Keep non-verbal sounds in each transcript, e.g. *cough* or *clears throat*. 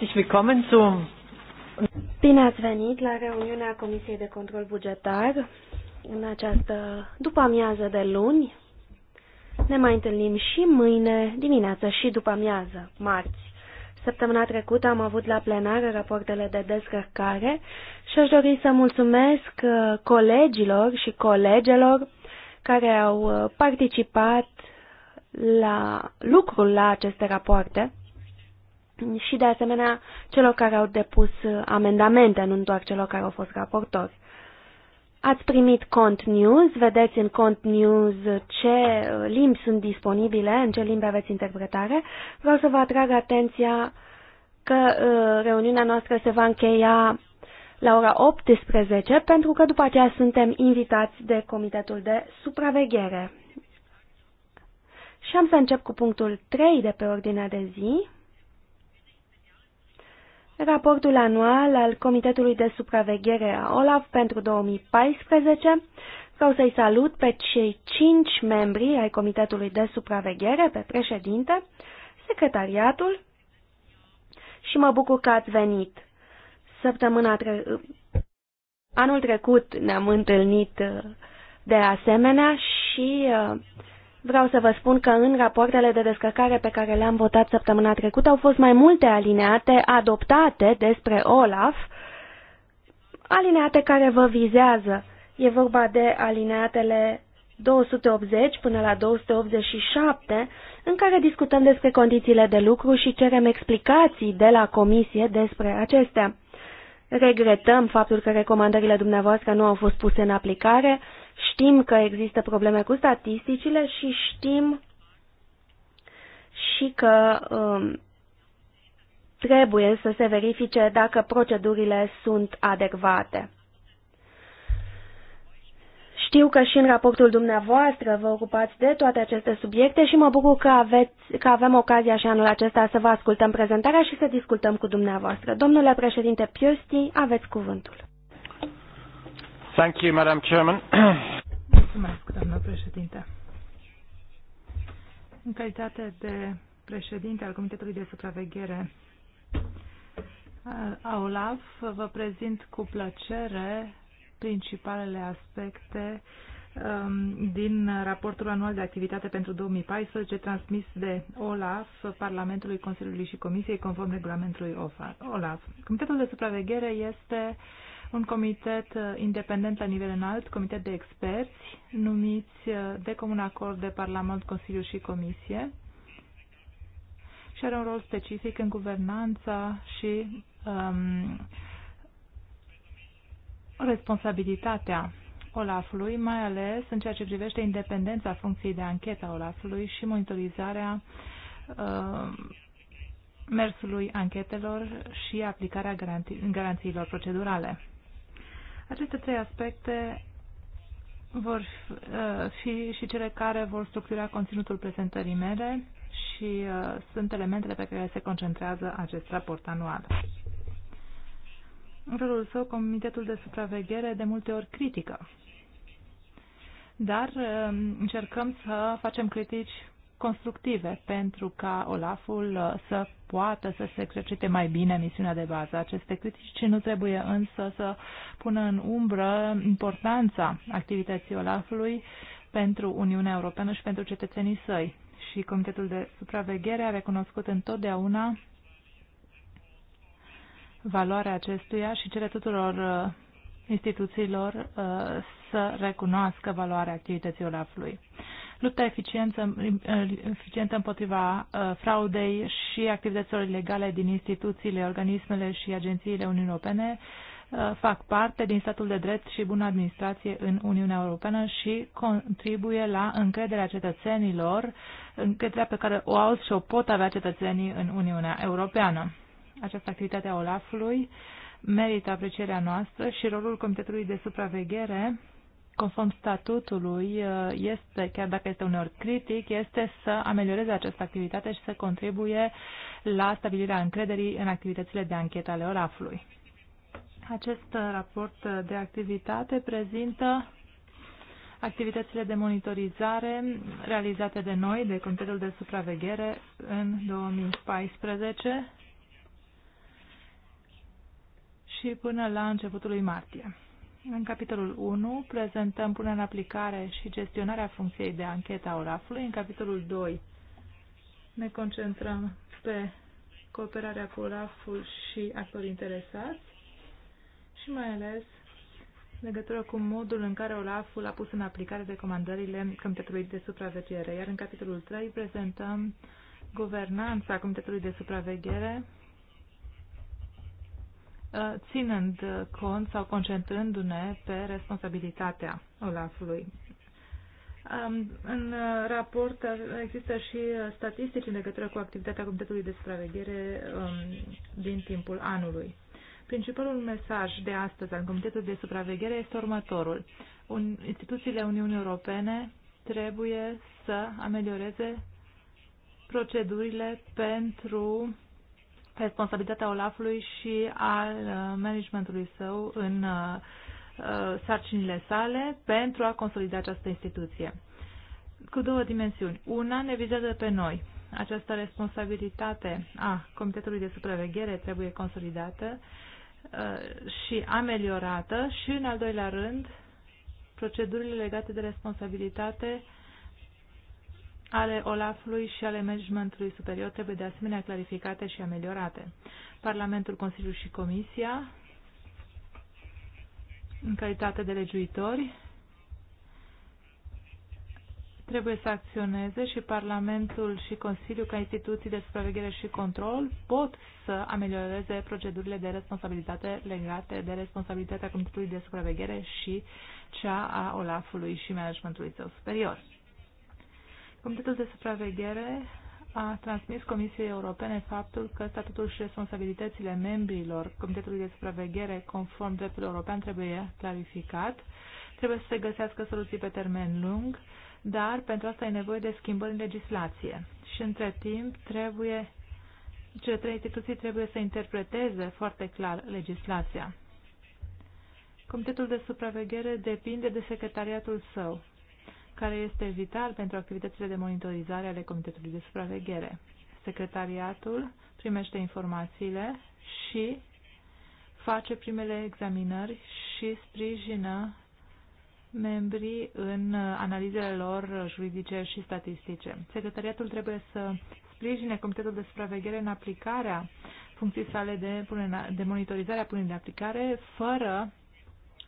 herzlich willkommen zu. Bine ați venit la reuniunea Comisiei de Control Bugetar în această după amiază de luni. Ne mai întâlnim și mâine dimineață și după amiază, marți. Săptămâna trecută am avut la plenară rapoartele de descărcare și aș dori să mulțumesc uh, colegilor și colegelor care au uh, participat la lucrul la aceste rapoarte și de asemenea celor care au depus uh, amendamente, nu doar celor care au fost raportori. Ați primit cont news, vedeți în cont news ce uh, limbi sunt disponibile, în ce limbi aveți interpretare. Vreau să vă atrag atenția că uh, reuniunea noastră se va încheia la ora 18, pentru că după aceea suntem invitați de Comitetul de Supraveghere. Și am să încep cu punctul 3 de pe ordinea de zi raportul anual al Comitetului de Supraveghere a OLAF pentru 2014. Vreau să-i salut pe cei cinci membri ai Comitetului de Supraveghere, pe președinte, secretariatul și mă bucur că ați venit. Săptămâna tre Anul trecut ne-am întâlnit uh, de asemenea și uh, Vreau să vă spun că în rapoartele de descărcare pe care le-am votat săptămâna trecută au fost mai multe alineate adoptate despre OLAF, alineate care vă vizează. E vorba de alineatele 280 până la 287, în care discutăm despre condițiile de lucru și cerem explicații de la comisie despre acestea. Regretăm faptul că recomandările dumneavoastră nu au fost puse în aplicare, Știm că există probleme cu statisticile și știm și că um, trebuie să se verifice dacă procedurile sunt adecvate. Știu că și în raportul dumneavoastră vă ocupați de toate aceste subiecte și mă bucur că, aveți, că avem ocazia și anul acesta să vă ascultăm prezentarea și să discutăm cu dumneavoastră. Domnule președinte Piosti, aveți cuvântul. Thank you, Madam Chairman. Mulțumesc, doamnă președinte. În calitate de președinte al Comitetului de Supraveghere a OLAF, vă prezint cu plăcere principalele aspecte um, din raportul anual de activitate pentru 2014 transmis de OLAF, Parlamentului, Consiliului și Comisiei conform regulamentului OLAF. Comitetul de supraveghere este uh, un comitet uh, independent la nivel înalt, comitet de experți, numiți uh, de comun acord de Parlament, Consiliu și Comisie și are un rol specific în guvernanța și um, responsabilitatea Olafului, mai ales în ceea ce privește independența funcției de anchetă a Olafului și monitorizarea uh, mersului anchetelor și aplicarea garanti garanțiilor procedurale. Aceste trei aspecte vor uh, fi și cele care vor structura conținutul prezentării mele și uh, sunt elementele pe care se concentrează acest raport anual. În rolul său, Comitetul de Supraveghere de multe ori critică. Dar uh, încercăm să facem critici constructive pentru ca Olaful uh, să poată să se exercite mai bine misiunea de bază. Aceste critici nu trebuie însă să pună în umbră importanța activității Olafului pentru Uniunea Europeană și pentru cetățenii săi. Și Comitetul de Supraveghere a recunoscut întotdeauna valoarea acestuia și cere tuturor uh, instituțiilor uh, să recunoască valoarea activității Olafului lupta eficiență, eficientă împotriva uh, fraudei și activităților ilegale din instituțiile, organismele și agențiile Uniunii Europene uh, fac parte din statul de drept și bună administrație în Uniunea Europeană și contribuie la încrederea cetățenilor, încrederea pe care o au și o pot avea cetățenii în Uniunea Europeană. Această activitate a OLAF-ului merită aprecierea noastră și rolul Comitetului de Supraveghere conform statutului, uh, este, chiar dacă este uneori critic, este să amelioreze această activitate și să contribuie la stabilirea încrederii în activitățile de anchetă ale Orafului. ului Acest uh, raport de activitate prezintă activitățile de monitorizare realizate de noi, de Comitetul de Supraveghere, în 2014 și până la începutul lui martie. În capitolul 1 prezentăm punerea în aplicare și gestionarea funcției de anchetă a OLAF-ului. În capitolul 2 ne concentrăm pe cooperarea cu OLAF-ul și actorii interesați și mai ales legătură cu modul în care OLAF-ul a pus în aplicare recomandările Comitetului de Supraveghere. Iar în capitolul 3 prezentăm guvernanța Comitetului de Supraveghere Uh, ținând uh, cont sau concentrându-ne pe responsabilitatea Olafului. Um, în uh, raport există și statistici în legătură cu activitatea Comitetului de Supraveghere um, din timpul anului. Principalul mesaj de astăzi al Comitetului de Supraveghere este următorul. Instituțiile Uniunii Europene trebuie să amelioreze procedurile pentru responsabilitatea Olafului și al uh, managementului său în uh, uh, sarcinile sale pentru a consolida această instituție. Cu două dimensiuni. Una ne vizează pe noi. Această responsabilitate a Comitetului de Supraveghere trebuie consolidată și ameliorată și, în al doilea rând, procedurile legate de responsabilitate uh, ale Olafului și ale managementului superior trebuie de asemenea clarificate și ameliorate. Parlamentul, Consiliul și Comisia, în calitate de legiuitori, trebuie să acționeze și Parlamentul și Consiliul ca instituții de supraveghere și control pot să amelioreze procedurile de responsabilitate legate de responsabilitatea Comitetului de Supraveghere și cea a Olafului și managementului său superior. Comitetul de supraveghere a transmis Comisiei Europene faptul că statutul și responsabilitățile membrilor Comitetului de Supraveghere conform dreptului european trebuie clarificat, trebuie să se găsească soluții pe termen lung, dar pentru asta e nevoie de schimbări în legislație. Și între timp trebuie, cele trei instituții trebuie să interpreteze foarte clar legislația. Comitetul de supraveghere depinde de secretariatul său care este vital pentru activitățile de monitorizare ale Comitetului de Supraveghere. Secretariatul primește informațiile și face primele examinări și sprijină membrii în analizele lor juridice și statistice. Secretariatul trebuie să sprijine Comitetul de Supraveghere în aplicarea funcției sale de, de monitorizare a punerii de aplicare, fără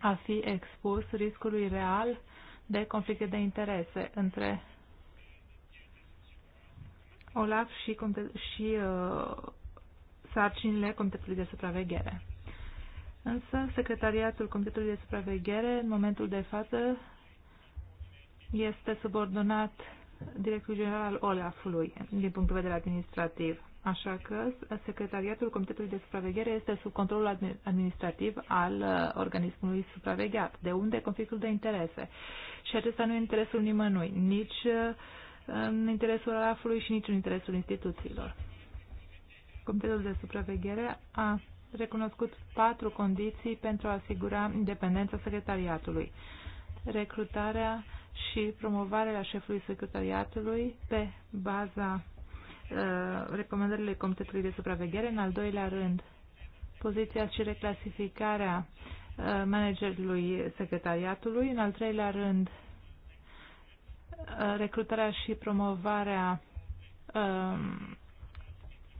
a fi expus riscului real de conflicte de interese între OLAF și, și uh, sarcinile Comitetului de Supraveghere. Însă, Secretariatul Comitetului de Supraveghere, în momentul de față, este subordonat Directorul General al OLAF-ului, din punct de vedere administrativ. Așa că Secretariatul Comitetului de Supraveghere este sub controlul administrativ al uh, organismului supravegheat. De unde conflictul de interese? Și acesta nu e interesul nimănui, nici uh, în interesul RAF-ului și nici în interesul instituțiilor. Comitetul de Supraveghere a recunoscut patru condiții pentru a asigura independența secretariatului. Recrutarea și promovarea șefului secretariatului pe baza Uh, recomandările Comitetului de Supraveghere. În al doilea rând, poziția și reclasificarea uh, managerului secretariatului. În al treilea rând, uh, recrutarea și promovarea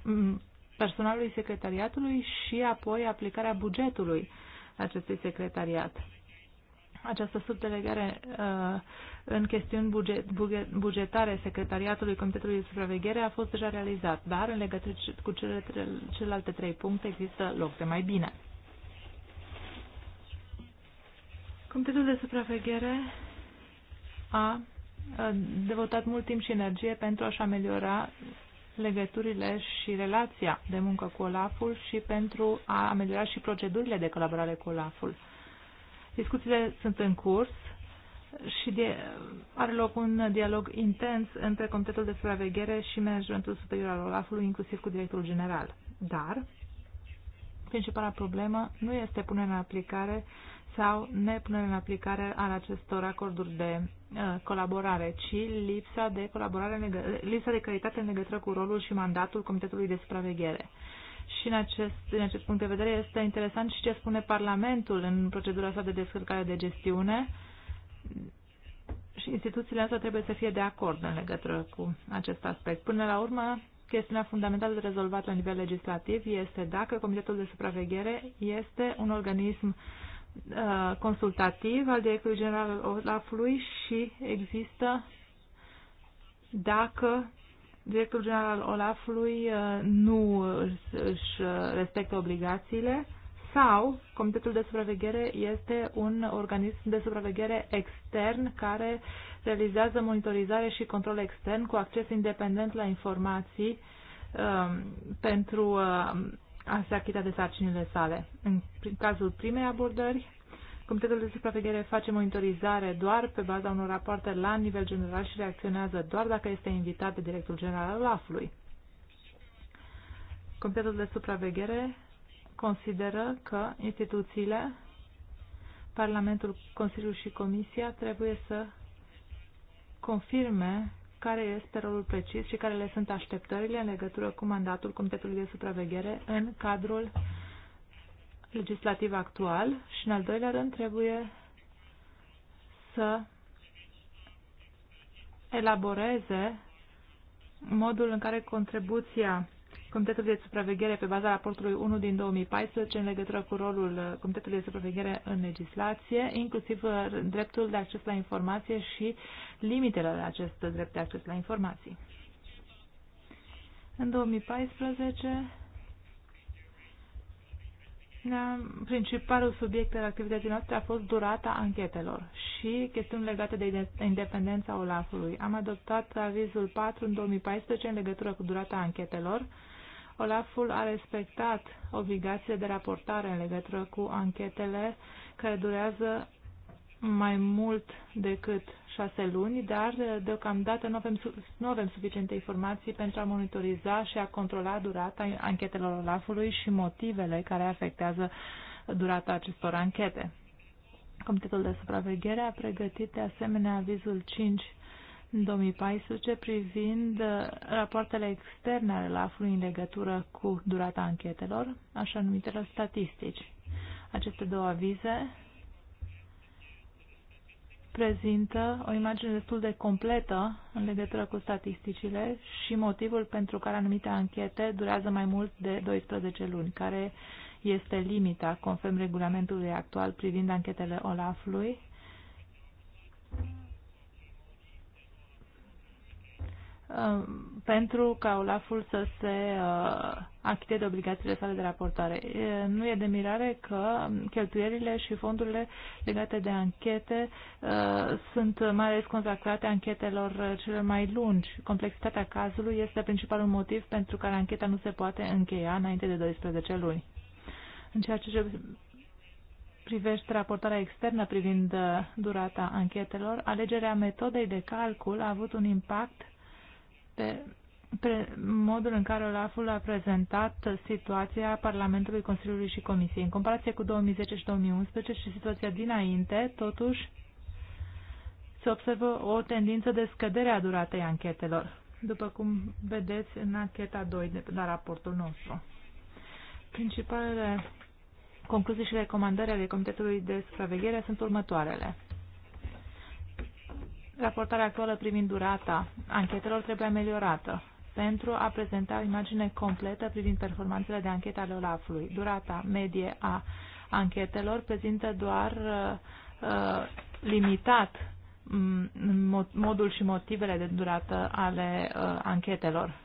um, personalului secretariatului și apoi aplicarea bugetului acestui secretariat această subdelegare uh, în chestiuni buget, buget, bugetare Secretariatului Comitetului de Supraveghere a fost deja realizat, dar în legătură cu cele tre, celelalte trei puncte există loc de mai bine. Comitetul de Supraveghere a devotat mult timp și energie pentru a-și ameliora legăturile și relația de muncă cu Olaful și pentru a ameliora și procedurile de colaborare cu Olaful. Discuțiile sunt în curs și de, are loc un dialog intens între Comitetul de Supraveghere și Managementul Superior al Olafului, inclusiv cu directorul general. Dar principala problemă nu este punerea în aplicare sau nepunerea în aplicare al acestor acorduri de uh, colaborare, ci lipsa de colaborare, lipsa de calitate în legătură cu rolul și mandatul Comitetului de Supraveghere. Uh, și în acest, în acest punct de vedere este interesant și ce spune Parlamentul în procedura sa de descărcare de gestiune și instituțiile însă trebuie să fie de acord în legătură cu acest aspect. Până la urmă, chestiunea fundamentală de rezolvat la nivel legislativ este dacă Comitetul de Supraveghere este un organism uh, consultativ al directorului general al Olafului și există dacă Directorul general al Olafului uh, nu își uh, respectă obligațiile sau Comitetul de Supraveghere este un organism de supraveghere extern care realizează monitorizare și control extern cu acces independent la informații um, pentru um, a se achita de sarcinile sale. În cazul primei abordări, Comitetul de supraveghere face monitorizare doar pe baza unor rapoarte la nivel general și reacționează doar dacă este invitat de directul general al AFLUI. Comitetul de supraveghere consideră că instituțiile, Parlamentul, Consiliul și Comisia trebuie să confirme care este rolul precis și care le sunt așteptările în legătură cu mandatul Comitetului de Supraveghere în cadrul uh, legislativ actual și, în al doilea rând, trebuie să elaboreze modul în care contribuția Comitetului de Supraveghere pe baza raportului 1 din 2014 în legătură cu rolul Comitetului de Supraveghere în legislație, inclusiv uh, dreptul de acces la informație și limitele la acest drept de acces la informații. În 2014, Principalul subiect al activității noastre a fost durata anchetelor și chestiuni legate de independența Olafului. Am adoptat avizul 4 în 2014 în legătură cu durata anchetelor. Olaful a respectat obligațiile de raportare în legătură cu anchetele care durează mai mult decât șase luni, dar deocamdată nu avem, nu avem suficiente informații pentru a monitoriza și a controla durata anchetelor Olafului și motivele care afectează durata acestor anchete. Comitetul de supraveghere a pregătit de asemenea avizul 5 în 2014 privind uh, rapoartele externe ale LAF-ului în legătură cu durata anchetelor, așa numitele statistici. Aceste două avize prezintă o imagine destul de completă în legătură cu statisticile și motivul pentru care anumite anchete durează mai mult de 12 luni, care este limita conform regulamentului actual privind anchetele OLAF-ului. Ehm, pentru ca OLAF-ul să se uh, achite de obligațiile sale de raportare. Nu e de mirare că cheltuierile și fondurile legate de anchete sunt mai ales consacrate anchetelor cele mai lungi. Complexitatea cazului este principalul motiv pentru care ancheta nu se poate încheia înainte de 12 luni. În ceea ce privește raportarea externă privind durata anchetelor, alegerea metodei de calcul a avut un impact pe modul în care Olaful a prezentat situația Parlamentului, Consiliului și Comisiei. În comparație cu 2010 și 2011 și situația dinainte, totuși, se observă o tendință de scădere a duratei anchetelor, după cum vedeți în ancheta 2 de la raportul nostru. Principalele concluzii și recomandări ale Comitetului de Supraveghere sunt următoarele. Raportarea actuală privind durata anchetelor trebuie ameliorată pentru a prezenta o imagine completă privind performanțele de anchetă ale Olafului. Durata medie a anchetelor prezintă doar uh, limitat mm, modul și motivele de durată ale uh, anchetelor.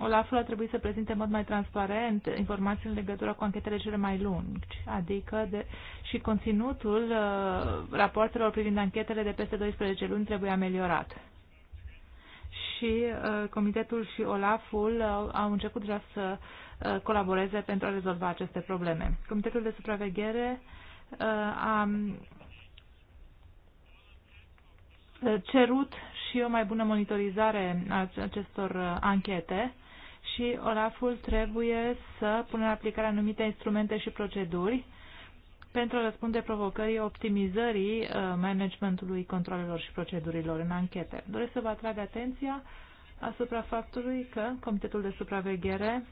Olaful a trebuit să prezinte în mod mai transparent informații în legătură cu anchetele cele mai lungi, adică de, și conținutul uh, rapoartelor privind anchetele de peste 12 luni trebuie ameliorat și uh, Comitetul și OLAF-ul uh, au început deja să uh, colaboreze pentru a rezolva aceste probleme. Comitetul de supraveghere a cerut și o mai bună monitorizare a acestor anchete și OLAF-ul trebuie să pună în aplicare anumite instrumente și proceduri pentru a răspunde provocării optimizării uh, managementului controlelor și procedurilor în anchete. Doresc să vă atrag atenția asupra faptului că Comitetul de Supraveghere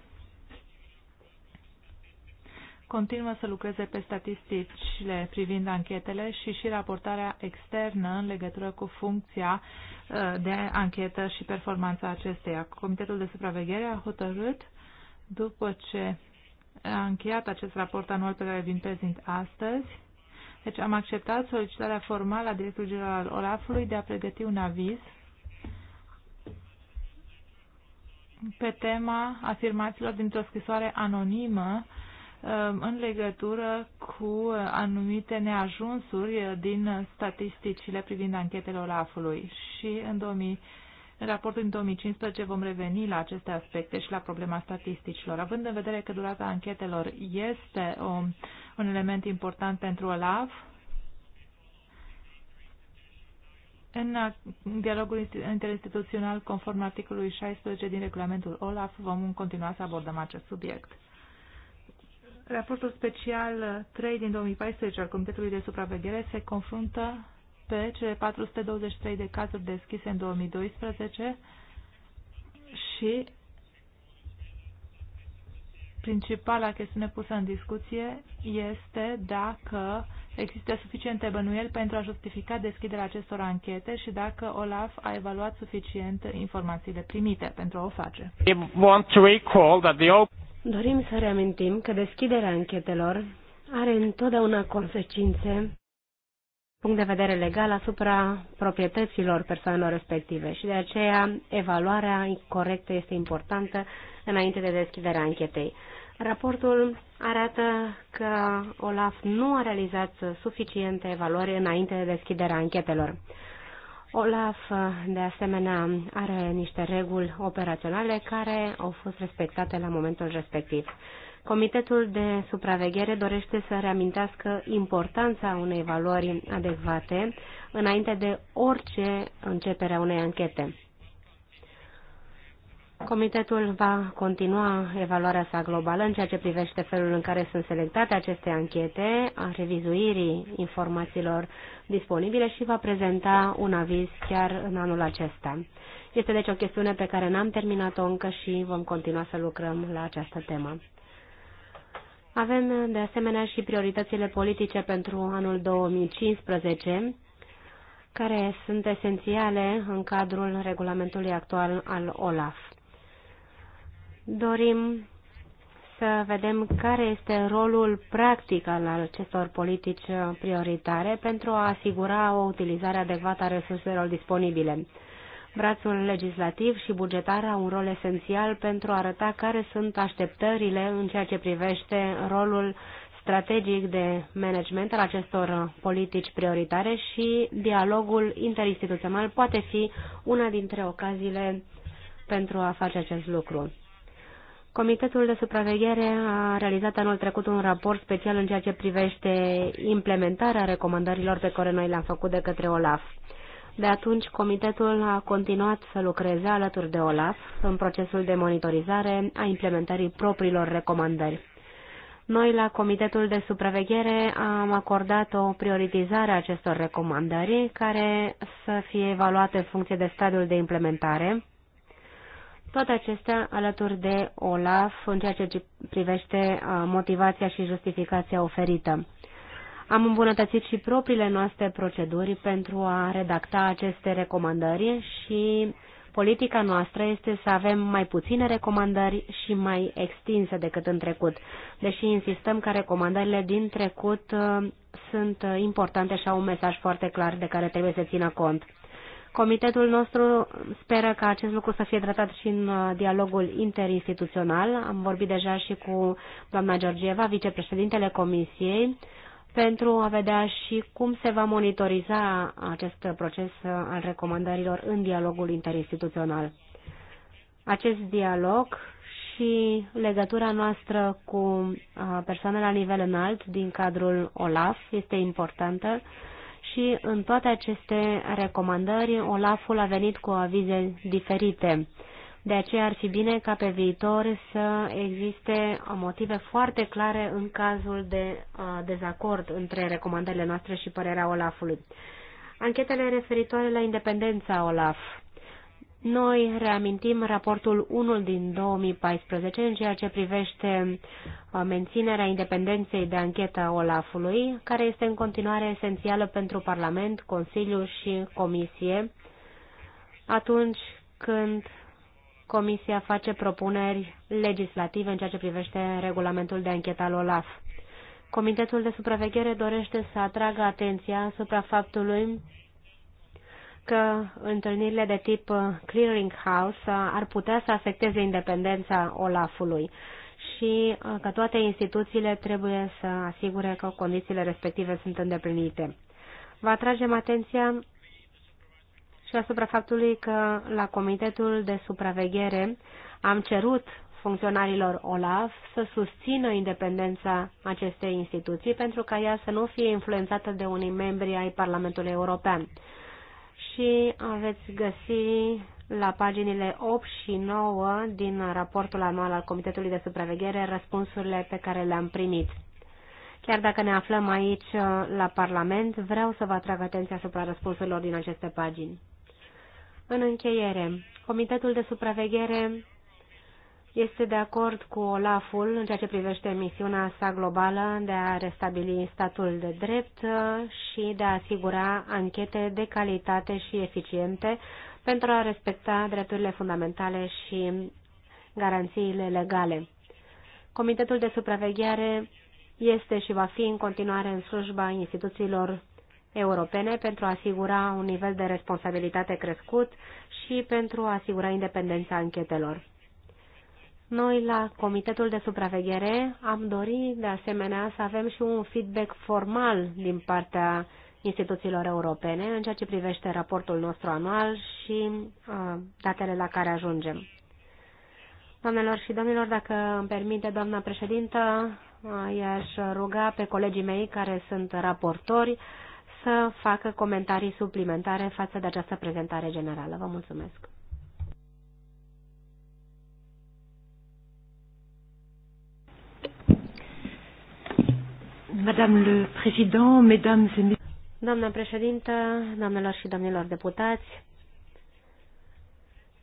continuă să lucreze pe statisticile privind anchetele și și raportarea externă în legătură cu funcția uh, de anchetă și performanța acesteia. Comitetul de supraveghere a hotărât, după ce a încheiat acest raport anual pe care vin prezint astăzi. Deci am acceptat solicitarea formală a directorului general al Olafului de a pregăti un aviz pe tema afirmațiilor dintr-o scrisoare anonimă um, în legătură cu anumite neajunsuri din statisticile privind anchetele Olafului. Și în 2000 în raportul din 2015 vom reveni la aceste aspecte și la problema statisticilor. Având în vedere că durata anchetelor este o, un element important pentru OLAV, În dialogul interinstituțional, conform articolului 16 din regulamentul OLAF, vom continua să abordăm acest subiect. Raportul special 3 din 2014 al Comitetului de Supraveghere se confruntă pe cele 423 de cazuri deschise în 2012 și principala chestiune pusă în discuție este dacă există suficiente bănuieli pentru a justifica deschiderea acestor anchete și dacă OLAF a evaluat suficient informațiile primite pentru a o face. Dorim să reamintim că deschiderea anchetelor are întotdeauna consecințe punct de vedere legal asupra proprietăților persoanelor respective și de aceea evaluarea corectă este importantă înainte de deschiderea anchetei. Raportul arată că OLAF nu a realizat suficiente evaluări înainte de deschiderea anchetelor. OLAF, de asemenea, are niște reguli operaționale care au fost respectate la momentul respectiv. Comitetul de supraveghere dorește să reamintească importanța unei valori adecvate înainte de orice începere a unei anchete. Comitetul va continua evaluarea sa globală în ceea ce privește felul în care sunt selectate aceste anchete, a revizuirii informațiilor disponibile și va prezenta un aviz chiar în anul acesta. Este deci o chestiune pe care n-am terminat-o încă și vom continua să lucrăm la această temă. Avem de asemenea și prioritățile politice pentru anul 2015, care sunt esențiale în cadrul regulamentului actual al OLAF. Dorim să vedem care este rolul practic al acestor politici prioritare pentru a asigura o utilizare adecvată a resurselor disponibile. Brațul legislativ și bugetar au un rol esențial pentru a arăta care sunt așteptările în ceea ce privește rolul strategic de management al acestor politici prioritare și dialogul interinstituțional poate fi una dintre ocaziile pentru a face acest lucru. Comitetul de supraveghere a realizat anul trecut un raport special în ceea ce privește implementarea recomandărilor pe care noi le-am făcut de către OLAF. De atunci, comitetul a continuat să lucreze alături de OLAF în procesul de monitorizare a implementării propriilor recomandări. Noi, la Comitetul de Supraveghere, am acordat o prioritizare a acestor recomandări, care să fie evaluate în funcție de stadiul de implementare. Toate acestea alături de OLAF în ceea ce privește uh, motivația și justificația oferită. Am îmbunătățit și propriile noastre proceduri pentru a redacta aceste recomandări și politica noastră este să avem mai puține recomandări și mai extinse decât în trecut, deși insistăm că recomandările din trecut uh, sunt importante și au un mesaj foarte clar de care trebuie să țină cont. Comitetul nostru speră ca acest lucru să fie tratat și în uh, dialogul interinstituțional. Am vorbit deja și cu doamna Georgieva, vicepreședintele Comisiei, pentru a vedea și cum se va monitoriza acest proces al recomandărilor în dialogul interinstituțional. Acest dialog și legătura noastră cu persoane la nivel înalt din cadrul OLAF este importantă și în toate aceste recomandări OLAF-ul a venit cu avize diferite de aceea ar fi bine ca pe viitor să existe motive foarte clare în cazul de dezacord între recomandările noastre și părerea Olafului. Anchetele referitoare la independența Olaf. Noi reamintim raportul 1 din 2014 în ceea ce privește menținerea independenței de anchetă a Olafului, care este în continuare esențială pentru Parlament, Consiliu și Comisie atunci când Comisia face propuneri legislative în ceea ce privește regulamentul de anchetă al OLAF. Comitetul de supraveghere dorește să atragă atenția asupra faptului că întâlnirile de tip clearinghouse ar putea să afecteze independența OLAF-ului și uh, că toate instituțiile trebuie să asigure că condițiile respective sunt îndeplinite. Vă atragem atenția și asupra faptului că la Comitetul de Supraveghere am cerut funcționarilor OLAF să susțină independența acestei instituții pentru ca ea să nu fie influențată de unii membri ai Parlamentului European. Și aveți găsi la paginile 8 și 9 din raportul anual al Comitetului de Supraveghere răspunsurile pe care le-am primit. Chiar dacă ne aflăm aici la Parlament, vreau să vă atrag atenția asupra răspunsurilor din aceste pagini. În încheiere, Comitetul de Supraveghere este de acord cu OLAF-ul în ceea ce privește misiunea sa globală de a restabili statul de drept uh, și de a asigura anchete de calitate și eficiente pentru a respecta drepturile fundamentale și garanțiile legale. Comitetul de supraveghere este și va fi în continuare în slujba instituțiilor europene pentru a asigura un nivel de responsabilitate crescut și pentru a asigura independența anchetelor. Noi, la Comitetul de Supraveghere, am dorit, de asemenea, să avem și un feedback formal din partea instituțiilor europene în ceea ce privește raportul nostru anual și uh, datele la care ajungem. Doamnelor și domnilor, dacă îmi permite, doamna președintă, uh, i-aș ruga pe colegii mei care sunt raportori să facă comentarii suplimentare față de această prezentare generală. Vă mulțumesc! Madame le Président, Mesdames et președintă, doamnelor și domnilor deputați,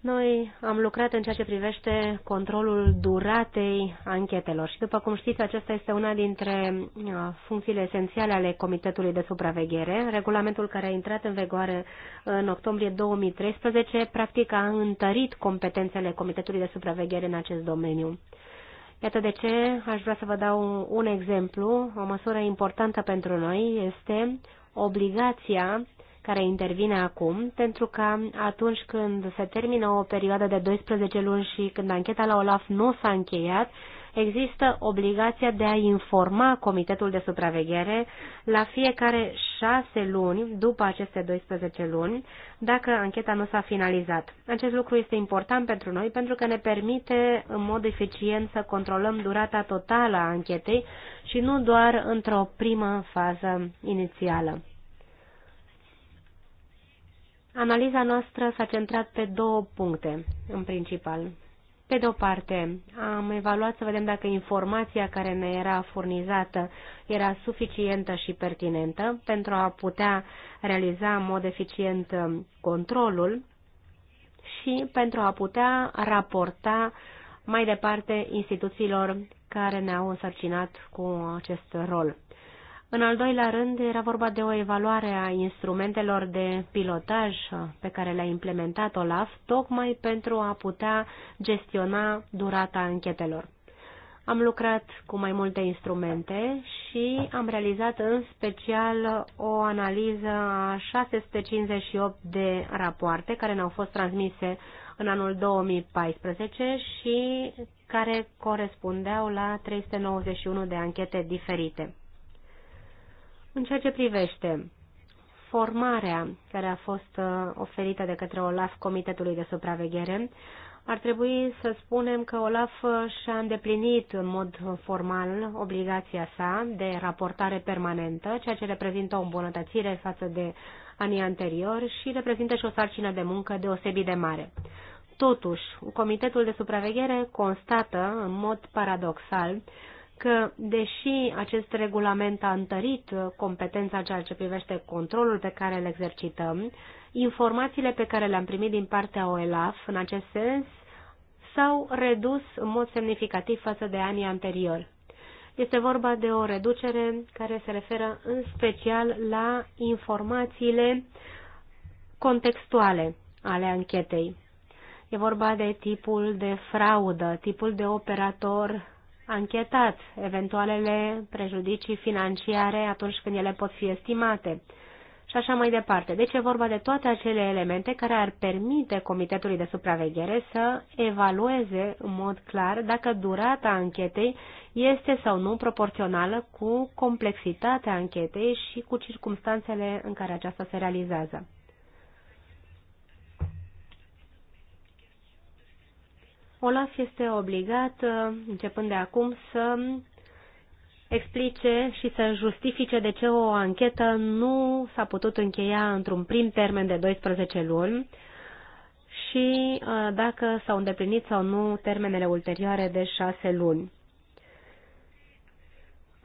noi am lucrat în ceea ce privește controlul duratei anchetelor și, după cum știți, acesta este una dintre uh, funcțiile esențiale ale Comitetului de Supraveghere. Regulamentul care a intrat în vigoare în octombrie 2013, practic, a întărit competențele Comitetului de Supraveghere în acest domeniu. Iată de ce aș vrea să vă dau un exemplu. O măsură importantă pentru noi este obligația care intervine acum, pentru că atunci când se termină o perioadă de 12 luni și când ancheta la OLAF nu s-a încheiat, există obligația de a informa Comitetul de Supraveghere la fiecare șase luni, după aceste 12 luni, dacă ancheta nu s-a finalizat. Acest lucru este important pentru noi pentru că ne permite în mod eficient să controlăm durata totală a anchetei și nu doar într-o primă fază inițială. Analiza noastră s-a centrat pe două puncte, în principal. Pe de o parte, am evaluat să vedem dacă informația care ne era furnizată era suficientă și pertinentă pentru a putea realiza în mod eficient um, controlul și pentru a putea raporta mai departe instituțiilor care ne-au însărcinat cu acest rol. În al doilea rând, era vorba de o evaluare a instrumentelor de pilotaj pe care le-a implementat OLAF, tocmai pentru a putea gestiona durata anchetelor. Am lucrat cu mai multe instrumente și am realizat în special o analiză a 658 de rapoarte care ne-au fost transmise în anul 2014 și care corespundeau la 391 de anchete diferite. În ceea ce privește formarea care a fost uh, oferită de către OLAF Comitetului de Supraveghere, ar trebui să spunem că OLAF uh, și-a îndeplinit în mod formal obligația sa de raportare permanentă, ceea ce reprezintă o îmbunătățire față de anii anteriori și reprezintă și o sarcină de muncă deosebit de mare. Totuși, Comitetul de Supraveghere constată, în mod paradoxal, că, deși acest regulament a întărit uh, competența ceea ce privește controlul pe care îl exercităm, informațiile pe care le-am primit din partea OELAF în acest sens s-au redus în mod semnificativ față de anii anteriori. Este vorba de o reducere care se referă în special la informațiile contextuale ale anchetei. E vorba de tipul de fraudă, tipul de operator anchetat eventualele prejudicii financiare atunci când ele pot fi estimate și așa mai departe. Deci e vorba de toate acele elemente care ar permite Comitetului de Supraveghere să evalueze în mod clar dacă durata anchetei este sau nu proporțională cu complexitatea anchetei și cu circumstanțele în care aceasta se realizează. Olaf este obligat, uh, începând de acum, să explice și să justifice de ce o anchetă nu s-a putut încheia într-un prim termen de 12 luni și uh, dacă s-au îndeplinit sau nu termenele ulterioare de 6 luni.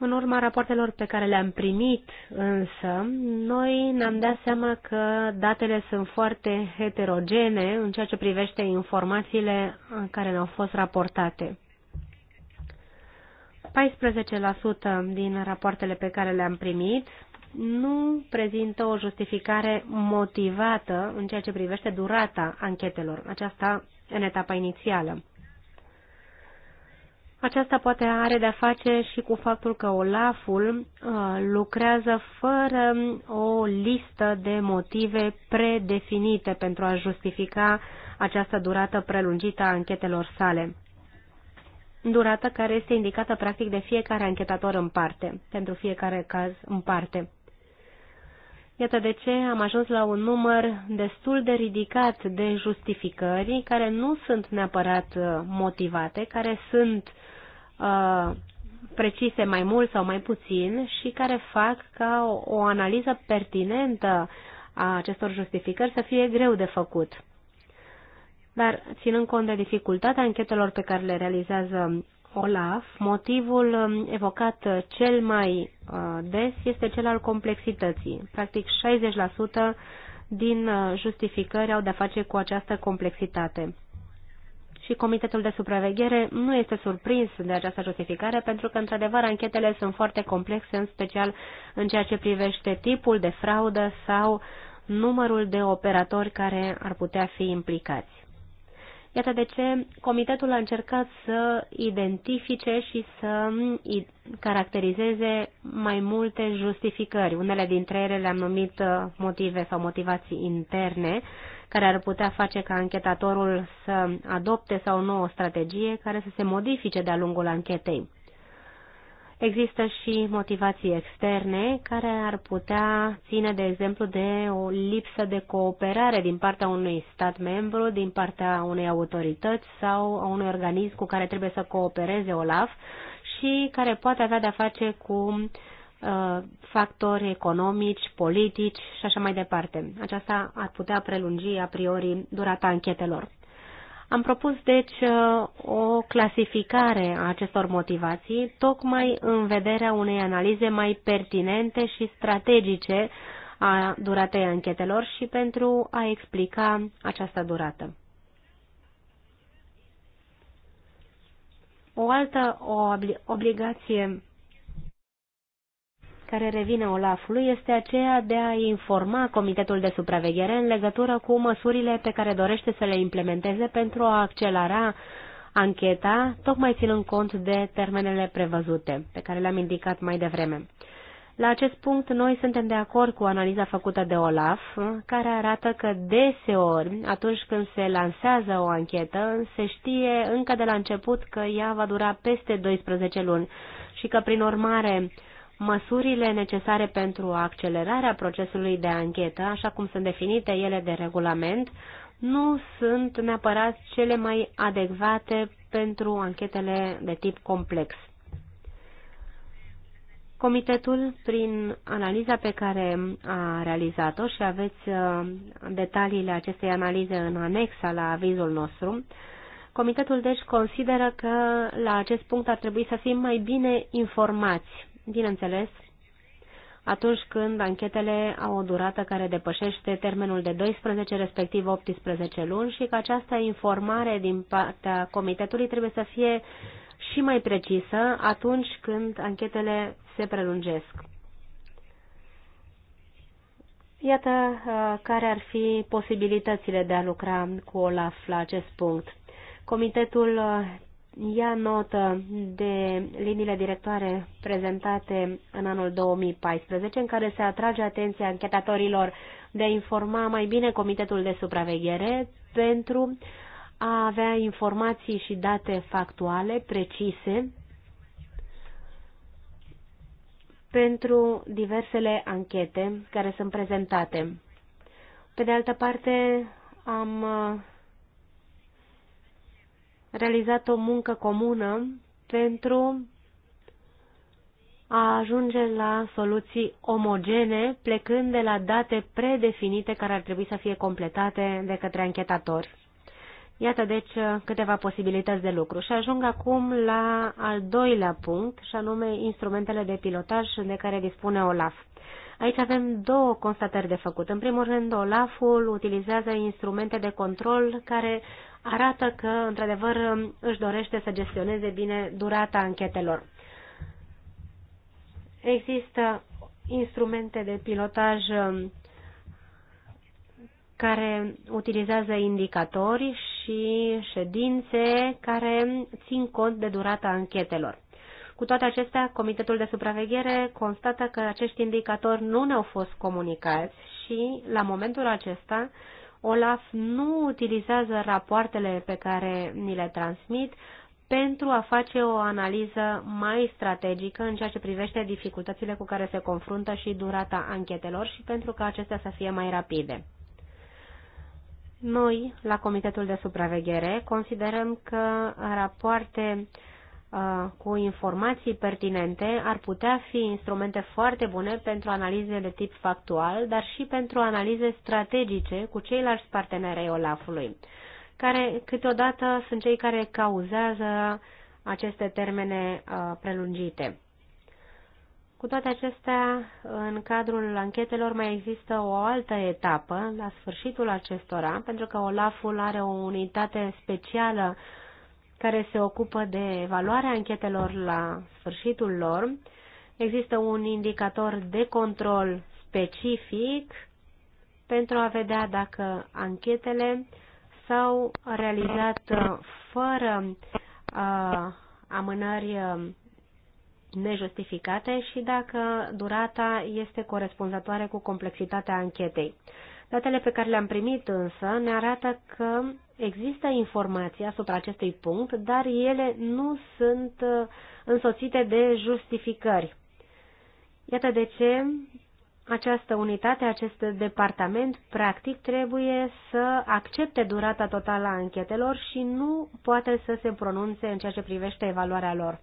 În urma rapoartelor pe care le-am primit însă, noi ne-am dat seama că datele sunt foarte heterogene în ceea ce privește informațiile care ne-au fost raportate. 14% din rapoartele pe care le-am primit nu prezintă o justificare motivată în ceea ce privește durata anchetelor, aceasta în etapa inițială. Aceasta poate are de-a face și cu faptul că OLAF-ul uh, lucrează fără o listă de motive predefinite pentru a justifica această durată prelungită a anchetelor sale. Durată care este indicată practic de fiecare anchetator în parte, pentru fiecare caz în parte. Iată de ce am ajuns la un număr destul de ridicat de justificări care nu sunt neapărat uh, motivate, care sunt uh, precise mai mult sau mai puțin și care fac ca o, o analiză pertinentă a acestor justificări să fie greu de făcut. Dar, ținând cont de dificultatea anchetelor pe care le realizează OLAF, motivul um, evocat uh, cel mai uh, des este cel al complexității. Practic 60% din uh, justificări au de-a face cu această complexitate. Și Comitetul de Supraveghere nu este surprins de această justificare pentru că, într-adevăr, anchetele sunt foarte complexe, în special în ceea ce privește tipul de fraudă sau numărul de operatori care ar putea fi implicați. Iată de ce comitetul a încercat să identifice și să caracterizeze mai multe justificări. Unele dintre ele le-am numit uh, motive sau motivații interne, care ar putea face ca anchetatorul să adopte sau nu o strategie care să se modifice de-a lungul anchetei. Există și motivații externe care ar putea ține, de exemplu, de o lipsă de cooperare din partea unui stat membru, din partea unei autorități sau a unui organism cu care trebuie să coopereze OLAF și care poate avea de-a face cu uh, factori economici, politici și așa mai departe. Aceasta ar putea prelungi a priori durata anchetelor. Am propus, deci, uh, o clasificare a acestor motivații, tocmai în vederea unei analize mai pertinente și strategice a duratei anchetelor și pentru a explica această durată. O altă o obligație care revine Olafului este aceea de a informa Comitetul de Supraveghere în legătură cu măsurile pe care dorește să le implementeze pentru a accelera ancheta, tocmai ținând cont de termenele prevăzute, pe care le-am indicat mai devreme. La acest punct, noi suntem de acord cu analiza făcută de Olaf, care arată că deseori, atunci când se lansează o anchetă, se știe încă de la început că ea va dura peste 12 luni și că, prin urmare, măsurile necesare pentru accelerarea procesului de anchetă, așa cum sunt definite ele de regulament, nu sunt neapărat cele mai adecvate pentru anchetele de tip complex. Comitetul, prin analiza pe care a realizat-o și aveți uh, detaliile acestei analize în anexa la avizul nostru, Comitetul deci consideră că la acest punct ar trebui să fim mai bine informați bineînțeles, atunci când anchetele au o durată care depășește termenul de 12, respectiv 18 luni și că această informare din partea comitetului trebuie să fie și mai precisă atunci când anchetele se prelungesc. Iată uh, care ar fi posibilitățile de a lucra cu OLAF la acest punct. Comitetul uh, ia notă de liniile directoare prezentate în anul 2014, în care se atrage atenția anchetatorilor de a informa mai bine Comitetul de Supraveghere pentru a avea informații și date factuale, precise, pentru diversele anchete care sunt prezentate. Pe de altă parte, am realizat o muncă comună pentru a ajunge la soluții omogene, plecând de la date predefinite care ar trebui să fie completate de către anchetatori. Iată deci câteva posibilități de lucru și ajung acum la al doilea punct, și anume instrumentele de pilotaj de care dispune OLAF. Aici avem două constatări de făcut. În primul rând, OLAF-ul utilizează instrumente de control care arată că, într-adevăr, își dorește să gestioneze bine durata anchetelor. Există instrumente de pilotaj um, care utilizează indicatori și ședințe care țin cont de durata anchetelor. Cu toate acestea, Comitetul de Supraveghere constată că acești indicatori nu ne-au fost comunicați și, la momentul acesta, Olaf nu utilizează rapoartele pe care ni le transmit pentru a face o analiză mai strategică în ceea ce privește dificultățile cu care se confruntă și durata anchetelor și pentru ca acestea să fie mai rapide. Noi, la Comitetul de Supraveghere, considerăm că rapoarte cu informații pertinente ar putea fi instrumente foarte bune pentru analize de tip factual, dar și pentru analize strategice cu ceilalți parteneri ai Olafului, care câteodată sunt cei care cauzează aceste termene prelungite. Cu toate acestea, în cadrul anchetelor mai există o altă etapă, la sfârșitul acestora, pentru că olaful are o unitate specială uh, care se ocupă de evaluarea anchetelor la sfârșitul lor. Există un indicator de control specific pentru a vedea dacă anchetele s-au realizat fără uh, amânări nejustificate și dacă durata este corespunzătoare cu complexitatea anchetei. Datele pe care le-am primit însă ne arată că există informații asupra acestui punct, dar ele nu sunt uh, însoțite de justificări. Iată de ce această unitate, acest departament, practic trebuie să accepte durata totală a anchetelor și nu poate să se pronunțe în ceea ce privește evaluarea lor.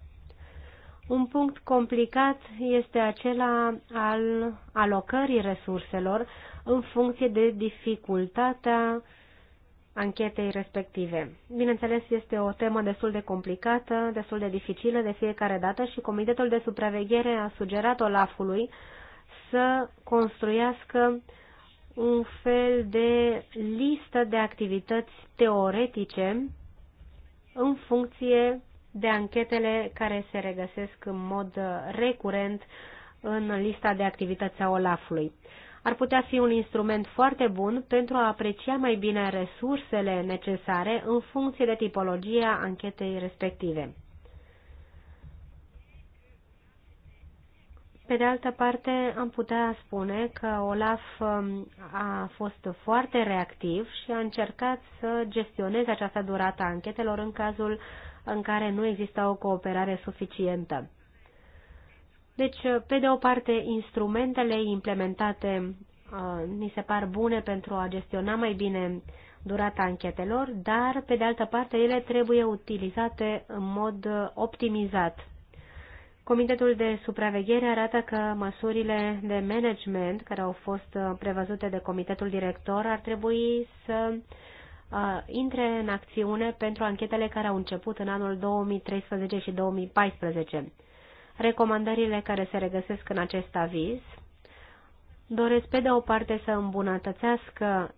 Un punct complicat este acela al alocării resurselor, în funcție de dificultatea anchetei respective. Bineînțeles, este o temă destul de complicată, destul de dificilă de fiecare dată și Comitetul de Supraveghere a sugerat Olafului să construiască un fel de listă de activități teoretice în funcție de anchetele care se regăsesc în mod recurent în lista de activități a Olafului ar putea fi un instrument foarte bun pentru a aprecia mai bine resursele necesare în funcție de tipologia anchetei respective. Pe de altă parte, am putea spune că Olaf um, a fost foarte reactiv și a încercat să gestioneze această durată a anchetelor în cazul în care nu exista o cooperare suficientă. Deci, pe de o parte, instrumentele implementate ni se par bune pentru a gestiona mai bine durata anchetelor, dar, pe de altă parte, ele trebuie utilizate în mod optimizat. Comitetul de supraveghere arată că măsurile de management care au fost prevăzute de comitetul director ar trebui să intre în acțiune pentru anchetele care au început în anul 2013 și 2014 recomandările care se regăsesc în acest aviz. Doresc pe de o parte să îmbunătățească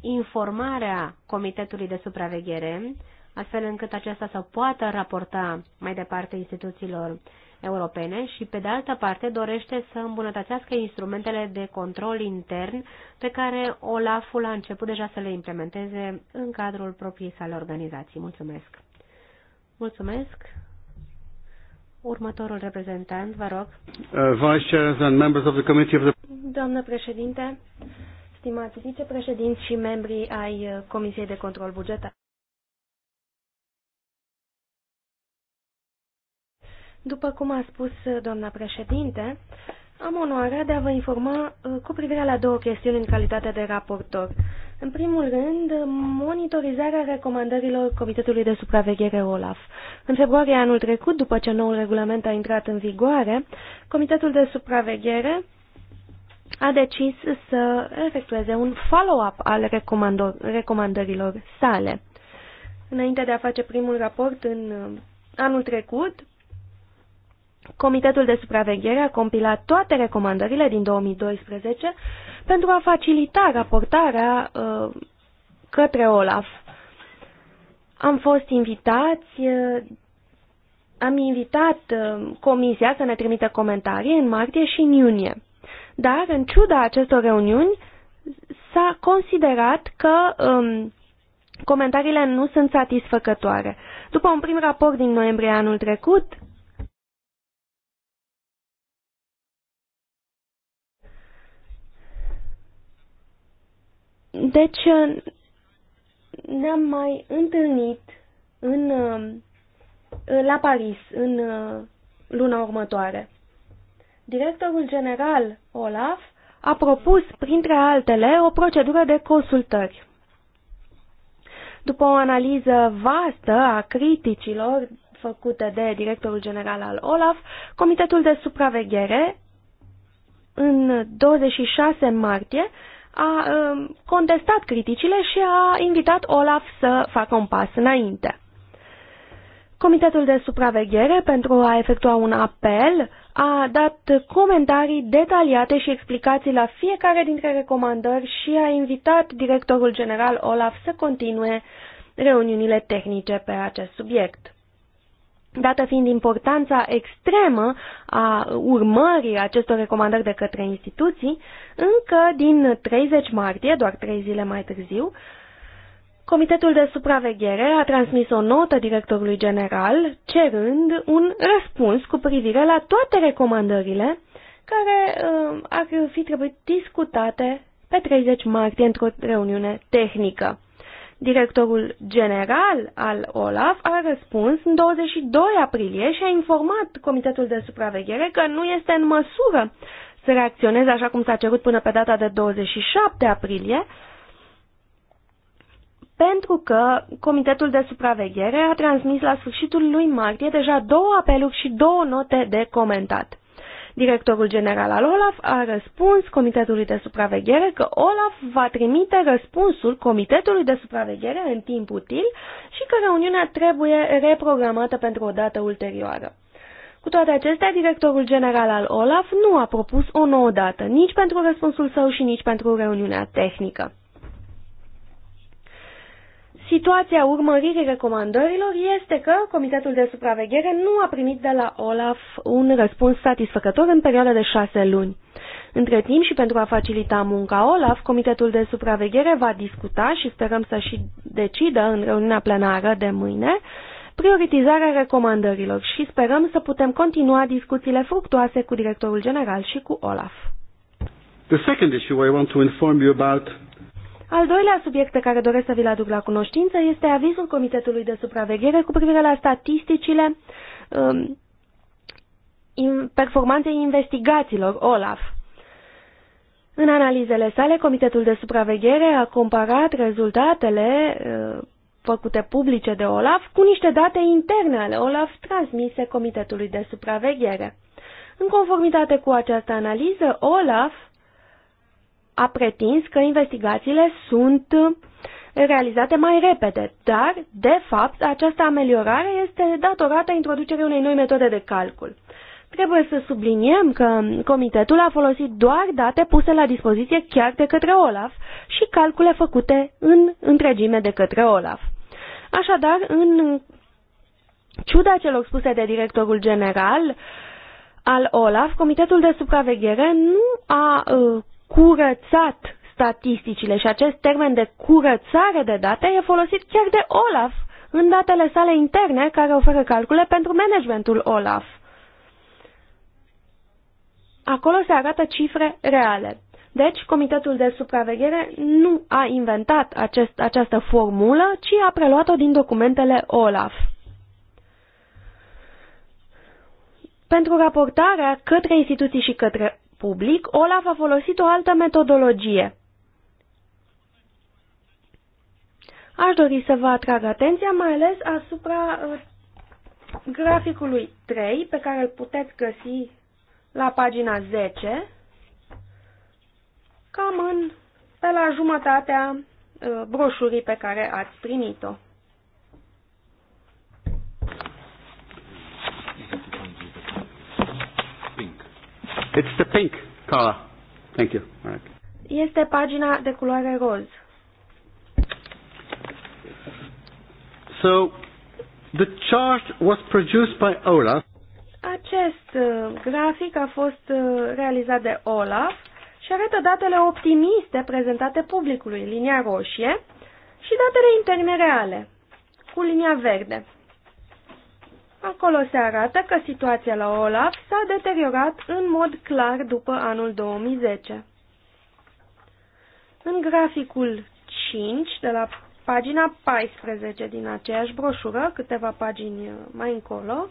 informarea Comitetului de Supraveghere, astfel încât acesta să poată raporta mai departe instituțiilor europene și, pe de altă parte, dorește să îmbunătățească instrumentele de control intern pe care OLAF-ul a început deja să le implementeze în cadrul propriei sale organizații. Mulțumesc! Mulțumesc! Următorul reprezentant, vă rog. Uh, and of the of the... Doamnă președinte, stimați vicepreședinți și membrii ai uh, Comisiei de Control Bugetar. După cum a spus uh, doamna președinte, am onoarea de a vă informa uh, cu privire la două chestiuni în calitate de raportor. În primul rând, monitorizarea recomandărilor Comitetului de Supraveghere OLAF. În februarie anul trecut, după ce noul regulament a intrat în vigoare, Comitetul de Supraveghere a decis să efectueze un follow-up al recomandărilor sale. Înainte de a face primul raport în uh, anul trecut, Comitetul de supraveghere a compilat toate recomandările din 2012 pentru a facilita raportarea uh, către OLAF. Am fost invitați, uh, am invitat uh, comisia să ne trimită comentarii în martie și în iunie. Dar, în ciuda acestor reuniuni, s-a considerat că um, comentariile nu sunt satisfăcătoare. După un prim raport din noiembrie anul trecut, Deci uh, ne-am mai întâlnit în, uh, la Paris în uh, luna următoare. Directorul general Olaf a propus, printre altele, o procedură de consultări. După o analiză vastă a criticilor făcute de directorul general al OLAF, Comitetul de Supraveghere, în 26 martie, a um, contestat criticile și a invitat Olaf să facă un pas înainte. Comitetul de supraveghere, pentru a efectua un apel, a dat comentarii detaliate și explicații la fiecare dintre recomandări și a invitat directorul general Olaf să continue reuniunile tehnice pe acest subiect. Dată fiind importanța extremă a urmării acestor recomandări de către instituții, încă din 30 martie, doar trei zile mai târziu, Comitetul de supraveghere a transmis o notă directorului general cerând un răspuns cu privire la toate recomandările care uh, ar fi trebuit discutate pe 30 martie într-o reuniune tehnică. Directorul general al OLAF a răspuns în 22 aprilie și a informat Comitetul de Supraveghere că nu este în măsură să reacționeze așa cum s-a cerut până pe data de 27 aprilie, pentru că Comitetul de Supraveghere a transmis la sfârșitul lui martie deja două apeluri și două note de comentat. Directorul general al OLAF a răspuns Comitetului de Supraveghere că OLAF va trimite răspunsul Comitetului de Supraveghere în timp util și că reuniunea trebuie reprogramată pentru o dată ulterioară. Cu toate acestea, directorul general al OLAF nu a propus o nouă dată, nici pentru răspunsul său și nici pentru reuniunea tehnică. Situația urmăririi recomandărilor este că Comitetul de Supraveghere nu a primit de la OLAF un răspuns satisfăcător în perioada de șase luni. Între timp și pentru a facilita munca OLAF, Comitetul de Supraveghere va discuta și sperăm să și decidă în reuniunea plenară de mâine uh, prioritizarea recomandărilor și sperăm să putem continua discuțiile fructoase cu directorul general și cu Olaf. The second issue I want to inform you about al doilea subiect pe care doresc să vi-l aduc la cunoștință este avizul Comitetului de Supraveghere cu privire la statisticile um, performanței investigațiilor OLAF. În analizele sale, Comitetul de Supraveghere a comparat rezultatele uh, făcute publice de OLAF cu niște date interne ale OLAF transmise Comitetului de Supraveghere. În conformitate cu această analiză, OLAF a pretins că investigațiile sunt realizate mai repede, dar, de fapt, această ameliorare este datorată introducerii unei noi metode de calcul. Trebuie să subliniem că comitetul a folosit doar date puse la dispoziție chiar de către Olaf și calcule făcute în întregime de către Olaf. Așadar, în ciuda celor spuse de directorul general al OLAF, Comitetul de Supraveghere nu a uh, curățat statisticile și acest termen de curățare de date e folosit chiar de OLAF în datele sale interne care oferă calcule pentru managementul OLAF. Acolo se arată cifre reale. Deci, Comitetul de Supraveghere nu a inventat acest, această formulă, ci a preluat-o din documentele OLAF. Pentru raportarea către instituții și către public, OLAF a folosit o altă metodologie. Aș dori să vă atrag atenția mai ales asupra uh, graficului 3, pe care îl puteți găsi la pagina 10 cam în, pe la jumătatea uh, broșurii pe care ați primit-o. It's the pink color. Thank you. Right. Este pagina de culoare roz. So, the chart was produced by Olaf. Acest uh, grafic a fost uh, realizat de Olaf și arată datele optimiste prezentate publicului, linia roșie, și datele interne reale, cu linia verde. Acolo se arată că situația la OLAF s-a deteriorat în mod clar după anul 2010. În graficul 5, de la pagina 14 din aceeași broșură, câteva pagini mai încolo,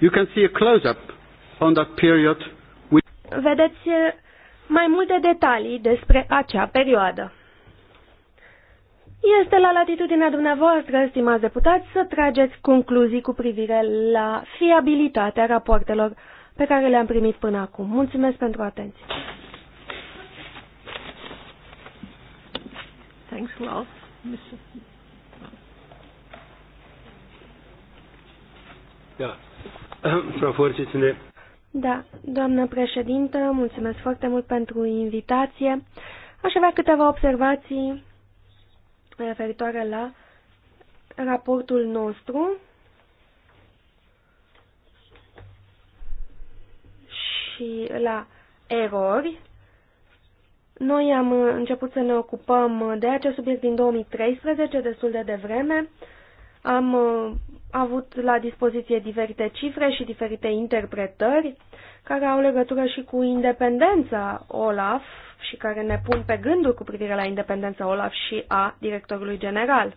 you can see a close-up on that period vedeți mai multe detalii despre acea perioadă. Este la latitudinea dumneavoastră, stimați deputați, să trageți concluzii cu privire la fiabilitatea rapoartelor pe care le-am primit până acum. Mulțumesc pentru atenție. Thanks a lot, Mr. Da, *clears throat* Frau Vorsitzende. Da, doamnă președintă, mulțumesc foarte mult pentru invitație. Aș avea câteva observații referitoare la raportul nostru și la erori. Noi am început să ne ocupăm de acest subiect din 2013, destul de devreme. Am avut la dispoziție diferite cifre și diferite interpretări care au legătură și cu independența OLAF și care ne pun pe gânduri cu privire la independența OLAF și a directorului general.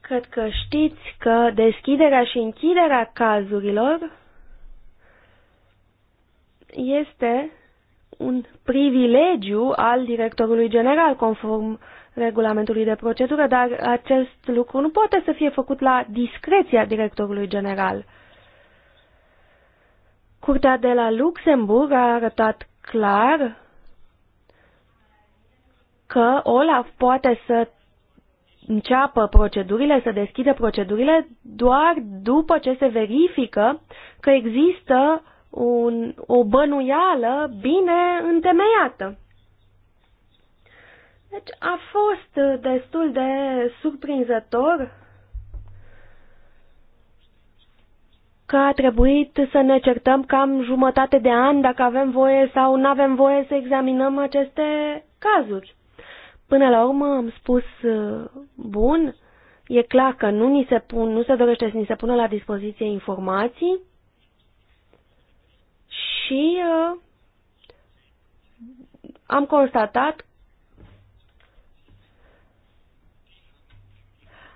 Cred că știți că deschiderea și închiderea cazurilor este un privilegiu al directorului general, conform uh, regulamentului de procedură, dar acest lucru nu poate să fie făcut la discreția directorului general. Curtea de la Luxemburg a arătat clar că Olaf poate să înceapă procedurile, să deschidă procedurile doar după ce se verifică că există un, o bănuială bine întemeiată. Deci a fost uh, destul de surprinzător că a trebuit să ne certăm cam jumătate de an dacă avem voie sau nu avem voie să examinăm aceste cazuri. Până la urmă am spus, uh, bun, e clar că nu, ni se pun, nu se dorește să ni se pună la dispoziție informații și uh, am constatat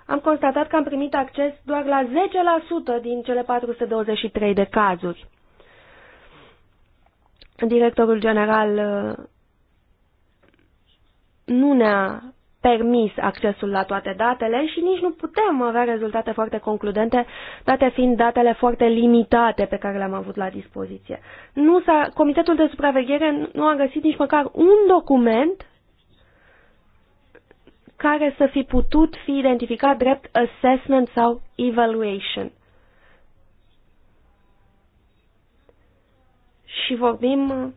am constatat că am primit acces doar la 10% din cele 423 de cazuri. Directorul general uh, nu ne-a permis accesul la toate datele și nici nu putem avea rezultate foarte concludente, date fiind datele foarte limitate pe care le-am avut la dispoziție. Nu s-a, Comitetul de supraveghere nu a găsit nici măcar un document care să fi putut fi identificat drept assessment sau evaluation. Și vorbim uh,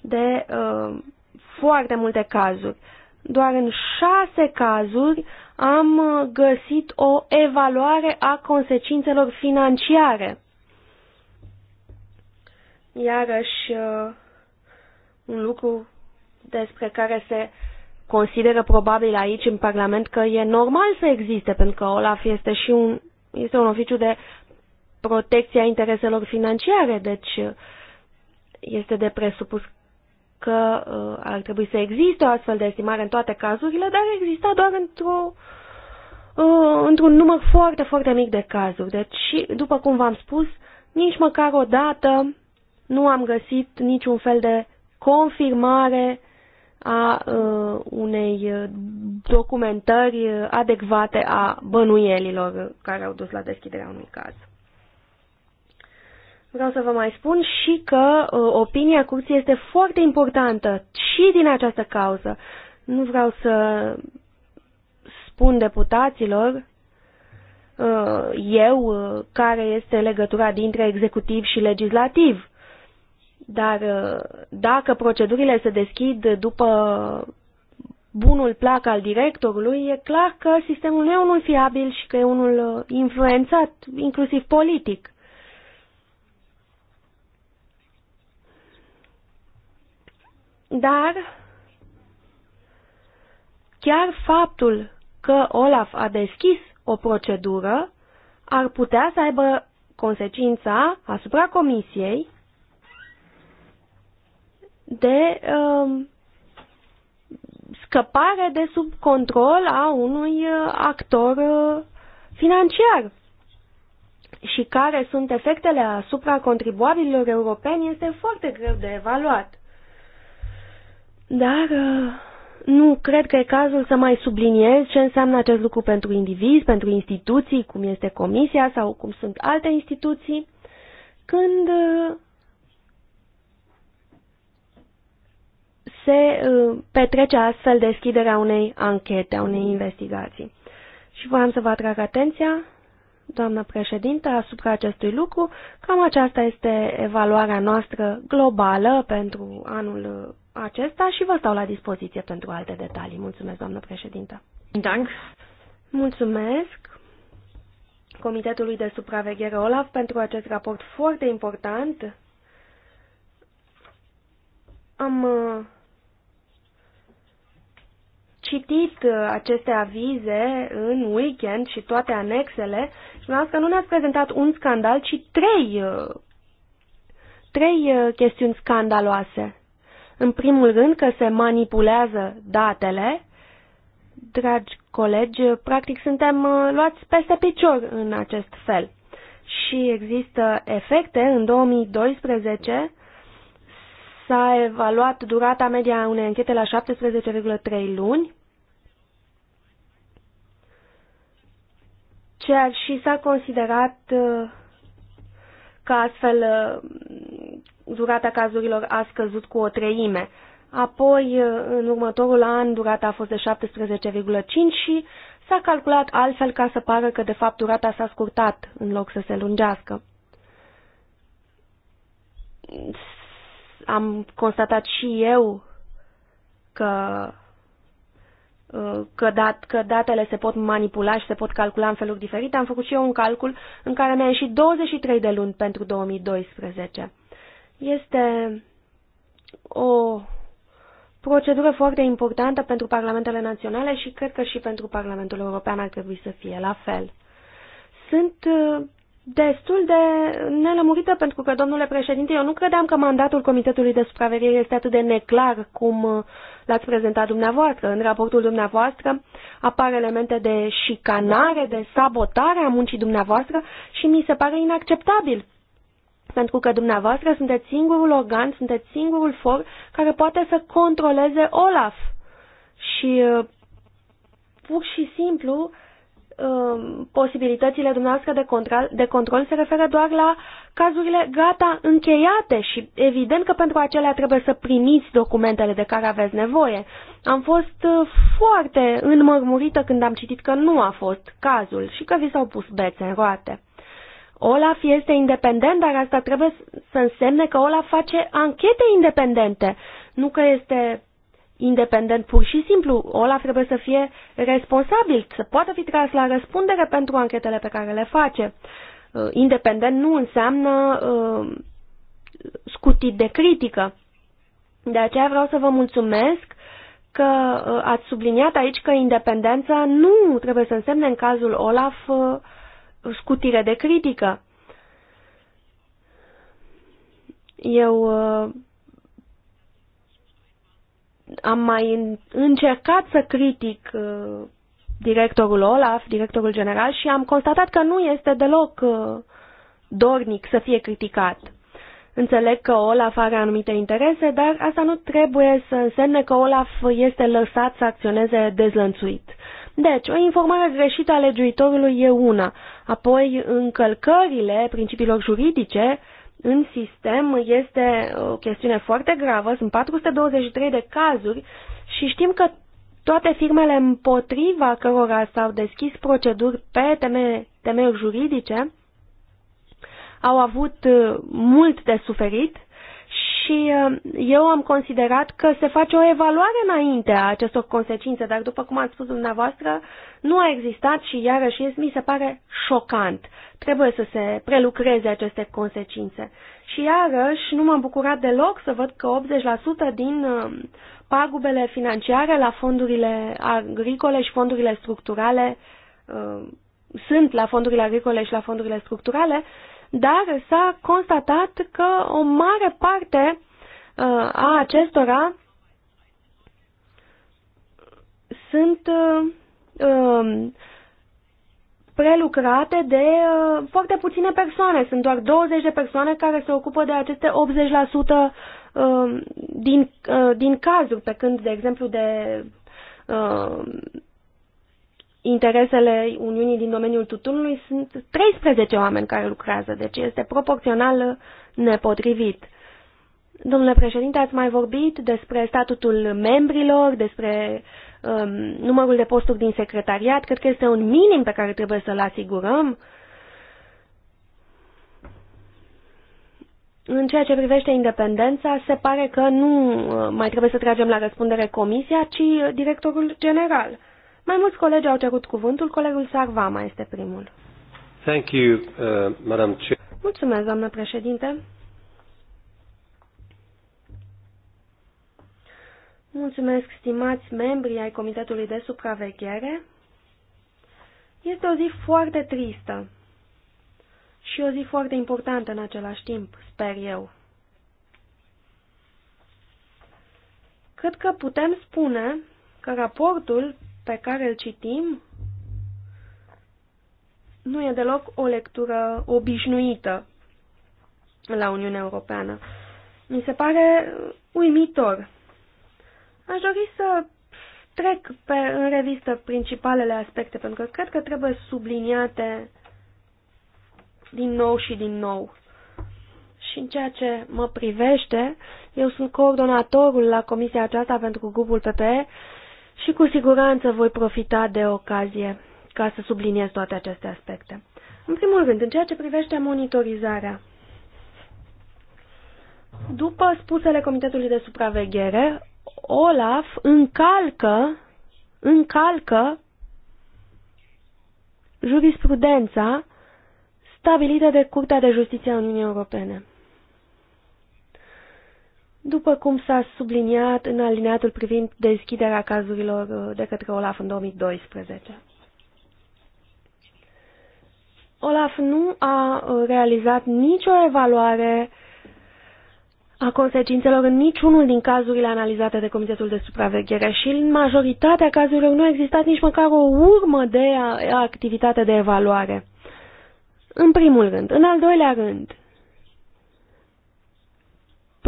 de uh, foarte multe cazuri. Doar în șase cazuri am uh, găsit o evaluare a consecințelor financiare. Iarăși, uh, un lucru despre care se uh, consideră probabil aici în Parlament că e normal să existe, pentru că OLAF este și un, este un oficiu de protecție a intereselor financiare, deci uh, este de presupus că uh, ar trebui să existe o astfel de estimare în toate cazurile, dar exista doar într-o uh, într-un număr foarte, foarte mic de cazuri. Deci, după cum v-am spus, nici măcar o dată nu am găsit niciun fel de confirmare uh, a uh, unei uh, documentări adecvate a bănuielilor care au dus la deschiderea unui caz. Vreau să vă mai spun și că uh, opinia curții este foarte importantă și din această cauză. Nu vreau să spun deputaților uh, eu uh, care este legătura dintre executiv și legislativ. Dar uh, dacă procedurile se deschid după bunul plac al directorului, e clar că sistemul nu e unul fiabil și că e unul uh, influențat, inclusiv politic. Dar chiar faptul că Olaf a deschis o procedură ar putea să aibă consecința asupra comisiei de uh, scăpare de sub control a unui uh, actor uh, financiar. Și care sunt efectele asupra contribuabililor europeni este foarte greu de evaluat. Dar uh, nu cred că e cazul să mai subliniez ce înseamnă acest lucru pentru indivizi, pentru instituții, cum este comisia sau cum sunt alte instituții, când se uh, petrece astfel deschiderea unei anchete, a unei investigații. Și voiam să vă atrag atenția, doamnă președintă, asupra acestui lucru. Cam aceasta este evaluarea noastră globală pentru anul uh, acesta și vă stau la dispoziție pentru alte detalii. Mulțumesc, doamnă președintă. Dank. Mulțumesc. Comitetului de Supraveghere OLAF pentru acest raport foarte important. Am uh, citit uh, aceste avize în weekend și toate anexele și vreau că nu ne-ați prezentat un scandal, ci trei, uh, trei uh, chestiuni scandaloase. În primul rând că se manipulează datele. Dragi colegi, practic suntem luați peste picior în acest fel. Și există efecte în 2012 S-a evaluat durata media a unei închete la 17,3 luni, ceea și s-a considerat uh, că astfel uh, durata cazurilor a scăzut cu o treime. Apoi, uh, în următorul an, durata a fost de 17,5 și s-a calculat altfel ca să pară că, de fapt, durata s-a scurtat în loc să se lungească am constatat și eu că, uh, că, dat, că datele se pot manipula și se pot calcula în feluri diferite, am făcut și eu un calcul în care mi-a ieșit 23 de luni pentru 2012. Este o procedură foarte importantă pentru parlamentele naționale și cred că și pentru Parlamentul European ar trebui să fie la fel. Sunt uh, destul de nelămurită, pentru că, domnule președinte, eu nu credeam că mandatul Comitetului de Supraveghere este atât de neclar cum uh, l-ați prezentat dumneavoastră. În raportul dumneavoastră apar elemente de șicanare, de sabotare a muncii dumneavoastră și mi se pare inacceptabil. Pentru că dumneavoastră sunteți singurul organ, sunteți singurul for care poate să controleze Olaf. Și uh, pur și simplu Um, posibilitățile dumneavoastră de control, de control se referă doar la cazurile gata încheiate și evident că pentru acelea trebuie să primiți documentele de care aveți nevoie. Am fost uh, foarte înmărmurită când am citit că nu a fost cazul și că vi s-au pus bețe în roate. Olaf este independent, dar asta trebuie să însemne că Olaf face anchete independente, nu că este independent pur și simplu. Olaf trebuie să fie responsabil, să poată fi tras la răspundere pentru anchetele pe care le face. Uh, independent nu înseamnă uh, scutit de critică. De aceea vreau să vă mulțumesc că uh, ați subliniat aici că independența nu trebuie să însemne în cazul Olaf scutire de critică. Eu am mai încercat să critic uh, directorul Olaf, directorul general, și am constatat că nu este deloc uh, dornic să fie criticat. Înțeleg că Olaf are anumite interese, dar asta nu trebuie să însemne că Olaf este lăsat să acționeze dezlănțuit. Deci, o informare greșită a legiuitorului e una, apoi încălcările principiilor juridice în sistem este uh, o chestiune foarte gravă. Sunt 423 de cazuri și știm că toate firmele împotriva cărora s-au deschis proceduri pe teme, temeiuri juridice au avut uh, mult de suferit și uh, eu am considerat că se face o evaluare înainte a acestor consecințe, dar după cum ați spus dumneavoastră, nu a existat și iarăși mi se pare șocant. Trebuie să se prelucreze aceste consecințe. Și iarăși nu m-am bucurat deloc să văd că 80% din uh, pagubele financiare la fondurile agricole și fondurile structurale uh, sunt la fondurile agricole și la fondurile structurale, dar s-a constatat că o mare parte uh, a acestora sunt uh, um, prelucrate de uh, foarte puține persoane. Sunt doar 20 de persoane care se ocupă de aceste 80% um, din, din cazuri, pe când, de exemplu, de interesele Uniunii din domeniul tutunului sunt 13 oameni care lucrează, deci este proporțional nepotrivit. Domnule președinte, ați mai vorbit despre statutul membrilor, despre um, numărul de posturi din secretariat. Cred că este un minim pe care trebuie să-l asigurăm. În ceea ce privește independența, se pare că nu uh, mai trebuie să tragem la răspundere comisia, ci directorul general. Mai mulți colegi au cerut cuvântul, colegul Sarvama este primul. Thank you, uh, Madam Chair. Mulțumesc, doamnă președinte. Mulțumesc, stimați membri ai Comitetului de Supraveghere. Este o zi foarte tristă și o zi foarte importantă în același timp, sper eu. Cred că putem spune că raportul pe care îl citim nu e deloc o lectură obișnuită la Uniunea Europeană. Mi se pare uimitor. Aș dori să trec pe, în revistă principalele aspecte, pentru că cred că trebuie subliniate din nou și din nou. Și în ceea ce mă privește, eu sunt coordonatorul la comisia aceasta pentru grupul PPE și cu siguranță voi profita de ocazie ca să subliniez toate aceste aspecte. În primul rând, în ceea ce privește monitorizarea, după spusele Comitetului de Supraveghere, Olaf încalcă, încalcă jurisprudența stabilită de Curtea de Justiție a Uniunii Europene. După cum s-a subliniat în alineatul privind deschiderea cazurilor uh, de către Olaf în 2012. Olaf nu a uh, realizat nicio evaluare a consecințelor în niciunul din cazurile analizate de Comitetul de Supraveghere și în majoritatea cazurilor nu a existat nici măcar o urmă de activitate de evaluare. În primul rând. În al doilea rând,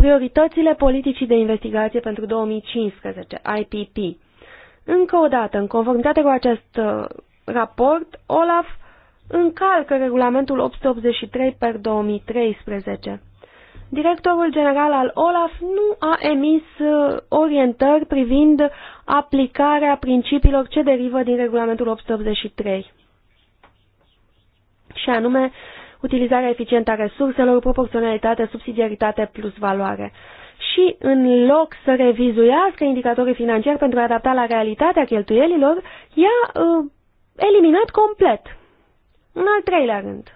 Prioritățile politicii de investigație pentru 2015, IPP. Încă o dată, în conformitate cu acest uh, raport, OLAF încalcă regulamentul 883 per 2013. Directorul general al OLAF nu a emis uh, orientări privind aplicarea principiilor ce derivă din regulamentul 883 și anume utilizarea eficientă a resurselor, proporționalitate, subsidiaritate plus valoare. Și în loc să revizuiască indicatorii financiari pentru a adapta la realitatea cheltuielilor, i-a uh, eliminat complet. În al treilea rând.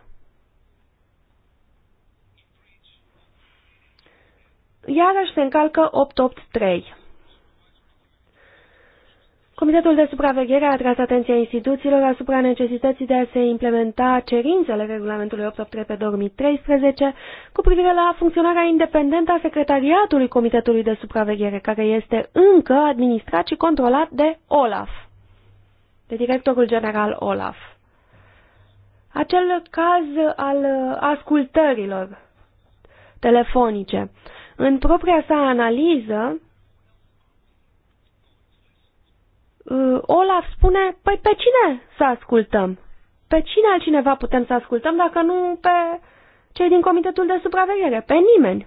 Iarăși se încalcă 883. Comitetul de supraveghere a atras atenția instituțiilor asupra necesității de a se implementa cerințele regulamentului 883 pe 2013 cu privire la funcționarea independentă a secretariatului Comitetului de supraveghere, care este încă administrat și controlat de OLAF, de directorul general OLAF. Acel caz al uh, ascultărilor telefonice. În propria sa analiză, Uh, Olaf spune, păi pe cine să ascultăm? Pe cine altcineva putem să ascultăm dacă nu pe cei din Comitetul de Supraveghere? Pe nimeni.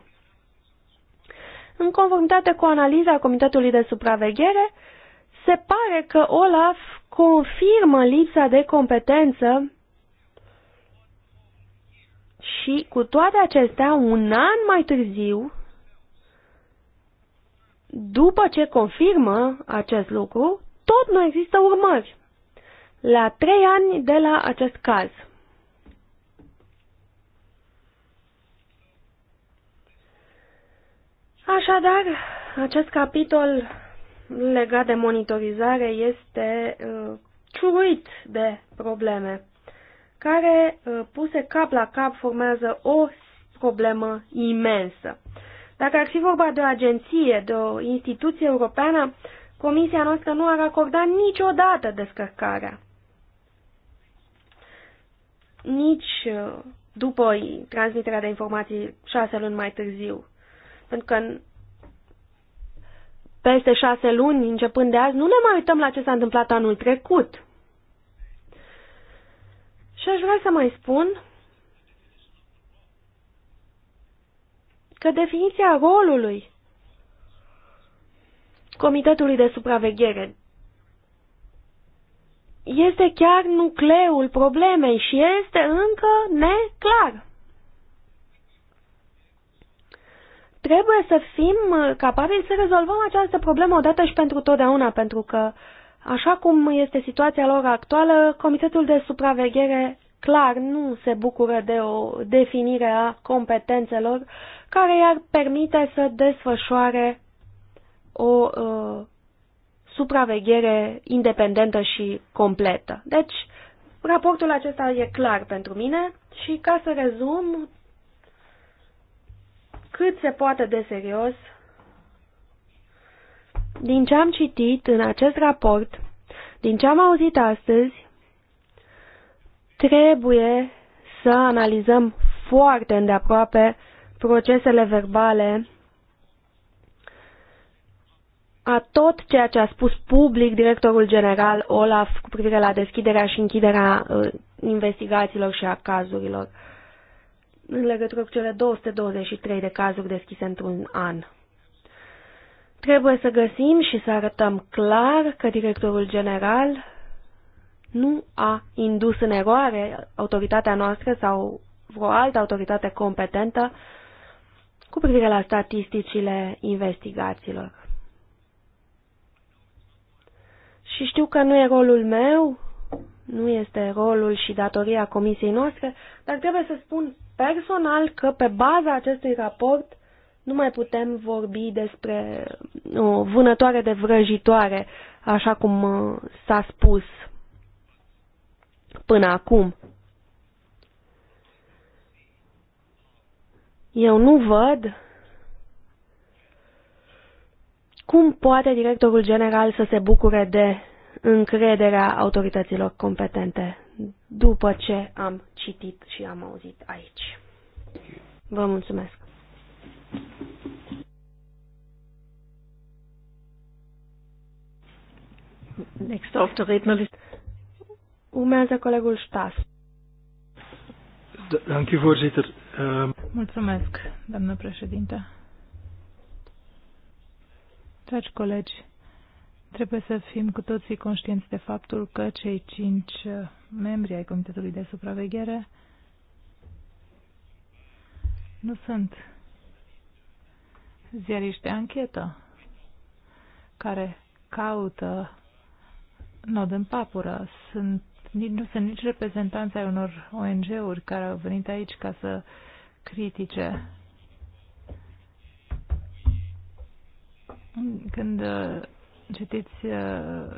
În conformitate cu analiza Comitetului de Supraveghere, se pare că Olaf confirmă lipsa de competență și cu toate acestea, un an mai târziu, după ce confirmă acest lucru, tot nu există urmări. La trei ani de la acest caz. Așadar, acest capitol legat de monitorizare este uh, ciuruit de probleme, care, uh, puse cap la cap, formează o problemă imensă. Dacă ar fi vorba de o agenție, de o instituție europeană, Comisia noastră nu ar acorda niciodată descărcarea. Nici uh, după transmiterea de informații șase luni mai târziu. Pentru că în peste șase luni, începând de azi, nu ne mai uităm la ce s-a întâmplat anul trecut. Și aș vrea să mai spun că definiția rolului Comitetului de Supraveghere. Este chiar nucleul problemei și este încă neclar. Trebuie să fim uh, capabili să rezolvăm această problemă odată și pentru totdeauna, pentru că, așa cum este situația lor actuală, Comitetul de Supraveghere clar nu se bucură de o definire a competențelor care i-ar permite să desfășoare o uh, supraveghere independentă și completă. Deci, raportul acesta e clar pentru mine și ca să rezum cât se poate de serios, din ce am citit în acest raport, din ce am auzit astăzi, trebuie să analizăm foarte îndeaproape procesele verbale a tot ceea ce a spus public directorul general Olaf cu privire la deschiderea și închiderea uh, investigațiilor și a cazurilor în legătură cu cele 223 de cazuri deschise într-un an. Trebuie să găsim și să arătăm clar că directorul general nu a indus în eroare autoritatea noastră sau vreo altă autoritate competentă cu privire la statisticile investigațiilor. Și știu că nu e rolul meu, nu este rolul și datoria comisiei noastre, dar trebuie să spun personal că pe baza acestui raport nu mai putem vorbi despre o vânătoare de vrăjitoare, așa cum uh, s-a spus până acum. Eu nu văd Cum poate directorul general să se bucure de încrederea autorităților competente după ce am citit și am auzit aici? Vă mulțumesc! off the der list. Urmează colegul Stas. Da, ehm, mulțumesc, doamnă președinte. Dragi colegi, trebuie să fim cu toții conștienți de faptul că cei cinci uh, membri ai Comitetului de Supraveghere nu sunt ziariști de anchetă care caută nod în papură. Sunt, nu sunt nici reprezentanți ai unor ONG-uri care au venit aici ca să critice Când uh, citiți uh,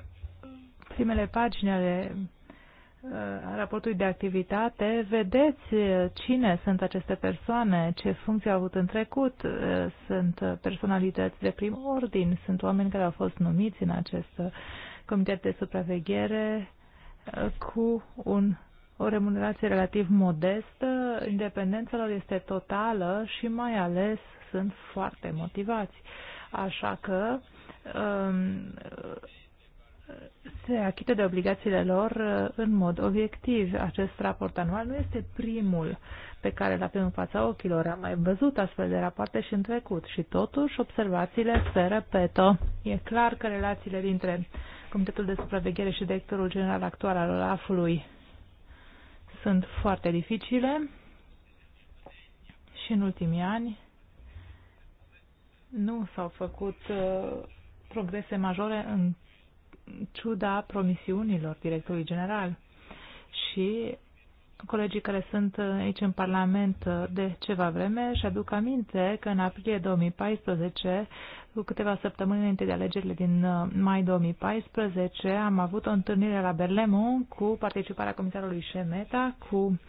primele pagini ale uh, raportului de activitate, vedeți cine sunt aceste persoane, ce funcție au avut în trecut, sunt personalități de prim ordin, sunt oameni care au fost numiți în acest comitet de supraveghere cu un, o remunerație relativ modestă, independența lor este totală și mai ales sunt foarte motivați. Așa că um, se achită de obligațiile lor uh, în mod obiectiv. Acest raport anual nu este primul pe care l avem în fața ochilor. Am mai văzut astfel de rapoarte și în trecut și totuși observațiile se repetă. E clar că relațiile dintre Comitetul de Supraveghere și Directorul General Actual al Olafului sunt foarte dificile și în ultimii ani nu s-au făcut uh, progrese majore în ciuda promisiunilor directorului general și colegii care sunt aici în Parlament de ceva vreme și aduc aminte că în aprilie 2014, cu câteva săptămâni înainte de alegerile din uh, mai 2014, am avut o întâlnire la Berlemu cu participarea comisarului Șemeta, cu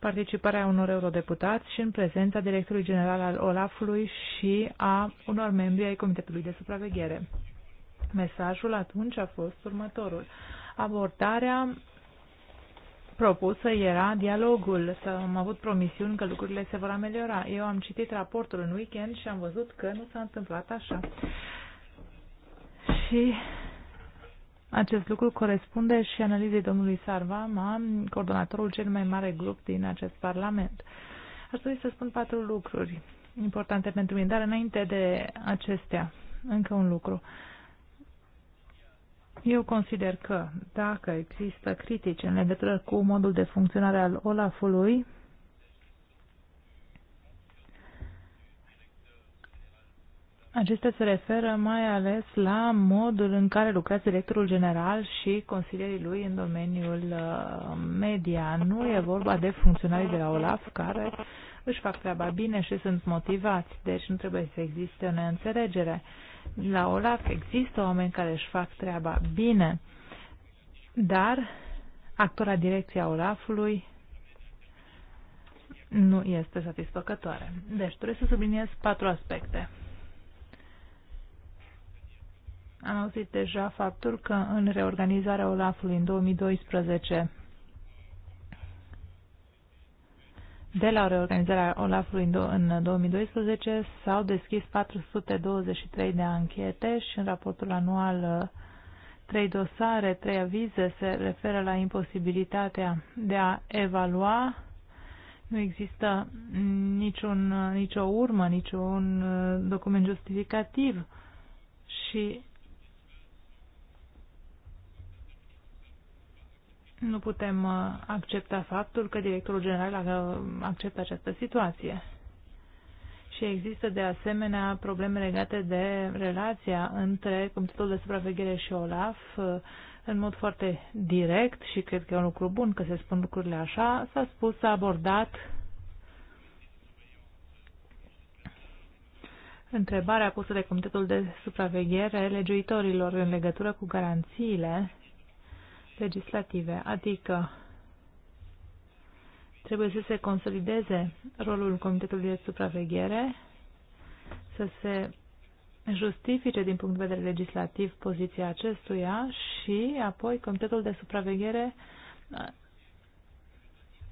participarea unor eurodeputați și în prezența directorului general al Olafului și a unor membri ai Comitetului de Supraveghere. Mesajul atunci a fost următorul. Abordarea propusă era dialogul. Să am avut promisiuni că lucrurile se vor ameliora. Eu am citit raportul în weekend și am văzut că nu s-a întâmplat așa. Și acest lucru corespunde și analizei domnului Sarvama, coordonatorul cel mai mare grup din acest Parlament. Aș dori să spun patru lucruri importante pentru mine, dar înainte de acestea, încă un lucru. Eu consider că dacă există critici în legătură cu modul de funcționare al Olafului, Acestea se referă mai ales la modul în care lucrează directorul general și consilierii lui în domeniul uh, media. Nu e vorba de funcționarii de la OLAF care își fac treaba bine și sunt motivați, deci nu trebuie să existe o neînțelegere. La OLAF există oameni care își fac treaba bine, dar actora direcția OLAF-ului nu este satisfăcătoare. Deci trebuie să subliniez patru aspecte. Am auzit deja faptul că în reorganizarea OLAF-ului în 2012, de la reorganizarea OLAF-ului în 2012, s-au deschis 423 de anchete și în raportul anual trei dosare, trei avize se referă la imposibilitatea de a evalua nu există niciun, nicio urmă, niciun uh, document justificativ și Nu putem uh, accepta faptul că directorul general uh, acceptă această situație. Și există de asemenea probleme legate de relația între Comitetul de Supraveghere și OLAF uh, în mod foarte direct și cred că e un lucru bun că se spun lucrurile așa, s-a spus, s-a abordat întrebarea pusă de Comitetul de Supraveghere legiuitorilor în legătură cu garanțiile legislative, adică trebuie să se consolideze rolul Comitetului de Supraveghere, să se justifice din punct de vedere legislativ poziția acestuia și apoi Comitetul de Supraveghere uh,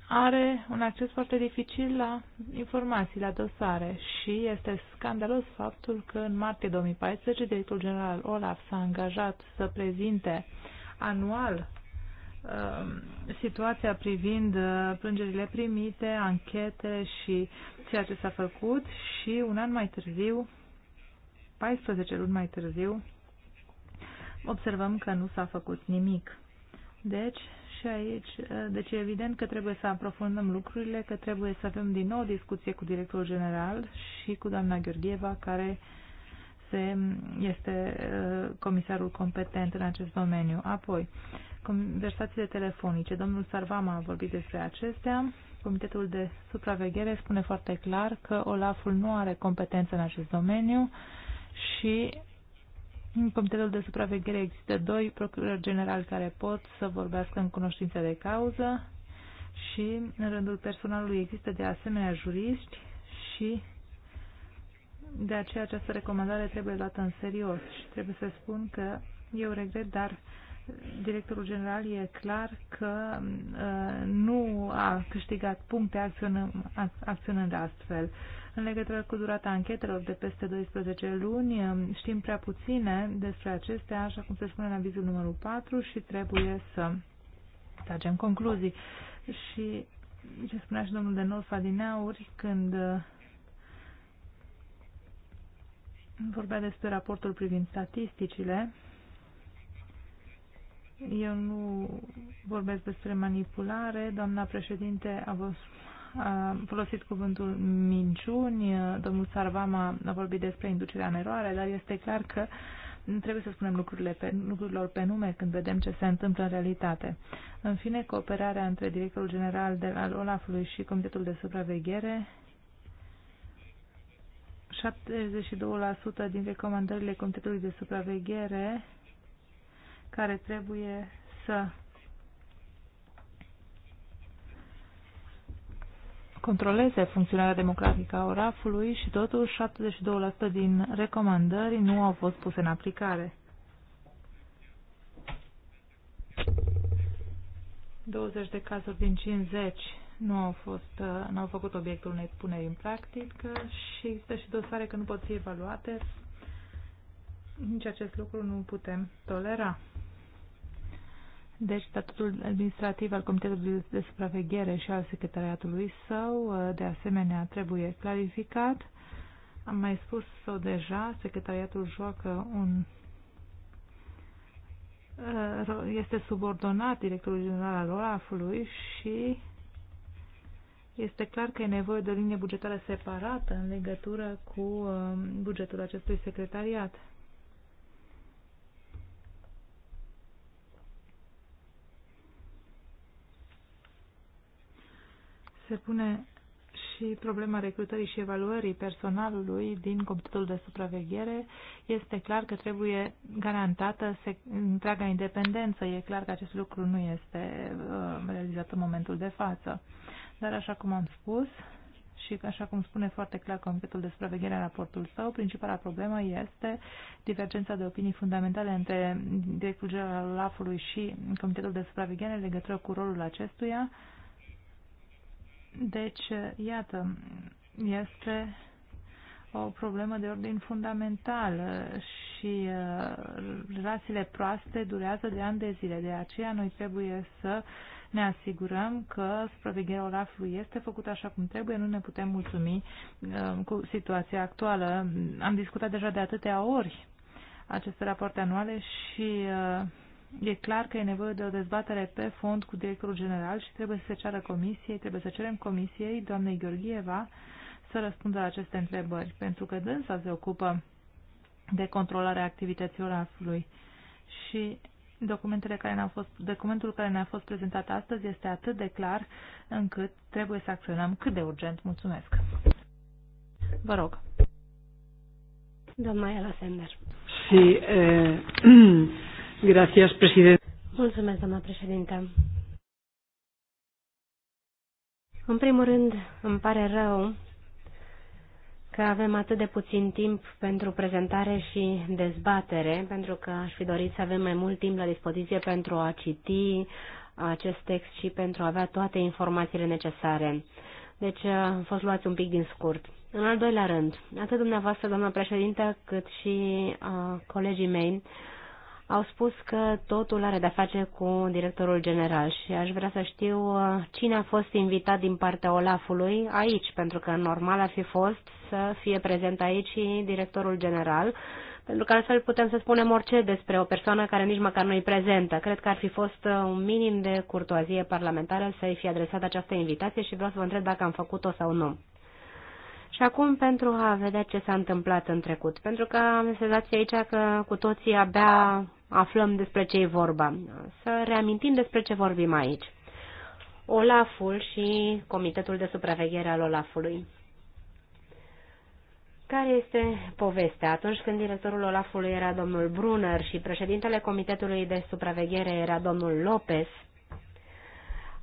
are un acces foarte dificil la informații, la dosare și este scandalos faptul că în martie 2014 directorul general Olaf s-a angajat să prezinte anual Um, situația privind uh, plângerile primite, anchete și ceea ce s-a făcut și un an mai târziu, 14 luni mai târziu, observăm că nu s-a făcut nimic. Deci, și aici, uh, deci e evident că trebuie să aprofundăm lucrurile, că trebuie să avem din nou discuție cu directorul general și cu doamna Gheorgheva, care uh, se, este uh, comisarul competent în acest domeniu. Apoi, conversațiile telefonice. Domnul Sarvama a vorbit despre acestea. Comitetul de supraveghere spune foarte clar că Olaful nu are competență în acest domeniu și în Comitetul de supraveghere există doi procurori generali care pot să vorbească în cunoștință de cauză și în rândul personalului există de asemenea juriști și de aceea această recomandare trebuie luată în serios și trebuie să spun că eu regret, dar directorul general e clar că uh, nu a câștigat puncte acționând, acționând astfel. În legătură cu durata anchetelor de peste 12 luni, um, știm prea puține despre acestea, așa cum se spune în avizul numărul 4 și trebuie să tragem concluzii. Și ce spunea și domnul de Nolfa din Aur, când uh, vorbea despre raportul privind statisticile. Eu nu vorbesc despre manipulare. Doamna președinte a, vos, a folosit cuvântul minciuni, domnul Sarvama a vorbit despre inducerea în eroare, dar este clar că trebuie să spunem lucrurile pe, lucrurilor pe nume când vedem ce se întâmplă în realitate. În fine, cooperarea între directorul general de, al Olafului și Comitetul de Supraveghere 72% din recomandările Comitetului de Supraveghere care trebuie să controleze funcționarea democratică a orafului și totuși 72% din recomandări nu au fost puse în aplicare. 20 de cazuri din 50 nu au, fost, uh, nu au făcut obiectul unei puneri în practică și există și dosare că nu pot fi evaluate. Nici acest lucru nu putem tolera. Deci statutul administrativ al Comitetului de Supraveghere și al Secretariatului său, uh, de asemenea, trebuie clarificat. Am mai spus-o deja, Secretariatul joacă un uh, este subordonat directorului general al Olafului și este clar că e nevoie de o linie bugetară separată în legătură cu um, bugetul acestui secretariat. Se pune și problema recrutării și evaluării personalului din comitetul de supraveghere. Este clar că trebuie garantată întreaga independență. E clar că acest lucru nu este uh, realizat în momentul de față. Dar, așa cum am spus și așa cum spune foarte clar Comitetul de Supraveghere a raportului său, principala problemă este divergența de opinii fundamentale între directul general al LAF-ului și Comitetul de Supraveghere în legătură cu rolul acestuia. Deci, iată, este o problemă de ordin fundamental uh, și uh, relațiile proaste durează de ani de zile. De aceea noi trebuie să ne asigurăm că supravegherea Olafului este făcută așa cum trebuie, nu ne putem mulțumi uh, cu situația actuală. Am discutat deja de atâtea ori aceste rapoarte anuale și e clar că e nevoie de o dezbatere pe fond cu directorul general și trebuie să se ceară comisiei, trebuie să cerem comisiei, doamnei Gheorgheva, să răspundă la aceste întrebări, pentru că dânsa se ocupă de controlarea activității orașului și documentele care ne-au fost, documentul care ne-a fost prezentat astăzi este atât de clar încât trebuie să acționăm cât de urgent. Mulțumesc! Vă rog! Doamna Ela Sender. Sí, eh, *clears throat* gracias, presidente. Mulțumesc, doamna președinte. În primul rând, îmi pare rău că avem atât de puțin timp pentru prezentare și dezbatere, pentru că aș fi dorit să avem mai mult timp la dispoziție pentru a citi acest text și pentru a avea toate informațiile necesare. Deci am uh, fost luați un pic din scurt. În al doilea rând, atât dumneavoastră, doamna președintă, cât și uh, colegii mei, uh, au spus că totul are de-a face cu directorul general și aș vrea să știu uh, cine a fost invitat din partea Olafului aici, pentru că normal ar fi fost să fie prezent aici și directorul general, pentru că altfel putem să spunem orice despre o persoană care nici măcar nu-i prezentă. Cred că ar fi fost uh, un minim de curtoazie parlamentară să-i fi adresat această invitație și vreau să vă întreb dacă am făcut-o sau nu. Și acum pentru a vedea ce s-a întâmplat în trecut, pentru că am senzația aici că cu toții abia aflăm despre ce e vorba. Să reamintim despre ce vorbim aici. Olaful și Comitetul de Supraveghere al Olafului. Care este povestea? Atunci când directorul Olafului era domnul Brunner și președintele Comitetului de Supraveghere era domnul Lopez,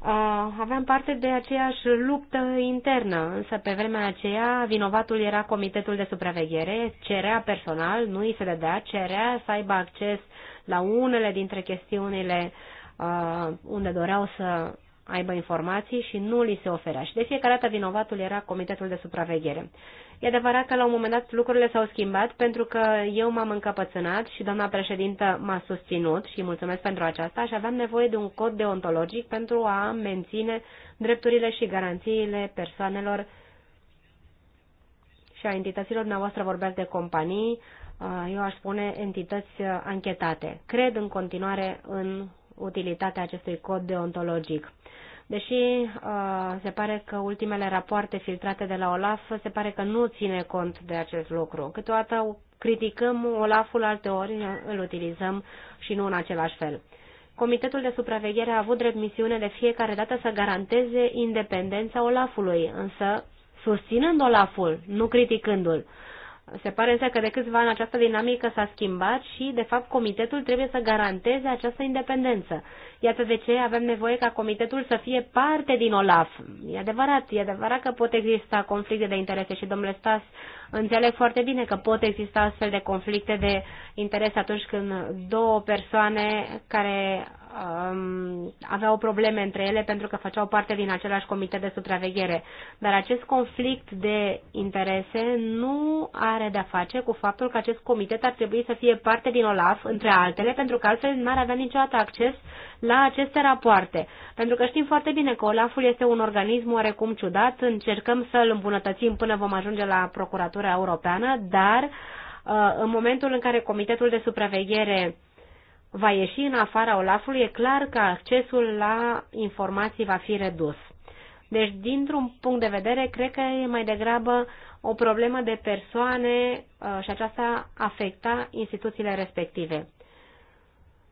Uh, aveam parte de aceeași luptă internă, însă pe vremea aceea vinovatul era comitetul de supraveghere, cerea personal, nu îi se dădea, cerea să aibă acces la unele dintre chestiunile uh, unde doreau să aibă informații și nu li se oferea. Și de fiecare dată vinovatul era comitetul de supraveghere. E adevărat că la un moment dat lucrurile s-au schimbat pentru că eu m-am încăpățânat și doamna președintă m-a susținut și mulțumesc pentru aceasta și aveam nevoie de un cod deontologic pentru a menține drepturile și garanțiile persoanelor și a entităților dumneavoastră vorbeați de companii, uh, eu aș spune entități uh, anchetate. Cred în continuare în utilitatea acestui cod deontologic deși uh, se pare că ultimele rapoarte filtrate de la OLAF se pare că nu ține cont de acest lucru. Câteodată criticăm Olaful ul alteori îl utilizăm și nu în același fel. Comitetul de supraveghere a avut drept misiune de fiecare dată să garanteze independența Olafului, însă susținând Olaful, nu criticându-l. Se pare însă că de câțiva ani această dinamică s-a schimbat și, de fapt, comitetul trebuie să garanteze această independență. Iată de ce avem nevoie ca comitetul să fie parte din OLAF. E adevărat, e adevărat că pot exista conflicte de interese și, domnule Stas, înțeleg foarte bine că pot exista astfel de conflicte de interes atunci când două persoane care um, aveau probleme între ele pentru că făceau parte din același comitet de supraveghere. Dar acest conflict de interese nu are de-a face cu faptul că acest comitet ar trebui să fie parte din OLAF, între altele, pentru că altfel n-ar avea niciodată acces la aceste rapoarte. Pentru că știm foarte bine că OLAF-ul este un organism oarecum ciudat, încercăm să-l îmbunătățim până vom ajunge la Procuratura Europeană, dar uh, în momentul în care Comitetul de Supraveghere va ieși în afara Olafului, e clar că accesul la informații va fi redus. Deci, dintr-un punct de vedere, cred că e mai degrabă o problemă de persoane uh, și aceasta afecta instituțiile respective.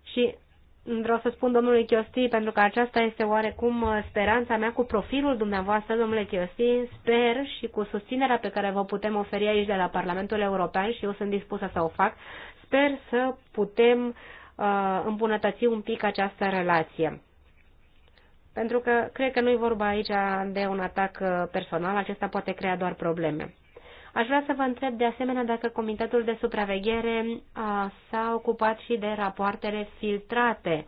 Și vreau să spun domnului Chiosti, pentru că aceasta este oarecum uh, speranța mea cu profilul dumneavoastră, domnule Chiosti, sper și cu susținerea pe care vă putem oferi aici de la Parlamentul European și eu sunt dispusă să o fac, sper să putem uh, Uh, îmbunătăți un pic această relație. Pentru că cred că nu e vorba aici de un atac uh, personal, acesta poate crea doar probleme. Aș vrea să vă întreb de asemenea dacă Comitetul de Supraveghere s-a ocupat și de rapoartele filtrate,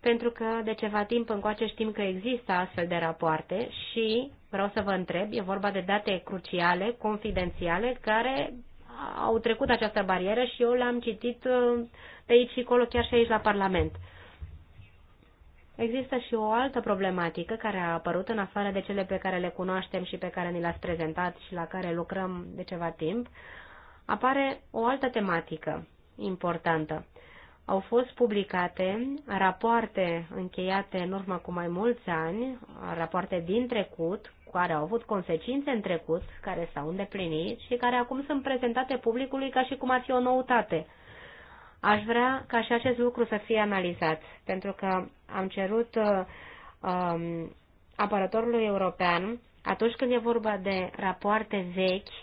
pentru că de ceva timp încoace știm că există astfel de rapoarte și vreau să vă întreb, e vorba de date cruciale, confidențiale, care au trecut această barieră și eu l-am citit uh, de aici și colo, chiar și aici la Parlament. Există și o altă problematică care a apărut în afară de cele pe care le cunoaștem și pe care ni le-ați prezentat și la care lucrăm de ceva timp. Apare o altă tematică importantă. Au fost publicate rapoarte încheiate în urmă cu mai mulți ani, rapoarte din trecut, care au avut consecințe în trecut, care s-au îndeplinit și care acum sunt prezentate publicului ca și cum ar fi o noutate. Aș vrea ca și acest lucru să fie analizat, pentru că am cerut uh, um, apărătorului european, atunci când e vorba de rapoarte vechi,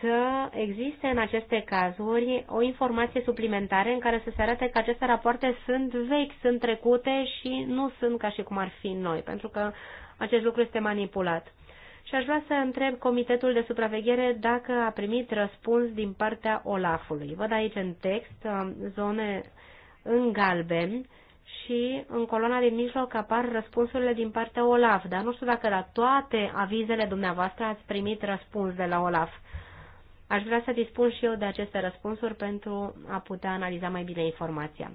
să existe în aceste cazuri o informație suplimentare în care să se arate că aceste rapoarte sunt vechi, sunt trecute și nu sunt ca și cum ar fi noi, pentru că acest lucru este manipulat. Și aș vrea să întreb Comitetul de Supraveghere dacă a primit răspuns din partea Olafului. Văd aici în text uh, zone în galben și în coloana din mijloc apar răspunsurile din partea Olaf, dar nu știu dacă la toate avizele dumneavoastră ați primit răspuns de la Olaf. Aș vrea să dispun și eu de aceste răspunsuri pentru a putea analiza mai bine informația.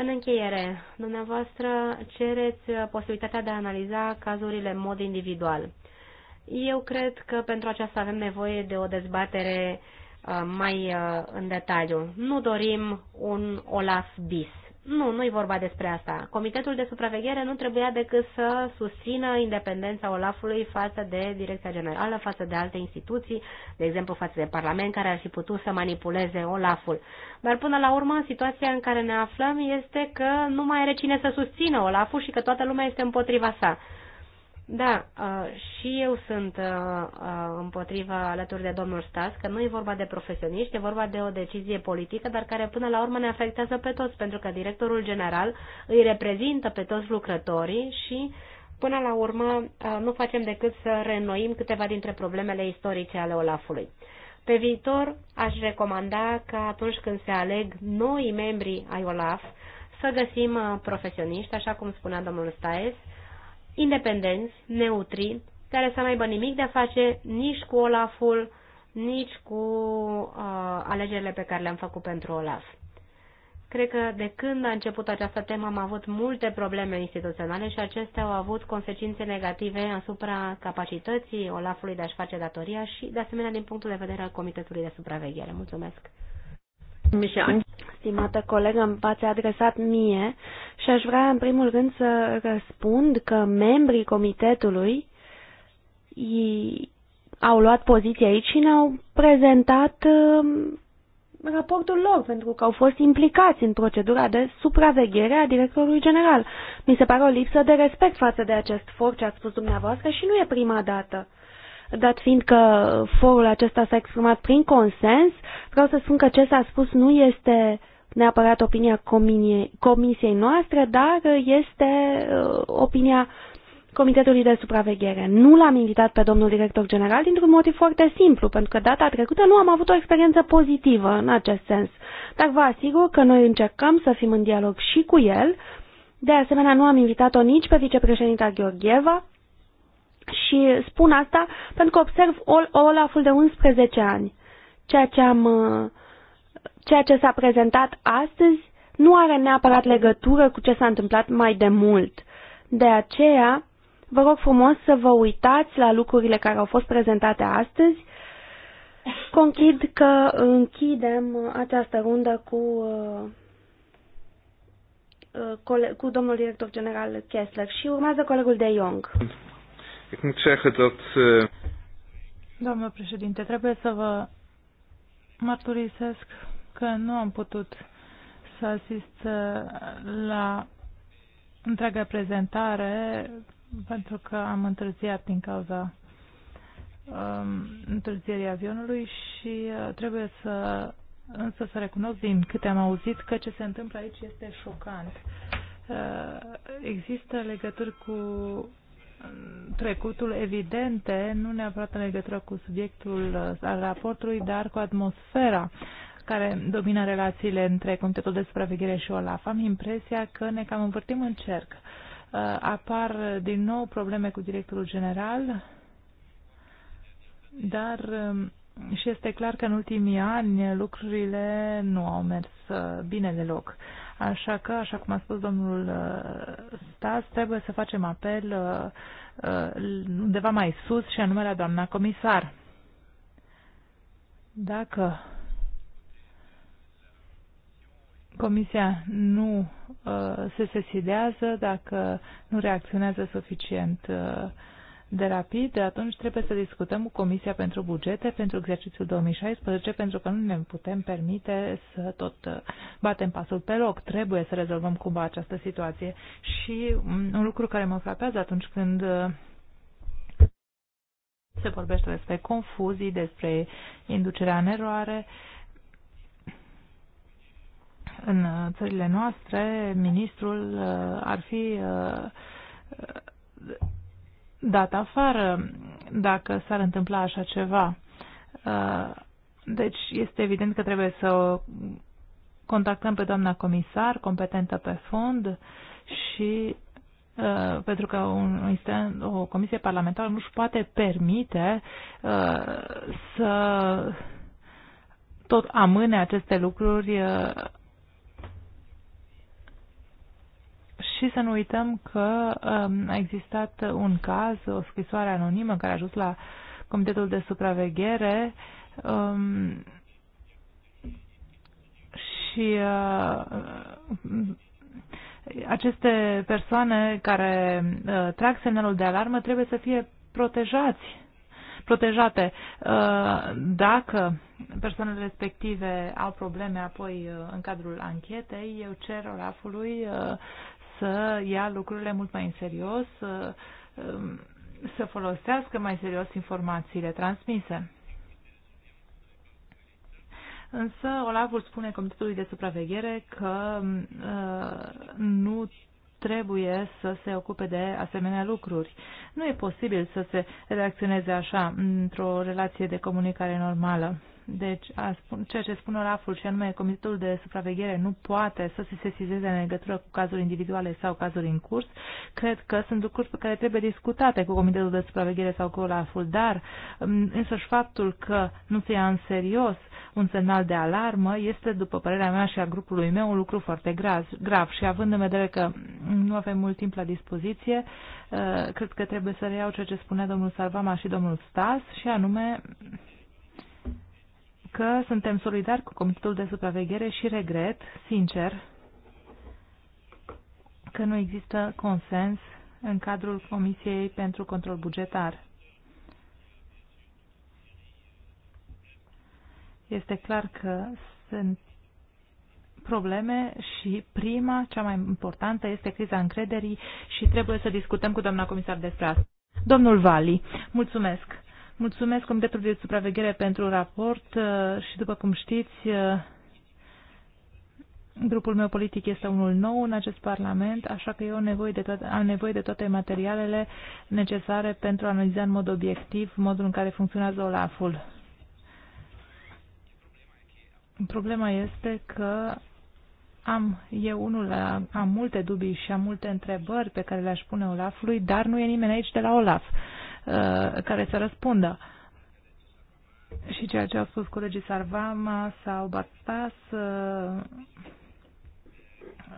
În încheiere, dumneavoastră cereți uh, posibilitatea de a analiza cazurile în mod individual. Eu cred că pentru aceasta avem nevoie de o dezbatere uh, mai uh, în detaliu. Nu dorim un Olaf bis. Nu, nu e vorba despre asta. Comitetul de supraveghere nu trebuia decât să susțină independența Olafului față de Direcția Generală, față de alte instituții, de exemplu față de Parlament, care ar fi putut să manipuleze Olaful. Dar până la urmă, situația în care ne aflăm este că nu mai are cine să susțină Olaful și că toată lumea este împotriva sa. Da, uh, și eu sunt uh, uh, împotriva alături de domnul Stas, că nu e vorba de profesioniști, e vorba de o decizie politică, dar care până la urmă ne afectează pe toți, pentru că directorul general îi reprezintă pe toți lucrătorii și până la urmă nu facem decât să reînnoim câteva dintre problemele istorice ale Olafului. Pe viitor aș recomanda că atunci când se aleg noi membri ai Olaf, să găsim profesioniști, așa cum spunea domnul Staes, independenți, neutri, care să nu aibă nimic de a face nici cu Olaful, nici cu uh, alegerile pe care le-am făcut pentru Olaf. Cred că de când a început această temă am avut multe probleme instituționale și acestea au avut consecințe negative asupra capacității Olafului de a-și face datoria și, de asemenea, din punctul de vedere al Comitetului de Supraveghere. Mulțumesc! Stimată colegă, v-ați adresat mie și aș vrea în primul rând să răspund că membrii comitetului au luat poziție aici și ne-au prezentat um, raportul lor, pentru că au fost implicați în procedura de supraveghere a directorului general. Mi se pare o lipsă de respect față de acest for ce ați spus dumneavoastră și nu e prima dată dat fiind că forul acesta s-a exprimat prin consens, vreau să spun că ce s-a spus nu este neapărat opinia comisiei noastre, dar este uh, opinia Comitetului de Supraveghere. Nu l-am invitat pe domnul director general dintr-un motiv foarte simplu, pentru că data trecută nu am avut o experiență pozitivă în acest sens. Dar vă asigur că noi încercăm să fim în dialog și cu el. De asemenea, nu am invitat-o nici pe vicepreședinta Gheorgheva, și spun asta pentru că observ Olaful de 11 ani. Ceea ce, am, uh, ceea ce s-a prezentat astăzi nu are neapărat legătură cu ce s-a întâmplat mai de mult. De aceea, vă rog frumos să vă uitați la lucrurile care au fost prezentate astăzi. Conchid că închidem această rundă cu, uh, uh, cu domnul director general Kessler și urmează colegul de Young. Ik moet zeggen dat. Uh... președinte, trebuie să vă mărturisesc că nu am putut să asist eh, la întreaga prezentare pentru că am întârziat din cauza um, întârzierii avionului și uh, trebuie să însă să recunosc din câte am auzit că ce se întâmplă aici este șocant. Uh, există legături cu trecutul evidente, nu neapărat în legătură cu subiectul uh, al raportului, dar cu atmosfera care domină relațiile între Comitetul de Supraveghere și OLAF. Am impresia că ne cam învârtim în cerc. Uh, apar din nou probleme cu directorul general, dar um, și este clar că în ultimii ani lucrurile nu au mers uh, bine deloc. Așa că, așa cum a spus domnul uh, Stas, trebuie să facem apel uh, uh, undeva mai sus și anume la doamna comisar. Dacă Comisia nu se sesidează, dacă nu reacționează suficient de rapid, atunci trebuie să discutăm cu Comisia pentru Bugete pentru exercițiul 2016, pentru că nu ne putem permite să tot uh, batem pasul pe loc. Trebuie să rezolvăm cumva această situație. Și mm, un lucru care mă frapează atunci când uh, se vorbește despre confuzii, despre inducerea în eroare, în uh, țările noastre, ministrul ar fi dat afară dacă s-ar întâmpla așa ceva. Uh, deci este evident că trebuie să contactăm pe doamna comisar competentă pe fond și uh, pentru că un, o comisie parlamentară nu își poate permite uh, să tot amâne aceste lucruri Și să nu uităm că um, a existat un caz, o scrisoare anonimă care a ajuns la Comitetul de Supraveghere um, și uh, aceste persoane care uh, trag semnalul de alarmă trebuie să fie protejați protejate. Uh, dacă persoanele respective au probleme apoi uh, în cadrul anchetei, eu cer Olafului uh, să ia lucrurile mult mai în serios, să, um, să folosească mai serios informațiile transmise. Însă Olaful spune Comitetului de Supraveghere că um, uh, nu trebuie să se ocupe de asemenea lucruri. Nu e posibil să se reacționeze așa într-o relație de comunicare normală. Deci, a spun, ceea ce spune Olaful și anume Comitetul de Supraveghere nu poate să se sesizeze în legătură cu cazuri individuale sau cazuri în curs, cred că sunt lucruri pe care trebuie discutate cu Comitetul de Supraveghere sau cu Olaful, dar mm, însăși faptul că nu se ia în serios un semnal de alarmă este, după părerea mea și a grupului meu, un lucru foarte grav, grav. și având în vedere că nu avem mult timp la dispoziție, uh, cred că trebuie să reiau ceea ce spunea domnul Sarvama și domnul Stas și anume că suntem solidari cu Comitetul de Supraveghere și regret, sincer, că nu există consens în cadrul Comisiei pentru Control Bugetar. Este clar că sunt probleme și prima, cea mai importantă, este criza încrederii și trebuie să discutăm cu doamna comisar despre asta. Domnul Vali, mulțumesc. Mulțumesc Comitetul de Supraveghere pentru raport uh, și, după cum știți, uh, grupul meu politic este unul nou în acest Parlament, așa că eu am nevoie de toate materialele necesare pentru a analiza în mod obiectiv modul în care funcționează OLAF-ul. Problema este că am, eu unul am multe dubii și am multe întrebări pe care le-aș pune Olafului, dar nu e nimeni aici de la Olaf. Uh, Uh, care să răspundă. Și ceea ce au spus colegii Sarvama sau Batas uh,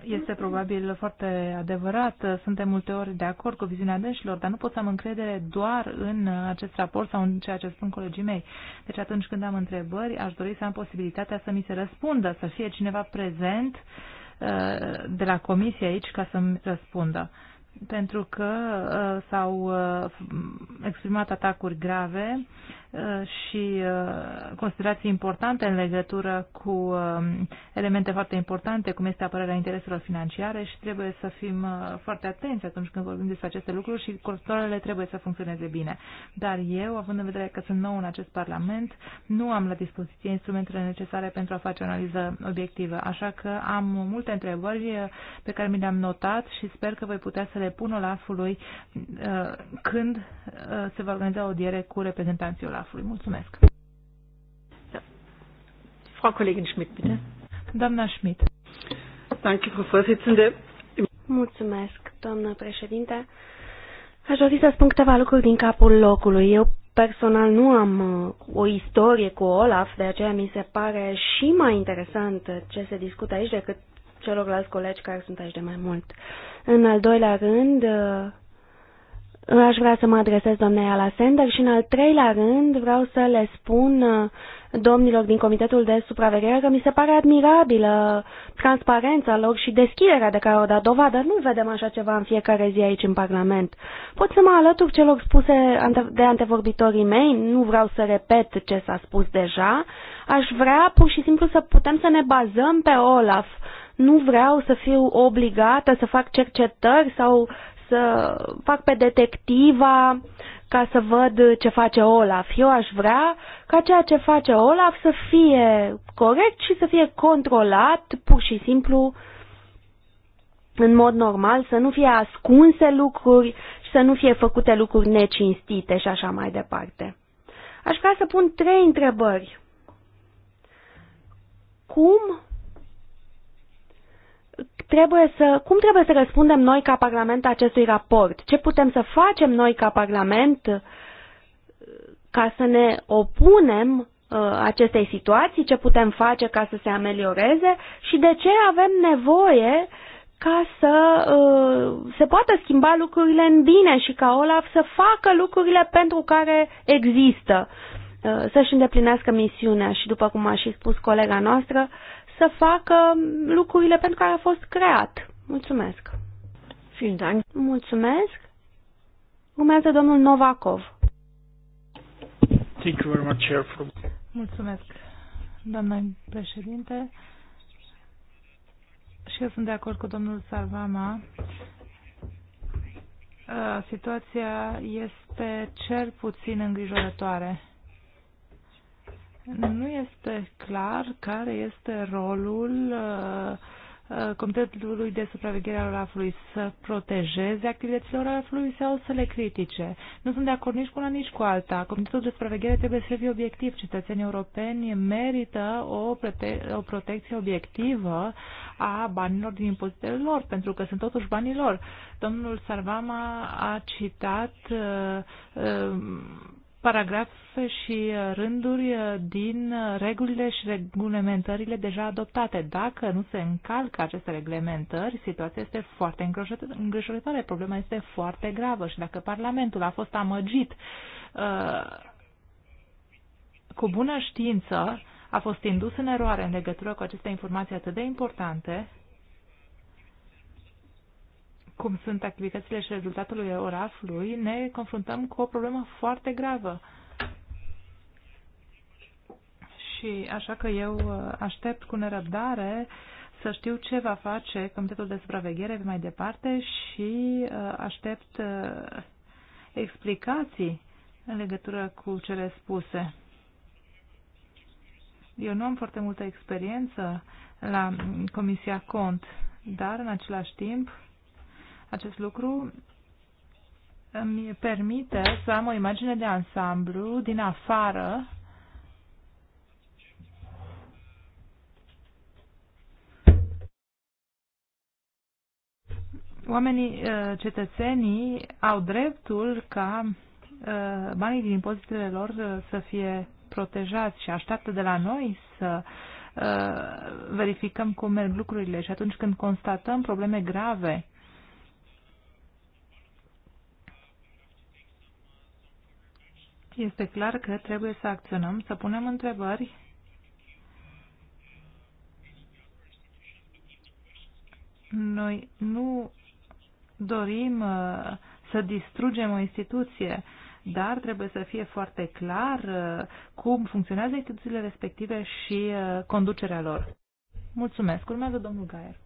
este probabil foarte adevărat. Suntem multe ori de acord cu viziunea deșilor, dar nu pot să am încredere doar în acest raport sau în ceea ce spun colegii mei. Deci atunci când am întrebări, aș dori să am posibilitatea să mi se răspundă, să fie cineva prezent uh, de la comisie aici ca să-mi răspundă pentru că uh, s-au uh, exprimat atacuri grave Uh, și uh, considerații importante în legătură cu um, elemente foarte importante, cum este apărarea intereselor financiare și trebuie să fim uh, foarte atenți atunci când vorbim despre aceste lucruri și controlele trebuie să funcționeze bine. Dar eu, având în vedere că sunt nou în acest Parlament, nu am la dispoziție instrumentele necesare pentru a face o analiză obiectivă, așa că am multe întrebări pe care mi le-am notat și sper că voi putea să le pun la ului când se va organiza o diere cu reprezentanții paragrafului. Mulțumesc. Da. Frau Kollegin Schmidt, bitte. Doamna Schmidt. Danke, Frau Vorsitzende. Mulțumesc, doamna președinte. Aș dori să spun câteva lucruri din capul locului. Eu personal nu am uh, o istorie cu Olaf, de aceea mi se pare și mai interesant ce se discută aici decât celorlalți colegi care sunt aici de mai mult. În al doilea rând, uh, Aș vrea să mă adresez doamnei Alasender și în al treilea rând vreau să le spun uh, domnilor din Comitetul de Supraveghere că mi se pare admirabilă transparența lor și deschiderea de care au dat dovadă. Nu vedem așa ceva în fiecare zi aici în Parlament. Pot să mă alătur celor spuse de antevorbitorii mei, nu vreau să repet ce s-a spus deja. Aș vrea pur și simplu să putem să ne bazăm pe Olaf nu vreau să fiu obligată să fac cercetări sau să fac pe detectiva ca să văd ce face Olaf. Eu aș vrea ca ceea ce face Olaf să fie corect și să fie controlat pur și simplu în mod normal, să nu fie ascunse lucruri și să nu fie făcute lucruri necinstite și așa mai departe. Aș vrea să pun trei întrebări. Cum trebuie să, cum trebuie să răspundem noi ca Parlament acestui raport? Ce putem să facem noi ca Parlament uh, ca să ne opunem uh, acestei situații, ce putem face ca să se amelioreze și de ce avem nevoie ca să uh, se poată schimba lucrurile în bine și ca Olaf să facă lucrurile pentru care există, uh, să-și îndeplinească misiunea și, după cum a și spus colega noastră, să facă lucrurile pentru care a fost creat. Mulțumesc! Mulțumesc! Urmează domnul Novakov. Thank you very much, Chair. Mulțumesc, doamna președinte. Și eu sunt de acord cu domnul Sarvama. Uh, situația este cel puțin îngrijorătoare. Nu este clar care este rolul uh, uh, Comitetului de Supraveghere al Olafului să protejeze activitățile Olafului sau să le critique. Nu sunt de acord nici cu una, nici cu alta. Comitetul de Supraveghere trebuie să fie obiectiv. Cetățenii europeni merită o, prote- o protecție obiectivă a banilor din impozitele lor, pentru că sunt totuși banii lor. Domnul Sarvama a citat uh, uh, paragrafe și uh, rânduri uh, din uh, regulile și regulamentările deja adoptate. Dacă nu se încalcă aceste reglementări, situația este foarte îngrijorătoare, problema este foarte gravă și dacă Parlamentul a fost amăgit cu bună știință, a fost indus în eroare în legătură cu aceste informații atât de importante, cum sunt activitățile și rezultatele orașului, ne confruntăm cu o problemă foarte gravă. Și așa că eu uh, aștept cu nerăbdare să știu ce va face Comitetul de Supraveghere mai departe și uh, aștept uh, explicații în legătură cu cele spuse. Eu nu am foarte multă experiență la Comisia Cont, dar în același timp acest lucru îmi permite să am o imagine de ansamblu din afară oamenii, uh, cetățenii au dreptul ca uh, banii din impozitele lor uh, să fie protejați și așteaptă de la noi să verificăm cum merg lucrurile și atunci când constatăm probleme grave este clar că trebuie să acționăm, să punem întrebări noi nu dorim uh, să distrugem o instituție, dar trebuie să fie foarte clar uh, cum funcționează instituțiile respective și uh, conducerea lor. Mulțumesc. Urmează domnul Gaier.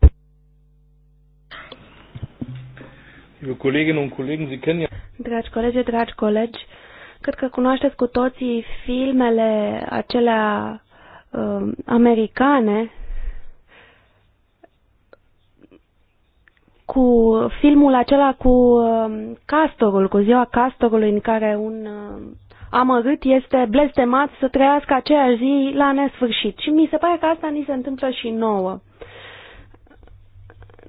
Dragi colegi, dragi colegi, Cred că cunoașteți cu toții filmele acelea uh, americane cu filmul acela cu uh, castorul, cu ziua castorului în care un uh, amărât este blestemat să trăiască aceeași zi la nesfârșit. Și mi se pare că asta ni se întâmplă și nouă.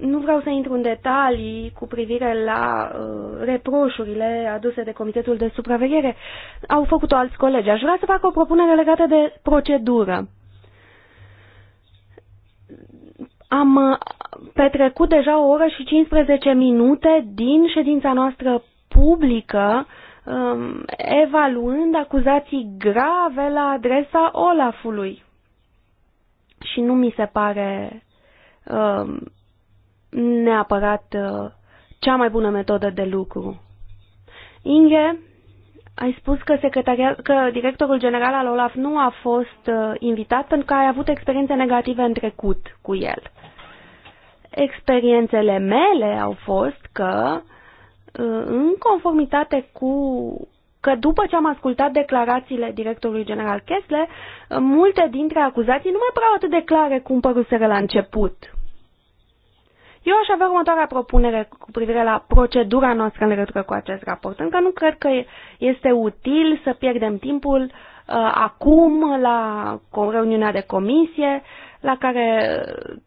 Nu vreau să intru în detalii cu privire la uh, reproșurile aduse de Comitetul de Supraveghere. Au făcut-o alți colegi. Aș vrea să fac o propunere legată de procedură. Am uh, petrecut deja o oră și 15 minute din ședința noastră publică um, evaluând acuzații grave la adresa Olafului. Și nu mi se pare um, neapărat uh, cea mai bună metodă de lucru. Inge, ai spus că, că directorul general al OLAF nu a fost uh, invitat pentru că ai avut experiențe negative în trecut cu el. Experiențele mele au fost că, uh, în conformitate cu că după ce am ascultat declarațiile directorului general Kessler, multe dintre acuzații nu mai păreau atât de clare cum păruseră la început. Eu aș avea următoarea propunere cu privire la procedura noastră în legătură cu acest raport. Încă nu cred că este util să pierdem timpul uh, acum la reuniunea de comisie, la care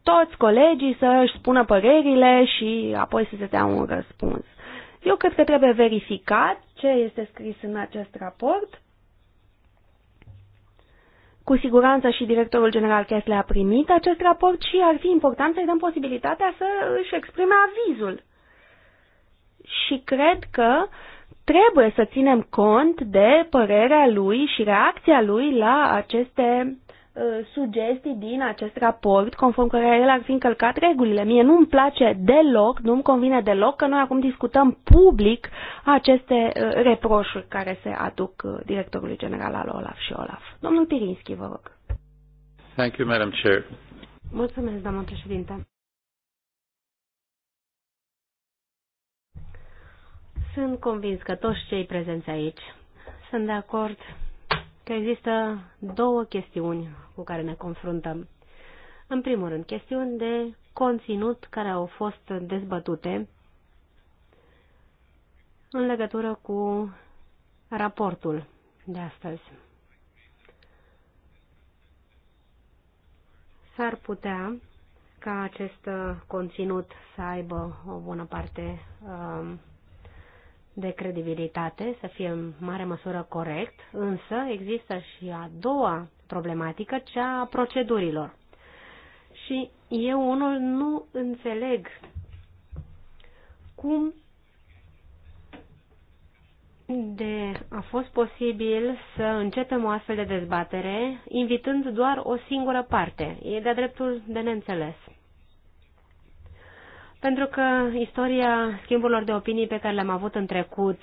toți colegii să își spună părerile și apoi să se dea un răspuns. Eu cred că trebuie verificat ce este scris în acest raport cu siguranță și directorul general Kessler a primit acest raport și ar fi important să-i dăm posibilitatea să își exprime avizul. Și cred că trebuie să ținem cont de părerea lui și reacția lui la aceste Uh, sugestii din acest raport, conform care el ar fi încălcat regulile. Mie nu-mi place deloc, nu-mi convine deloc că noi acum discutăm public aceste uh, reproșuri care se aduc uh, directorului general al OLAF și OLAF. Domnul Pirinski, vă rog. Thank you, Madam Chair. Mulțumesc, doamnă președinte. Sunt convins că toți cei prezenți aici sunt de acord că există două chestiuni cu care ne confruntăm. În primul rând, chestiuni de conținut care au fost dezbătute în legătură cu raportul de astăzi. S-ar putea ca acest conținut să aibă o bună parte um, de credibilitate, să fie în mare măsură corect, însă există și a doua problematică, cea a procedurilor. Și eu unul nu înțeleg cum de a fost posibil să începem o astfel de dezbatere invitând doar o singură parte. E de-a dreptul de neînțeles. Pentru că istoria schimburilor de opinii pe care le-am avut în trecut,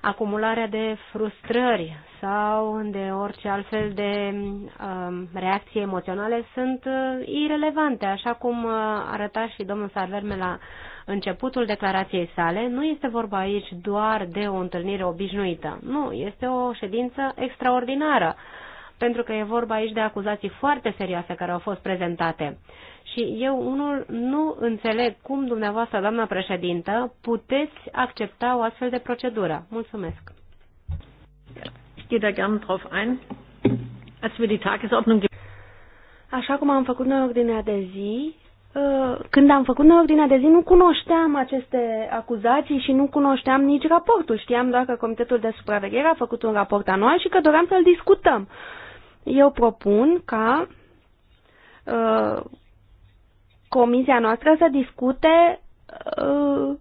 acumularea de frustrări sau de orice altfel de uh, reacții emoționale sunt uh, irelevante, așa cum uh, arăta și domnul Sarverme la începutul declarației sale. Nu este vorba aici doar de o întâlnire obișnuită. Nu, este o ședință extraordinară, pentru că e vorba aici de acuzații foarte serioase care au fost prezentate. Uh, și eu, unul, nu înțeleg cum dumneavoastră, doamna președintă, puteți accepta o astfel de procedură. Mulțumesc. Da Așa cum am făcut noi ordinea de zi, ă, când am făcut noi ordinea de zi, nu cunoșteam aceste acuzații și nu cunoșteam nici raportul. Știam doar că Comitetul de Supraveghere a făcut un raport anual și că doream să-l discutăm. Eu propun ca ă, comisia noastră să discute uh,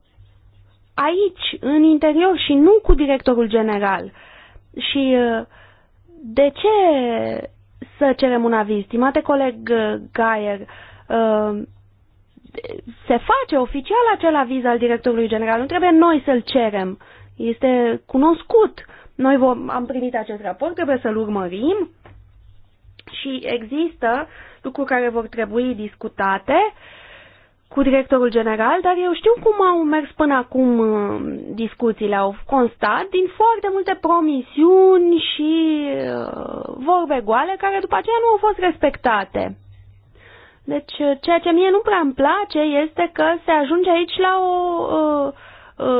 aici, în interior și nu cu directorul general. Și uh, de ce să cerem un aviz? Stimate coleg uh, Gaier, uh, se face oficial acel aviz al directorului general, nu trebuie noi să-l cerem. Este cunoscut. Noi vom, am primit acest raport, trebuie să-l urmărim și există uh, lucru care vor trebui discutate cu directorul general, dar eu știu cum au mers până acum uh, discuțiile. Au constat din foarte multe promisiuni și uh, vorbe goale care după aceea nu au fost respectate. Deci, uh, ceea ce mie nu prea îmi place este că se ajunge aici la, o,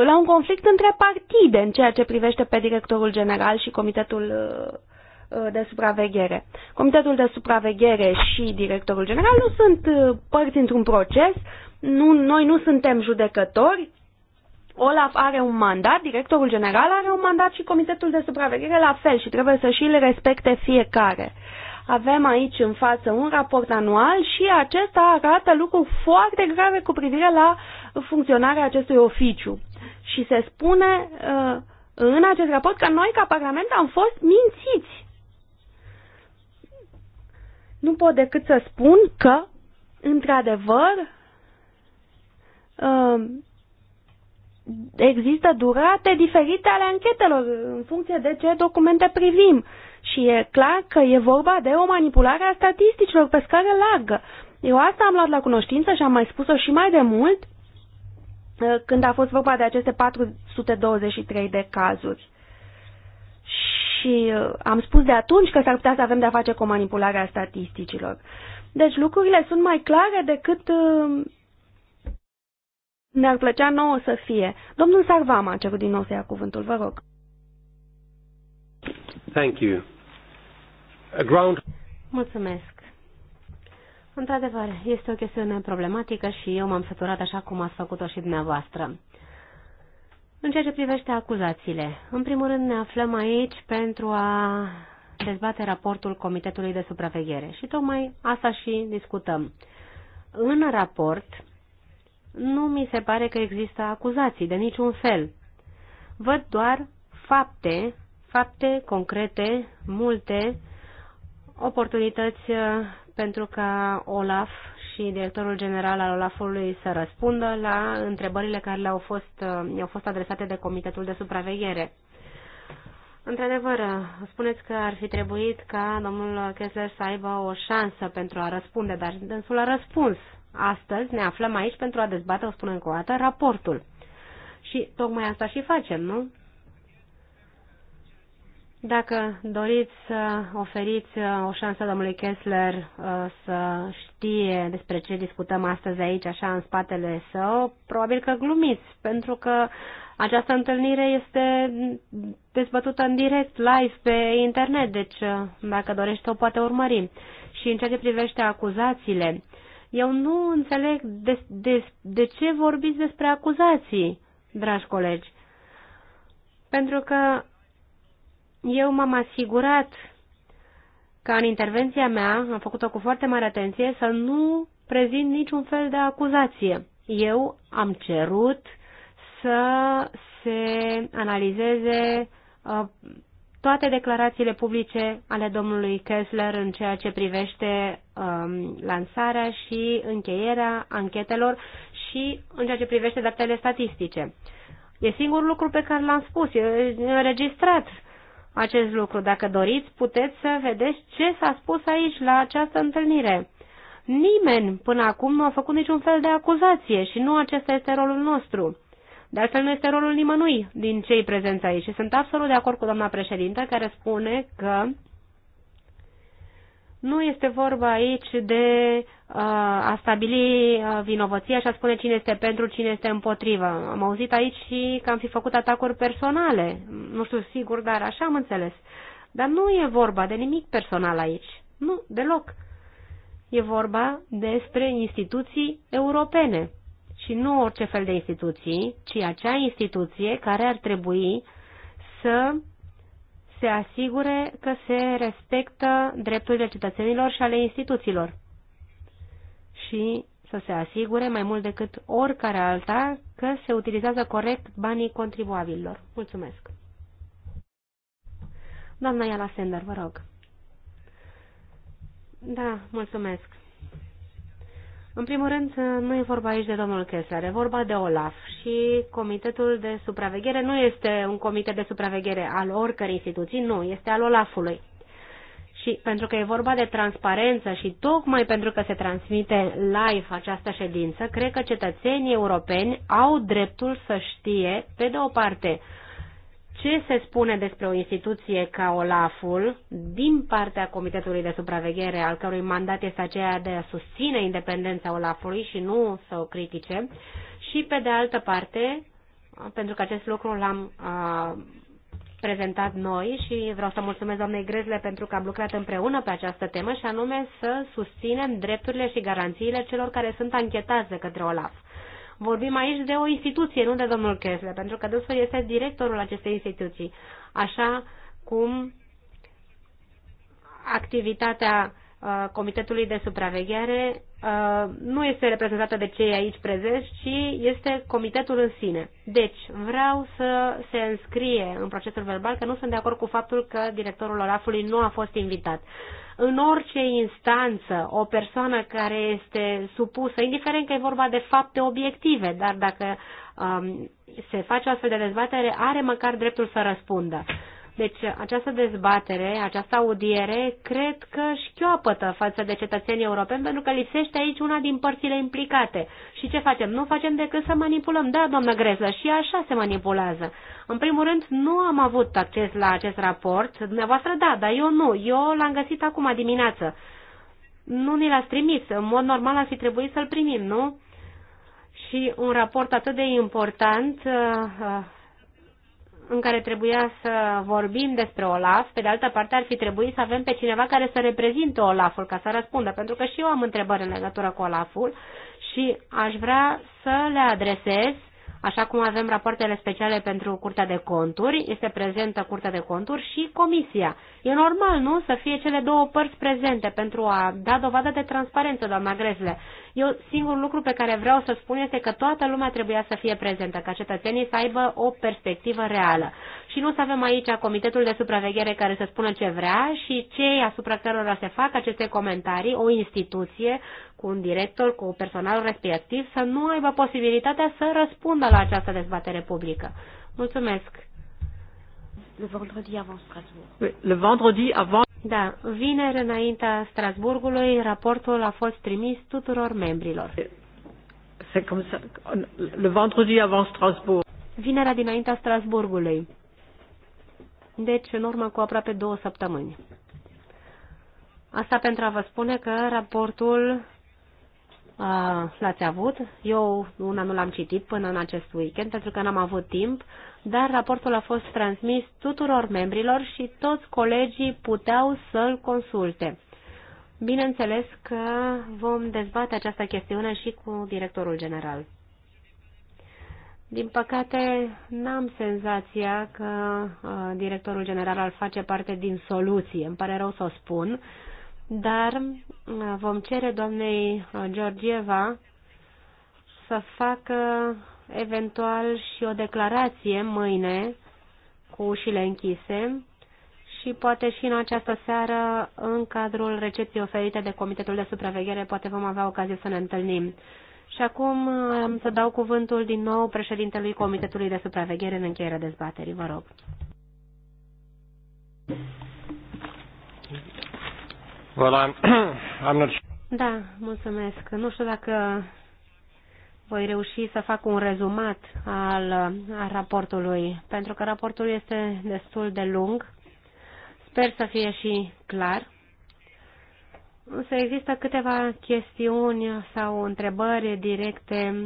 la un conflict între partide în ceea ce privește pe directorul general și comitetul Uh, de supraveghere. Comitetul de supraveghere și directorul general nu sunt uh, părți într-un proces, nu, noi nu suntem judecători, Olaf are un mandat, directorul general are un mandat și comitetul de supraveghere la fel și trebuie să și le respecte fiecare. Avem aici în față un raport anual și acesta arată lucruri foarte grave cu privire la funcționarea acestui oficiu. Și se spune uh, în acest raport că noi ca Parlament am fost mințiți nu pot decât să spun că, într-adevăr, um, există durate diferite ale anchetelor în funcție de ce documente privim. Și e clar că e vorba de o manipulare a statisticilor pe scară largă. Eu asta am luat la cunoștință și am mai spus-o și mai de mult uh, când a fost vorba de aceste 423 de cazuri și uh, am spus de atunci că s-ar putea să avem de-a face cu manipularea statisticilor. Deci lucrurile sunt mai clare decât ne-ar uh, plăcea nouă să fie. Domnul Sarvama a cerut din nou să ia cuvântul, vă rog. Thank you. A ground... Mulțumesc. Într-adevăr, este o chestiune problematică și eu m-am săturat așa cum ați făcut-o și dumneavoastră. În ceea ce privește acuzațiile, în primul rând ne aflăm aici pentru a dezbate raportul Comitetului de Supraveghere și tocmai asta și discutăm. În raport nu mi se pare că există acuzații de niciun fel. Văd doar fapte, fapte concrete, multe, oportunități uh, pentru ca Olaf și directorul general al Olafului să răspundă la întrebările care le-au fost, le uh, au fost adresate de Comitetul de Supraveghere. Într-adevăr, uh, spuneți că ar fi trebuit ca domnul Kessler să aibă o șansă pentru a răspunde, dar dânsul a răspuns. Astăzi ne aflăm aici pentru a dezbate, o spun încă o dată, raportul. Și tocmai asta și facem, nu? Dacă doriți să oferiți uh, o șansă domnului Kessler uh, să știe despre ce discutăm astăzi aici, așa în spatele său, probabil că glumiți, pentru că această întâlnire este dezbătută în direct, live, pe internet, deci uh, dacă dorește o poate urmări. Și în ceea ce privește acuzațiile, eu nu înțeleg de, de, de ce vorbiți despre acuzații, dragi colegi. Pentru că eu m-am asigurat că în intervenția mea, am făcut-o cu foarte mare atenție, să nu prezint niciun fel de acuzație. Eu am cerut să se analizeze uh, toate declarațiile publice ale domnului Kessler în ceea ce privește um, lansarea și încheierea anchetelor și în ceea ce privește datele statistice. E singurul lucru pe care l-am spus, e înregistrat acest lucru. Dacă doriți, puteți să vedeți ce s-a spus aici la această întâlnire. Nimeni până acum nu a făcut niciun fel de acuzație și nu acesta este rolul nostru. De altfel nu este rolul nimănui din cei prezenți aici și sunt absolut de acord cu doamna președintă care spune că nu este vorba aici de uh, a stabili uh, vinovăția și a spune cine este pentru, cine este împotrivă. Am auzit aici și că am fi făcut atacuri personale. Nu știu sigur, dar așa am înțeles. Dar nu e vorba de nimic personal aici. Nu, deloc. E vorba despre instituții europene. Și nu orice fel de instituții, ci acea instituție care ar trebui să se asigure că se respectă drepturile cetățenilor și ale instituțiilor și să se asigure mai mult decât oricare alta că se utilizează corect banii contribuabililor. Mulțumesc! Doamna Iala Sender, vă rog. Da, mulțumesc. În primul rând, nu e vorba aici de domnul Kessler, e vorba de OLAF și Comitetul de Supraveghere nu este un comitet de supraveghere al oricărei instituții, nu, este al Olafului. Și pentru că e vorba de transparență și tocmai pentru că se transmite live această ședință, cred că cetățenii europeni au dreptul să știe, pe de o parte, ce se spune despre o instituție ca OLAF-ul din partea Comitetului de Supraveghere, al cărui mandat este aceea de a susține independența OLAF-ului și nu să o critique, și pe de altă parte, pentru că acest lucru l-am prezentat noi și vreau să mulțumesc doamnei Grezle pentru că am lucrat împreună pe această temă și anume să susținem drepturile și garanțiile celor care sunt anchetați de către OLAF. Vorbim aici de o instituție, nu de domnul Kessler, pentru că dânsul este directorul acestei instituții. Așa cum activitatea uh, Comitetului de Supraveghere uh, nu este reprezentată de cei aici prezenți, ci este comitetul în sine. Deci, vreau să se înscrie în procesul verbal că nu sunt de acord cu faptul că directorul Olafului nu a fost invitat în orice instanță o persoană care este supusă, indiferent că e vorba de fapte obiective, dar dacă um, se face o astfel de dezbatere, are măcar dreptul să răspundă. Deci această dezbatere, această audiere, cred că șchioapătă față de cetățenii europeni, pentru că lipsește aici una din părțile implicate. Și ce facem? Nu facem decât să manipulăm. Da, doamnă Grezlă, și așa se manipulează. În primul rând, nu am avut acces la acest raport. Dumneavoastră, da, dar eu nu. Eu l-am găsit acum dimineață. Nu ni l-ați trimis. În mod normal ar fi trebuit să-l primim, nu? Și un raport atât de important uh, uh, în care trebuia să vorbim despre Olaf, pe de altă parte ar fi trebuit să avem pe cineva care să reprezinte Olaful ca să răspundă, pentru că și eu am întrebări în legătură cu Olaful și aș vrea să le adresez Așa cum avem rapoartele speciale pentru Curtea de Conturi, este prezentă Curtea de Conturi și Comisia. E normal, nu, să fie cele două părți prezente pentru a da dovadă de transparență, doamna Gresle. Eu singurul lucru pe care vreau să spun este că toată lumea trebuia să fie prezentă, ca cetățenii să aibă o perspectivă reală. Și nu să avem aici Comitetul de Supraveghere care să spună ce vrea și cei asupra cărora se fac aceste comentarii, o instituție cu un director, cu personal respectiv, să nu aibă posibilitatea să răspundă la această dezbatere publică. Mulțumesc! Le vendredi avant Strasbourg. Le vendredi avant... Da, vineri înaintea Strasburgului, raportul a fost trimis tuturor membrilor. C'est comme ça. Le vendredi avant Strasbourg. Vinerea dinaintea Strasburgului. Deci, în urmă cu aproape două săptămâni. Asta pentru a vă spune că raportul l-ați avut. Eu una nu l-am citit până în acest weekend pentru că n-am avut timp, dar raportul a fost transmis tuturor membrilor și toți colegii puteau să-l consulte. Bineînțeles că vom dezbate această chestiune și cu directorul general. Din păcate, n-am senzația că uh, directorul general ar face parte din soluție. Îmi pare rău să o spun, uh, dar uh, vom cere doamnei uh, Georgieva să facă eventual și o declarație mâine cu ușile închise și poate și în această seară, în cadrul recepției oferite de Comitetul de Supraveghere, poate vom avea ocazie să ne întâlnim. Și acum uh, am să dau cuvântul din nou președintelui Comitetului de Supraveghere în încheierea dezbaterii. Vă rog. Well, I'm, *clears throat* I'm not... Da, mulțumesc. Nu știu dacă voi reuși să fac un rezumat al, al raportului, pentru că raportul este destul de lung. Sper să fie și clar. Însă există câteva chestiuni sau întrebări directe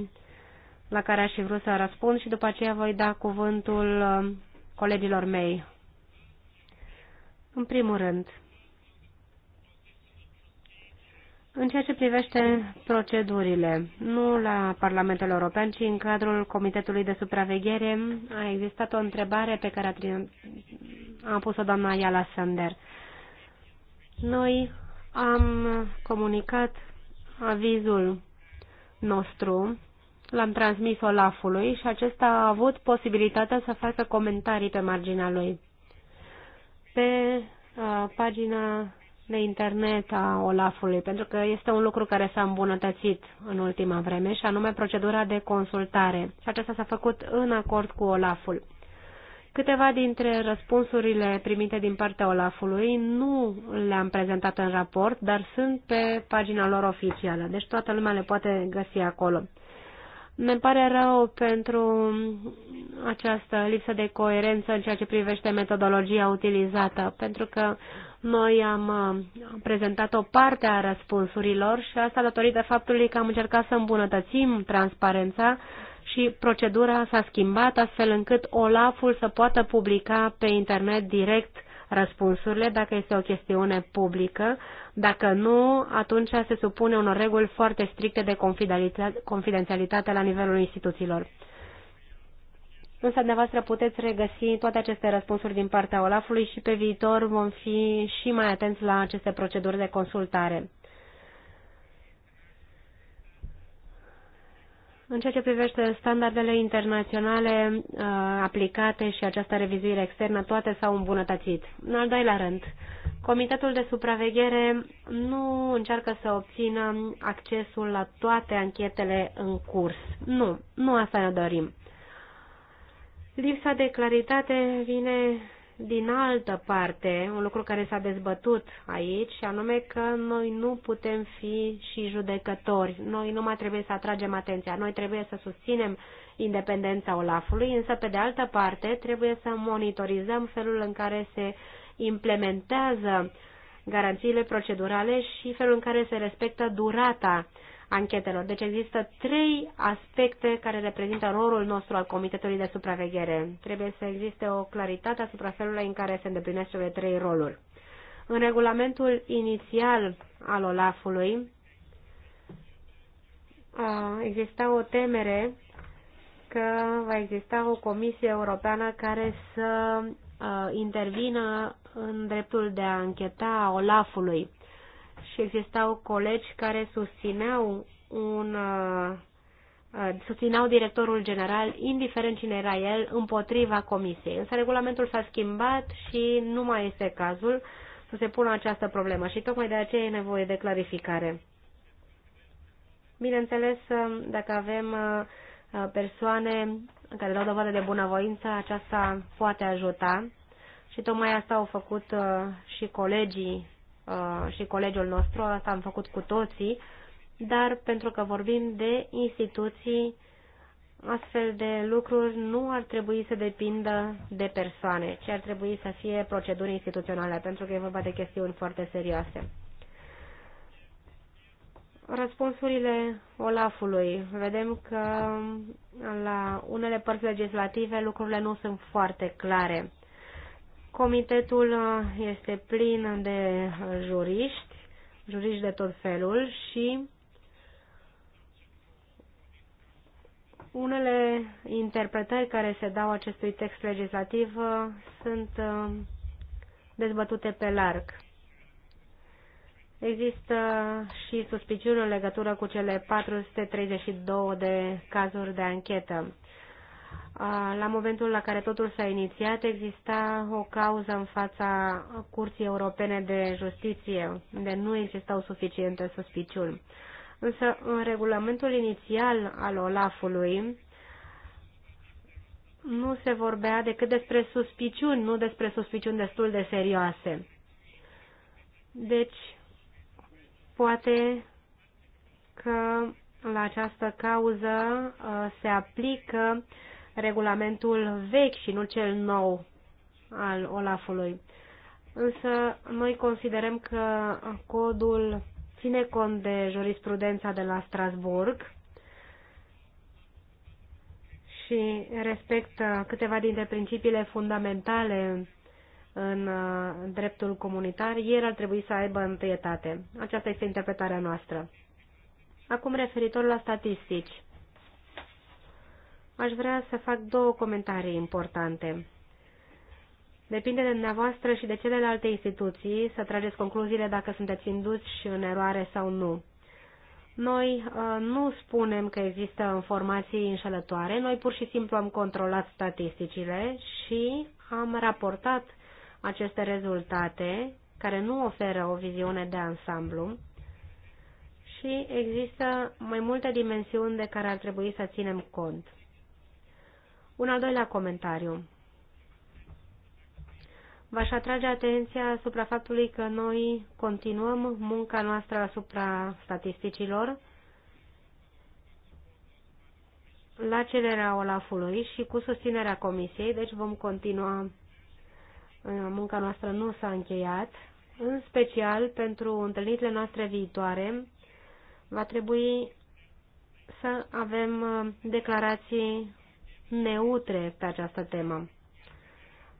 la care aș fi vrut să răspund și după aceea voi da cuvântul colegilor mei. În primul rând, În ceea ce privește procedurile, nu la Parlamentul European, ci în cadrul Comitetului de Supraveghere, a existat o întrebare pe care a, a pus-o doamna Iala Sander. Noi am comunicat avizul nostru, l-am transmis Olafului și acesta a avut posibilitatea să facă comentarii pe marginea lui. Pe uh, pagina de internet a Olafului, pentru că este un lucru care s-a îmbunătățit în ultima vreme, și anume procedura de consultare. Și aceasta s-a făcut în acord cu Olaful. Câteva dintre răspunsurile primite din partea Olafului nu le-am prezentat în raport, dar sunt pe pagina lor oficială, deci toată lumea le poate găsi acolo. Ne pare rău pentru această lipsă de coerență în ceea ce privește metodologia utilizată, pentru că noi uh, am prezentat o parte a răspunsurilor și asta datorită faptului că am încercat să îmbunătățim transparența și procedura s-a schimbat astfel încât OLAF-ul să poată publica pe internet direct răspunsurile dacă este o chestiune publică. Dacă nu, atunci se supune unor reguli foarte stricte de confidențialitate la nivelul instituțiilor. Însă dumneavoastră puteți regăsi toate aceste răspunsuri din partea Olafului și pe viitor vom fi și mai atenți la aceste proceduri de consultare. În ceea ce privește standardele internaționale uh, aplicate și această revizuire externă, toate s-au îmbunătățit. În al doilea rând, Comitetul de supraveghere nu încearcă să obțină accesul la toate anchetele în curs. Nu, nu asta ne dorim. Lipsa de claritate vine din altă parte, un lucru care s-a dezbătut aici, și anume că noi nu putem fi și judecători. Noi nu mai trebuie să atragem atenția, noi trebuie să susținem independența Olafului, însă, pe de altă parte, trebuie să monitorizăm felul în care se implementează garanțiile procedurale și felul în care se respectă durata uh, anchetelor. Deci există trei aspecte care reprezintă rolul nostru al Comitetului de Supraveghere. Trebuie să existe o claritate asupra felului în care se îndeplinesc cele trei roluri. În regulamentul inițial al OLAF-ului exista o temere că va exista o comisie europeană care să intervină în dreptul de a încheta ului și existau colegi care susțineau un uh, uh, susțineau directorul general, indiferent cine era el, împotriva comisiei. Însă regulamentul s-a schimbat și nu mai este cazul să se pună această problemă și tocmai de aceea e nevoie de clarificare. Bineînțeles, um, dacă avem uh, persoane care dau dovadă de bunăvoință, aceasta poate ajuta și tocmai asta au făcut și colegii Uh, și colegiul nostru, asta am făcut cu toții, dar pentru că vorbim de instituții, astfel de lucruri nu ar trebui să depindă de persoane, ci ar trebui să fie proceduri instituționale, pentru că e vorba de chestiuni foarte serioase. Răspunsurile Olafului. Vedem că la unele părți legislative lucrurile nu sunt foarte clare. Comitetul uh, este plin de uh, juriști, juriști de tot felul și unele interpretări care se dau acestui text legislativ uh, sunt dezbătute pe larg. Există și suspiciuni în legătură cu cele 432 de cazuri de anchetă la momentul la care totul s-a inițiat, exista o cauză în fața Curții Europene de Justiție, unde nu existau suficiente suspiciuni. Însă, în regulamentul inițial al Olafului, nu se vorbea decât despre suspiciuni, nu despre suspiciuni destul de serioase. Deci, poate că la această cauză uh, se aplică uh, regulamentul vechi și nu cel nou al Olafului. Însă noi considerăm că codul ține cont de jurisprudența de la Strasburg și respectă câteva dintre principiile fundamentale în uh, dreptul comunitar, el ar trebui să aibă întâietate. Aceasta este interpretarea noastră. Acum referitor la statistici aș vrea să fac două comentarii importante. Depinde de dumneavoastră și de celelalte instituții să trageți concluziile dacă sunteți induși în eroare sau nu. Noi uh, nu spunem că există informații înșelătoare, noi pur și simplu am controlat statisticile și am raportat aceste rezultate care nu oferă o viziune de ansamblu și există mai multe dimensiuni de care ar trebui să ținem cont. Un al doilea comentariu. V-aș atrage atenția asupra faptului că noi continuăm munca noastră asupra statisticilor la cererea Olafului și cu susținerea Comisiei, deci vom continua. Uh, munca noastră nu s-a încheiat, în special pentru întâlnirile noastre viitoare va trebui să avem uh, declarații neutre pe această temă.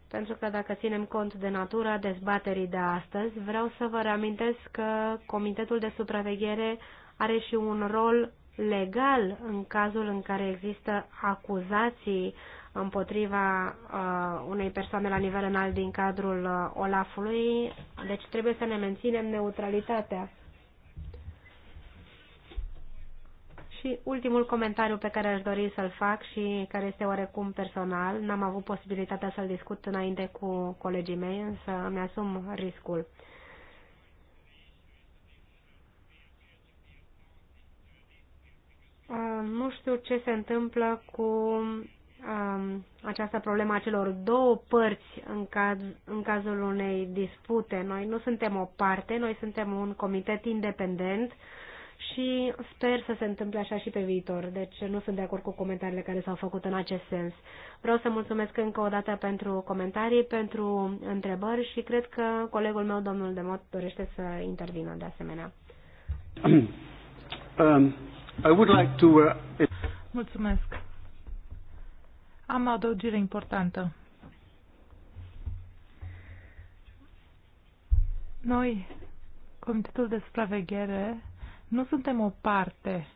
Pentru că dacă ținem cont de natura dezbaterii de astăzi, vreau să vă reamintesc că Comitetul de Supraveghere are și un rol legal în cazul în care există acuzații împotriva uh, unei persoane la nivel înalt din cadrul uh, Olafului, deci trebuie să ne menținem neutralitatea. Și ultimul comentariu pe care aș dori să-l fac și care este oarecum personal, n-am avut posibilitatea să-l discut înainte cu colegii mei, însă îmi asum riscul. Nu știu ce se întâmplă cu această problemă a celor două părți în, caz, în cazul unei dispute. Noi nu suntem o parte, noi suntem un comitet independent și sper să se întâmple așa și pe viitor. Deci nu sunt de acord cu comentariile care s-au făcut în acest sens. Vreau să mulțumesc încă o dată pentru comentarii, pentru întrebări și cred că colegul meu, domnul Demot, dorește să intervină de asemenea. *clears throat* Um, I would like to, uh... Mulțumesc. Am o adăugire importantă. Noi, Comitetul de Supraveghere, nu suntem o parte.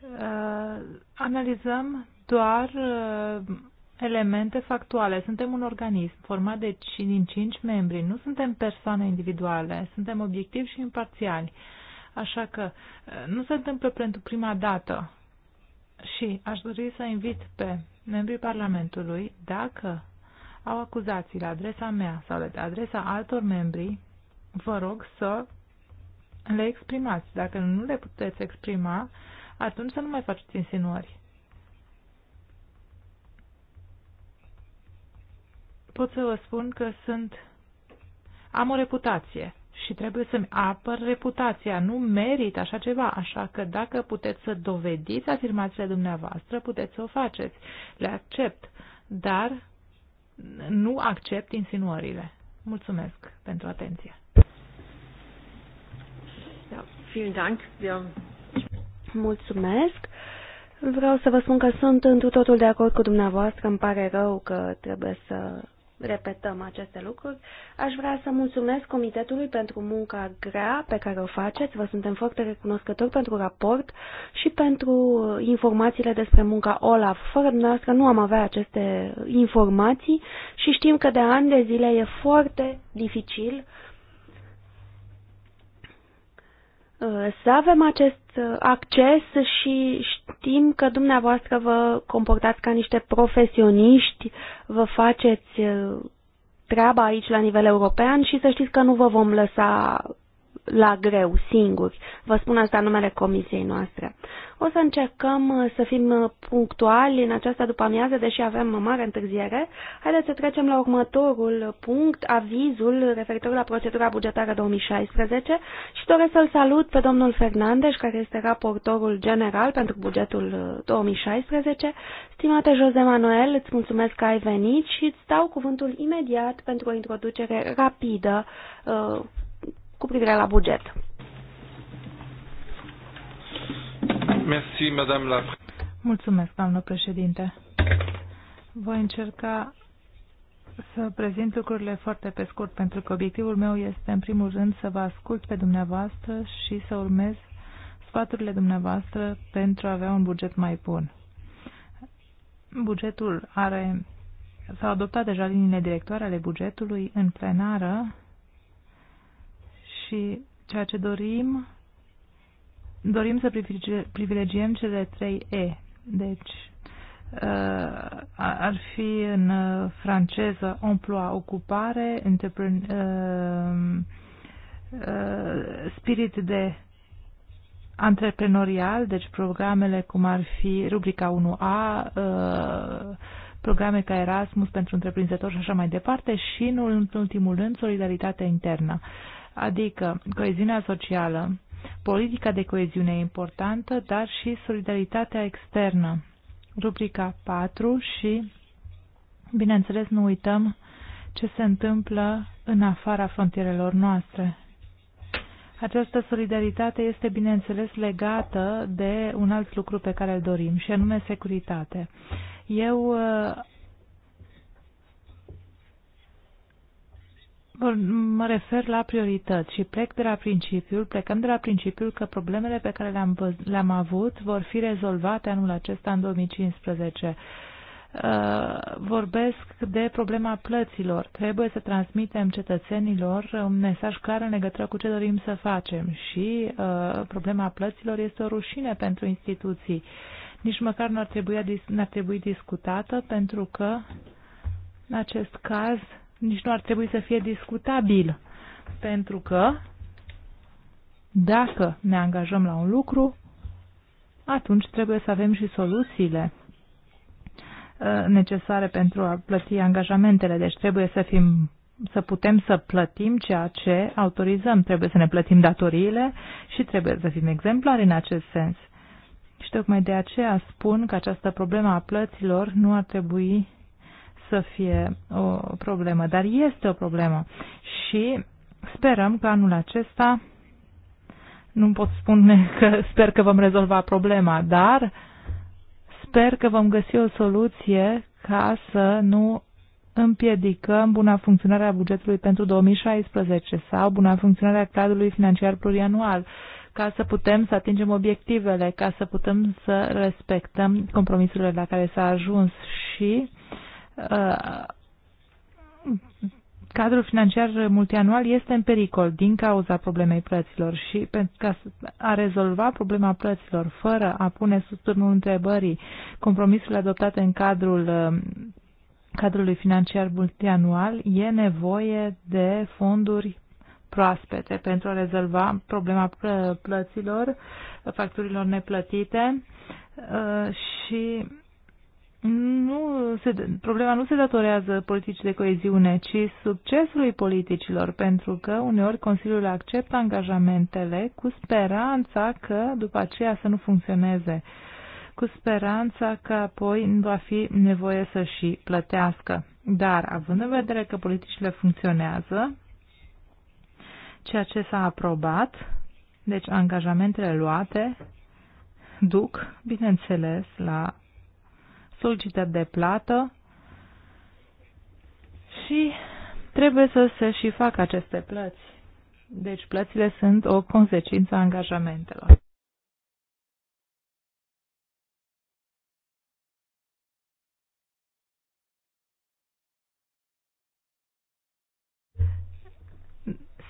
Uh, analizăm doar uh, elemente factuale. Suntem un organism format de din cinci membri. Nu suntem persoane individuale. Suntem obiectivi și imparțiali. Așa că uh, nu se întâmplă pentru prima dată. Și aș dori să invit pe membrii Parlamentului, dacă au acuzații la adresa mea sau la adresa altor membri, vă rog să le exprimați. Dacă nu le puteți exprima, atunci să nu mai faceți insinuări. Pot să vă spun că sunt... Am o reputație și trebuie să-mi apăr reputația. Nu merit așa ceva, așa că dacă puteți să dovediți afirmațiile dumneavoastră, puteți să o faceți. Le accept, dar nu accept insinuările. Mulțumesc pentru atenție. Da, vielen Dank. Wir... Mulțumesc. Vreau să vă spun că sunt întru totul de acord cu dumneavoastră. Îmi pare rău că trebuie să repetăm aceste lucruri. Aș vrea să mulțumesc comitetului pentru munca grea pe care o faceți. Vă suntem foarte recunoscători pentru raport și pentru informațiile despre munca OLAF. Fără dumneavoastră nu am avea aceste informații și știm că de ani de zile e foarte dificil Uh, să avem acest uh, acces și știm că dumneavoastră vă comportați ca niște profesioniști, vă faceți uh, treaba aici la nivel european și să știți că nu vă vom lăsa la greu, singuri. Vă spun asta în numele comisiei noastre. O să încercăm uh, să fim uh, punctuali în această după-amiază, deși avem mare întârziere. Haideți să trecem la următorul punct, avizul referitor la procedura bugetară 2016 și doresc să-l salut pe domnul Fernandes, care este raportorul general pentru bugetul 2016. Uh, Stimate Jose Manuel, îți mulțumesc că ai venit și îți dau cuvântul imediat pentru o introducere rapidă cu privire la buget. Merci, Madame la... Mulțumesc, doamnă președinte. Voi încerca să prezint lucrurile foarte pe scurt, pentru că obiectivul meu este, în primul rând, să vă ascult pe dumneavoastră și să urmez sfaturile dumneavoastră pentru a avea un buget mai bun. Bugetul are S-au adoptat deja liniile directoare ale bugetului în plenară și ceea ce dorim, dorim să privilegiem cele trei E. Deci, uh, ar fi în uh, franceză emploi, ocupare, uh, spirit de antreprenorial, deci programele cum ar fi rubrica 1A, programe ca Erasmus pentru întreprinzători și așa mai departe și, în ultimul rând, solidaritate internă. Adică coeziunea socială, politica de coeziune e importantă, dar și solidaritatea externă. Rubrica 4 și, bineînțeles, nu uităm ce se întâmplă în afara frontierelor noastre. Această solidaritate este, bineînțeles, legată de un alt lucru pe care îl dorim, și anume securitate. Eu mă refer la priorități și plec de la principiul, plecăm de la principiul că problemele pe care le-am, le, avut vor fi rezolvate anul acesta în 2015. Uh, vorbesc de problema plăților. Trebuie să transmitem cetățenilor un mesaj clar în legătură cu ce dorim să facem și uh, problema plăților este o rușine pentru instituții. Nici măcar nu ar trebui, ar trebui discutată pentru că în acest caz nici nu ar trebui să fie discutabil, pentru că dacă ne angajăm la un lucru, atunci trebuie să avem și soluțiile uh, necesare pentru a plăti angajamentele. Deci trebuie să fim să putem să plătim ceea ce autorizăm. Trebuie să ne plătim datoriile și trebuie să fim exemplari în acest sens. Și tocmai de aceea spun că această problemă a plăților nu ar trebui să fie o problemă, dar este o problemă și sperăm că anul acesta, nu pot spune că sper că vom rezolva problema, dar sper că vom găsi o soluție ca să nu împiedicăm buna funcționare a bugetului pentru 2016 sau buna funcționare a cadrului financiar plurianual, ca să putem să atingem obiectivele, ca să putem să respectăm compromisurile la care s-a ajuns și Uh, cadrul financiar multianual este în pericol din cauza problemei plăților și pentru ca a rezolva problema plăților fără a pune sub turnul întrebării compromisurile adoptate în cadrul uh, cadrului financiar multianual, e nevoie de fonduri proaspete pentru a rezolva problema plăților, facturilor neplătite uh, și nu se, problema nu se datorează politicii de coeziune, ci succesului politicilor, pentru că uneori Consiliul acceptă angajamentele cu speranța că după aceea să nu funcționeze, cu speranța că apoi va fi nevoie să și plătească. Dar, având în vedere că politicile funcționează, ceea ce s-a aprobat, deci angajamentele luate, duc, bineînțeles, la solicitări de plată și trebuie să se și facă aceste plăți. Deci plățile sunt o consecință a angajamentelor.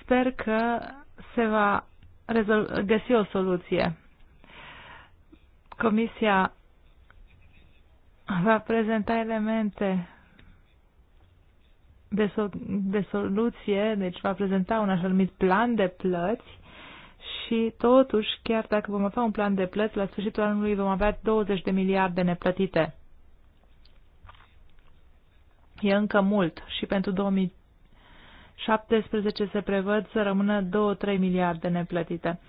Sper că se va găsi o soluție. Comisia va prezenta elemente de, so- de soluție, deci va prezenta un așa numit plan de plăți și totuși, chiar dacă vom avea un plan de plăți, la sfârșitul anului vom avea 20 de miliarde neplătite. E încă mult și pentru 2017 se prevăd să rămână 2-3 miliarde neplătite.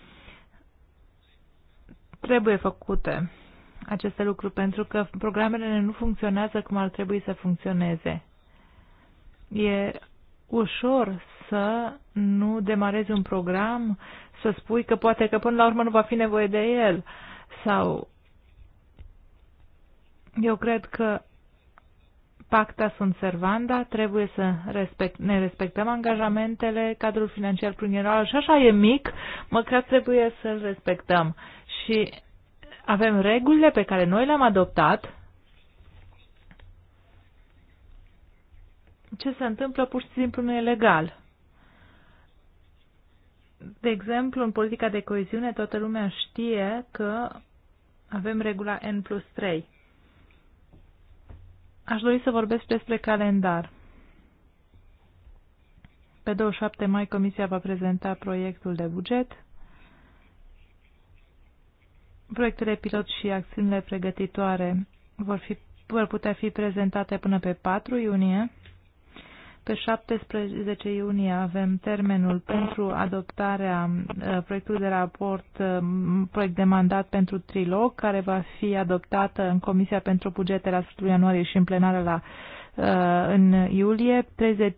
Trebuie făcute aceste lucruri, pentru că programele nu funcționează cum ar trebui să funcționeze. E ușor să nu demarezi un program, să spui că poate că până la urmă nu va fi nevoie de el. Sau eu cred că pacta sunt servanda, trebuie să respect, ne respectăm angajamentele, cadrul financiar plurianual și așa e mic, măcar trebuie să-l respectăm. Și avem regulile pe care noi le-am adoptat. Ce se întâmplă pur și simplu nu e legal. De exemplu, în politica de coeziune toată lumea știe că avem regula N plus 3. Aș dori să vorbesc despre calendar. Pe 27 mai Comisia va prezenta proiectul de buget. Proiectele pilot și acțiunile pregătitoare vor, fi, vor putea fi prezentate până pe 4 iunie. Pe 17 iunie avem termenul pentru adoptarea uh, proiectului de raport, uh, proiect de mandat pentru trilog, care va fi adoptată în Comisia pentru Bugete la sfârșitul ianuarie și în plenară la, uh, în iulie. 30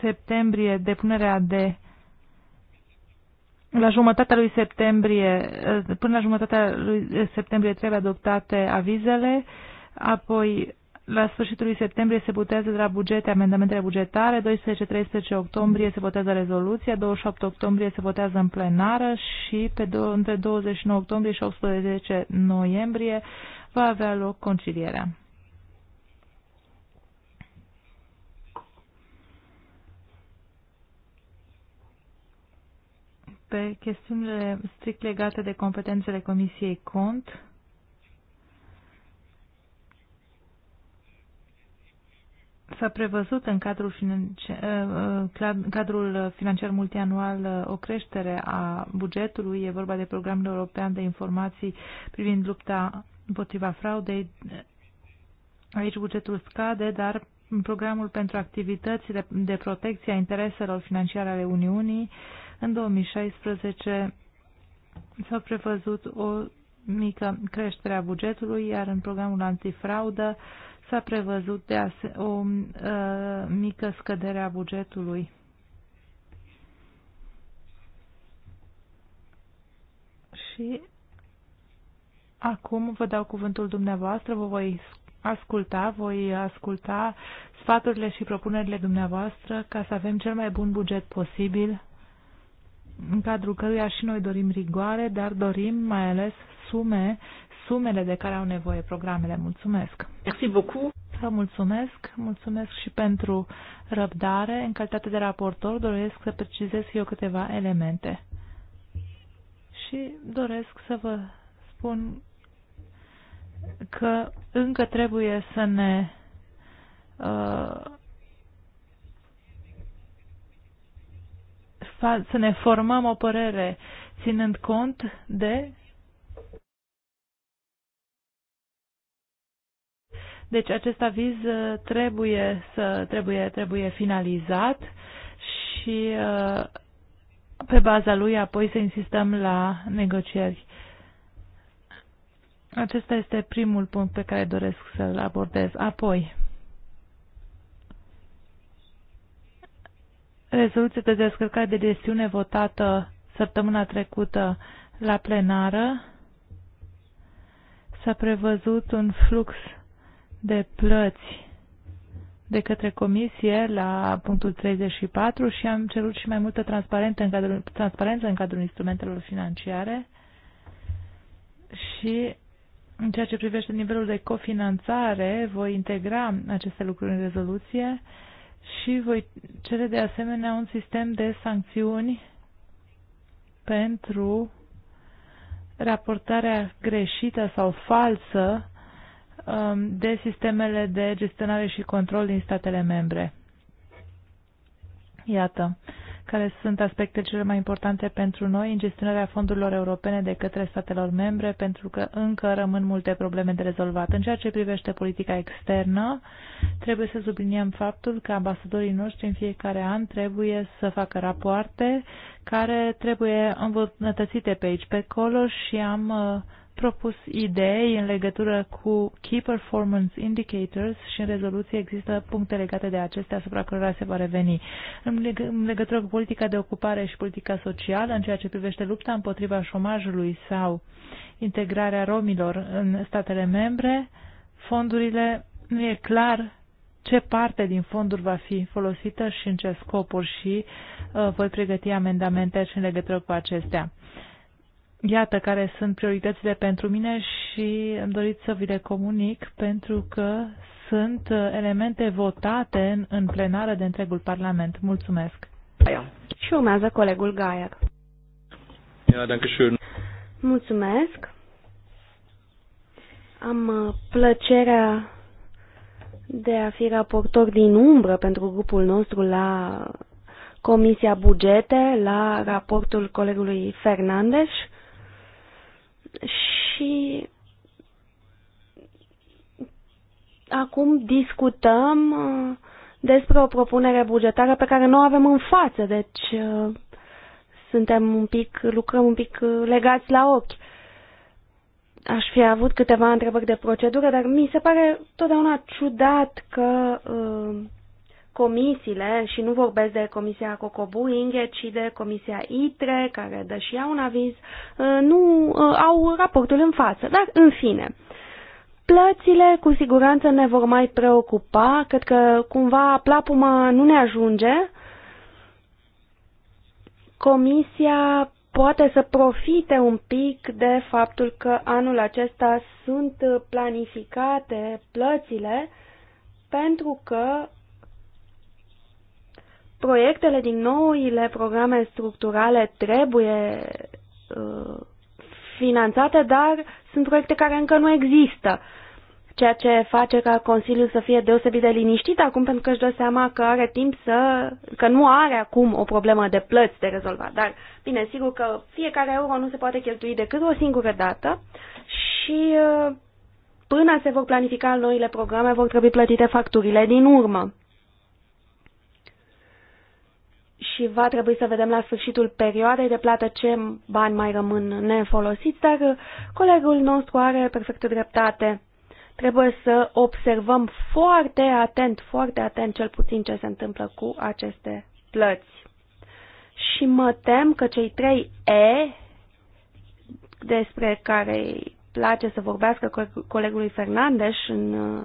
septembrie depunerea de la jumătatea lui septembrie, eh, până la jumătatea lui eh, septembrie trebuie adoptate avizele, apoi la sfârșitul lui septembrie se votează de la bugete amendamentele bugetare, 12-13 octombrie se votează rezoluția, 28 octombrie se votează în plenară și pe do- între 29 octombrie și 18 noiembrie va avea loc concilierea. pe chestiunile strict legate de competențele Comisiei Cont. S-a prevăzut în cadrul, financiar, ă, ă, cadrul financiar multianual ă, o creștere a bugetului. E vorba de programul european de informații privind lupta împotriva fraudei. Aici bugetul scade, dar programul pentru activitățile de protecție a intereselor financiare ale Uniunii uh, în 2016 s-a prevăzut o mică creștere a bugetului, iar în programul antifraudă s-a prevăzut de o uh, mică scădere a bugetului. Și acum vă dau cuvântul dumneavoastră, vă voi asculta, voi asculta sfaturile și propunerile dumneavoastră ca să avem cel mai bun buget posibil în cadrul căruia și noi dorim rigoare, dar dorim mai ales sume, sumele de care au nevoie programele. Mulțumesc! Merci beaucoup! Vă mulțumesc, mulțumesc și pentru răbdare. În calitate de raportor doresc să precizez eu câteva elemente. Și doresc să vă spun că încă trebuie să ne uh, să ne formăm o părere ținând cont de Deci acest aviz uh, trebuie să trebuie trebuie finalizat și uh, pe baza lui apoi să insistăm la negocieri. Acesta este primul punct pe care doresc să-l abordez. Apoi, rezoluție de descărcare de gestiune votată săptămâna trecută la plenară s-a prevăzut un flux de plăți de către comisie la punctul 34 și am cerut și mai multă transparență în cadrul, transparență în cadrul instrumentelor financiare și în ceea ce privește nivelul de cofinanțare, voi integra aceste lucruri în rezoluție. Uh, și voi cere de asemenea un sistem de sancțiuni pentru raportarea greșită sau falsă um, de sistemele de gestionare și control din statele membre. Iată, care sunt aspectele cele mai importante pentru noi în gestionarea fondurilor europene de către statelor membre, pentru că încă rămân multe probleme de rezolvat. În ceea ce privește politica externă, trebuie să subliniem faptul că ambasadorii noștri în fiecare an trebuie să facă rapoarte care trebuie îmbunătățite pe aici, pe acolo și am uh, propus idei în legătură cu Key Performance Indicators și în rezoluție există puncte legate de acestea asupra cărora se va reveni. În, legătură cu politica de ocupare și politica socială, în ceea ce privește lupta împotriva șomajului sau integrarea romilor în statele membre, fondurile nu e clar ce parte din fonduri va fi folosită și în ce scopuri și uh, voi pregăti amendamente și în legătură cu acestea. Uh, Iată care sunt prioritățile pentru mine și am dorit să vi le comunic pentru că sunt elemente votate în, în plenară de întregul Parlament. Mulțumesc! Și urmează colegul Gaier. Ja, Mulțumesc! Am uh, plăcerea de a fi raportor din umbră pentru grupul nostru la Comisia Bugete, la raportul colegului Fernandes și acum discutăm uh, despre o propunere bugetară pe care nu o avem în față, deci uh, suntem un pic, lucrăm un pic uh, legați la ochi. Aș fi avut câteva întrebări de procedură, dar mi se pare totdeauna ciudat că uh, comisiile, și nu vorbesc de Comisia Cocobu Inghe, ci de Comisia ITRE, care dă și ea un aviz, uh, nu uh, au raportul în față. Dar, în fine, plățile cu siguranță ne vor mai preocupa, cred că cumva plapuma nu ne ajunge. Comisia poate să profite un pic de faptul că anul acesta sunt planificate plățile, pentru că Proiectele din noile programe structurale trebuie uh, finanțate, dar sunt proiecte care încă nu există, ceea ce face ca Consiliul să fie deosebit de liniștit acum, pentru că își dă seama că are timp să, că nu are acum o problemă de plăți de rezolvat. Dar, bine, sigur că fiecare euro nu se poate cheltui decât o singură dată și uh, până se vor planifica noile programe, vor trebui plătite facturile din urmă. și va trebui să vedem la sfârșitul perioadei de plată ce bani mai rămân nefolosiți, dar colegul nostru are perfectă dreptate. Trebuie să observăm foarte atent, foarte atent cel puțin ce se întâmplă cu aceste plăți. Și mă tem că cei trei E despre care îi place să vorbească colegului Fernandes în uh,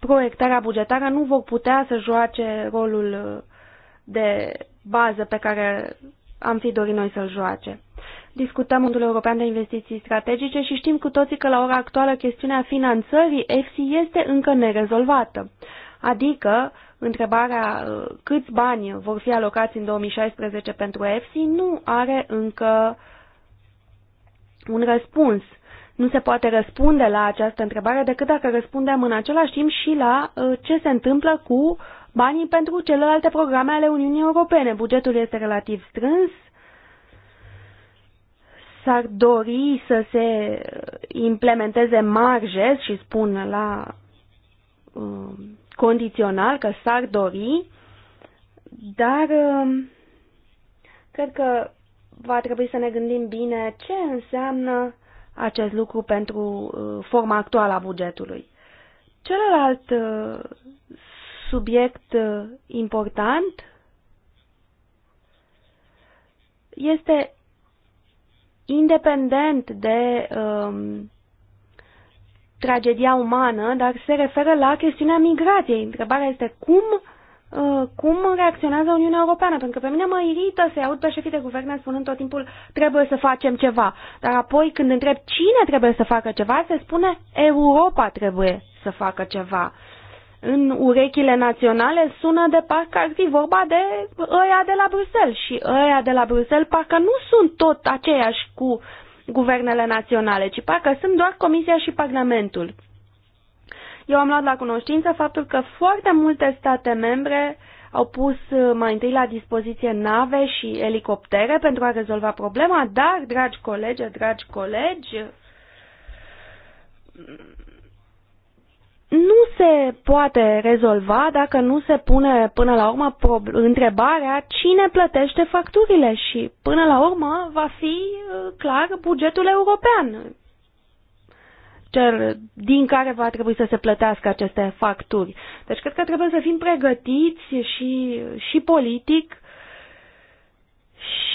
proiectarea bugetară nu vor putea să joace rolul uh, de bază pe care am fi dorit noi să-l joace. Discutăm Fondul European de Investiții Strategice și știm cu toții că la ora actuală chestiunea finanțării EFSI este încă nerezolvată. Adică, întrebarea uh, câți bani vor fi alocați în 2016 pentru EFSI nu are încă un răspuns. Nu se poate răspunde la această întrebare decât dacă răspundem în același timp și la uh, ce se întâmplă cu banii pentru celelalte programe ale Uniunii Europene. Bugetul este relativ strâns, s-ar dori să se implementeze marje și spun la uh, condițional că s-ar dori, dar uh, cred că va trebui să ne gândim bine ce înseamnă acest lucru pentru uh, forma actuală a bugetului. Celălalt uh, subiect uh, important este independent de um, tragedia umană, dar se referă la chestiunea migrației. Întrebarea este cum, uh, cum reacționează Uniunea Europeană, pentru că pe mine mă irită să-i aud pe șefii de guverne spunând tot timpul trebuie să facem ceva, dar apoi când întreb cine trebuie să facă ceva, se spune Europa trebuie să facă ceva în urechile naționale sună de parcă ar fi vorba de ăia de la Bruxelles și ăia de la Bruxelles parcă nu sunt tot aceiași cu guvernele naționale, ci parcă sunt doar Comisia și Parlamentul. Eu am luat la cunoștință faptul că foarte multe state membre au pus uh, mai întâi la dispoziție nave și elicoptere pentru a rezolva problema, dar, dragi colegi, dragi colegi, nu se poate rezolva dacă nu se pune până la urmă întrebarea cine plătește facturile și până la urmă va fi uh, clar bugetul european cel din care va trebui să se plătească aceste facturi. Deci cred că trebuie să fim pregătiți și, și politic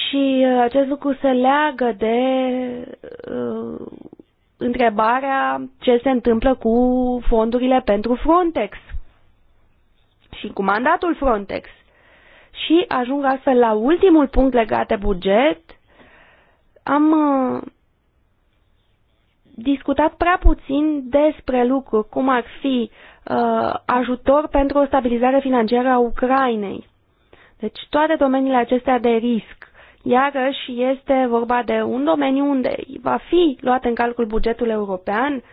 și uh, acest lucru se leagă de uh, întrebarea ce se întâmplă cu fondurile pentru Frontex și cu mandatul Frontex. Și ajung astfel la ultimul punct legat de buget. Am uh, discutat prea puțin despre lucruri, cum ar fi uh, ajutor pentru o stabilizare financiară a Ucrainei. Deci toate domeniile acestea de risc. Iarăși este vorba de un domeniu unde va fi luat în calcul bugetul european.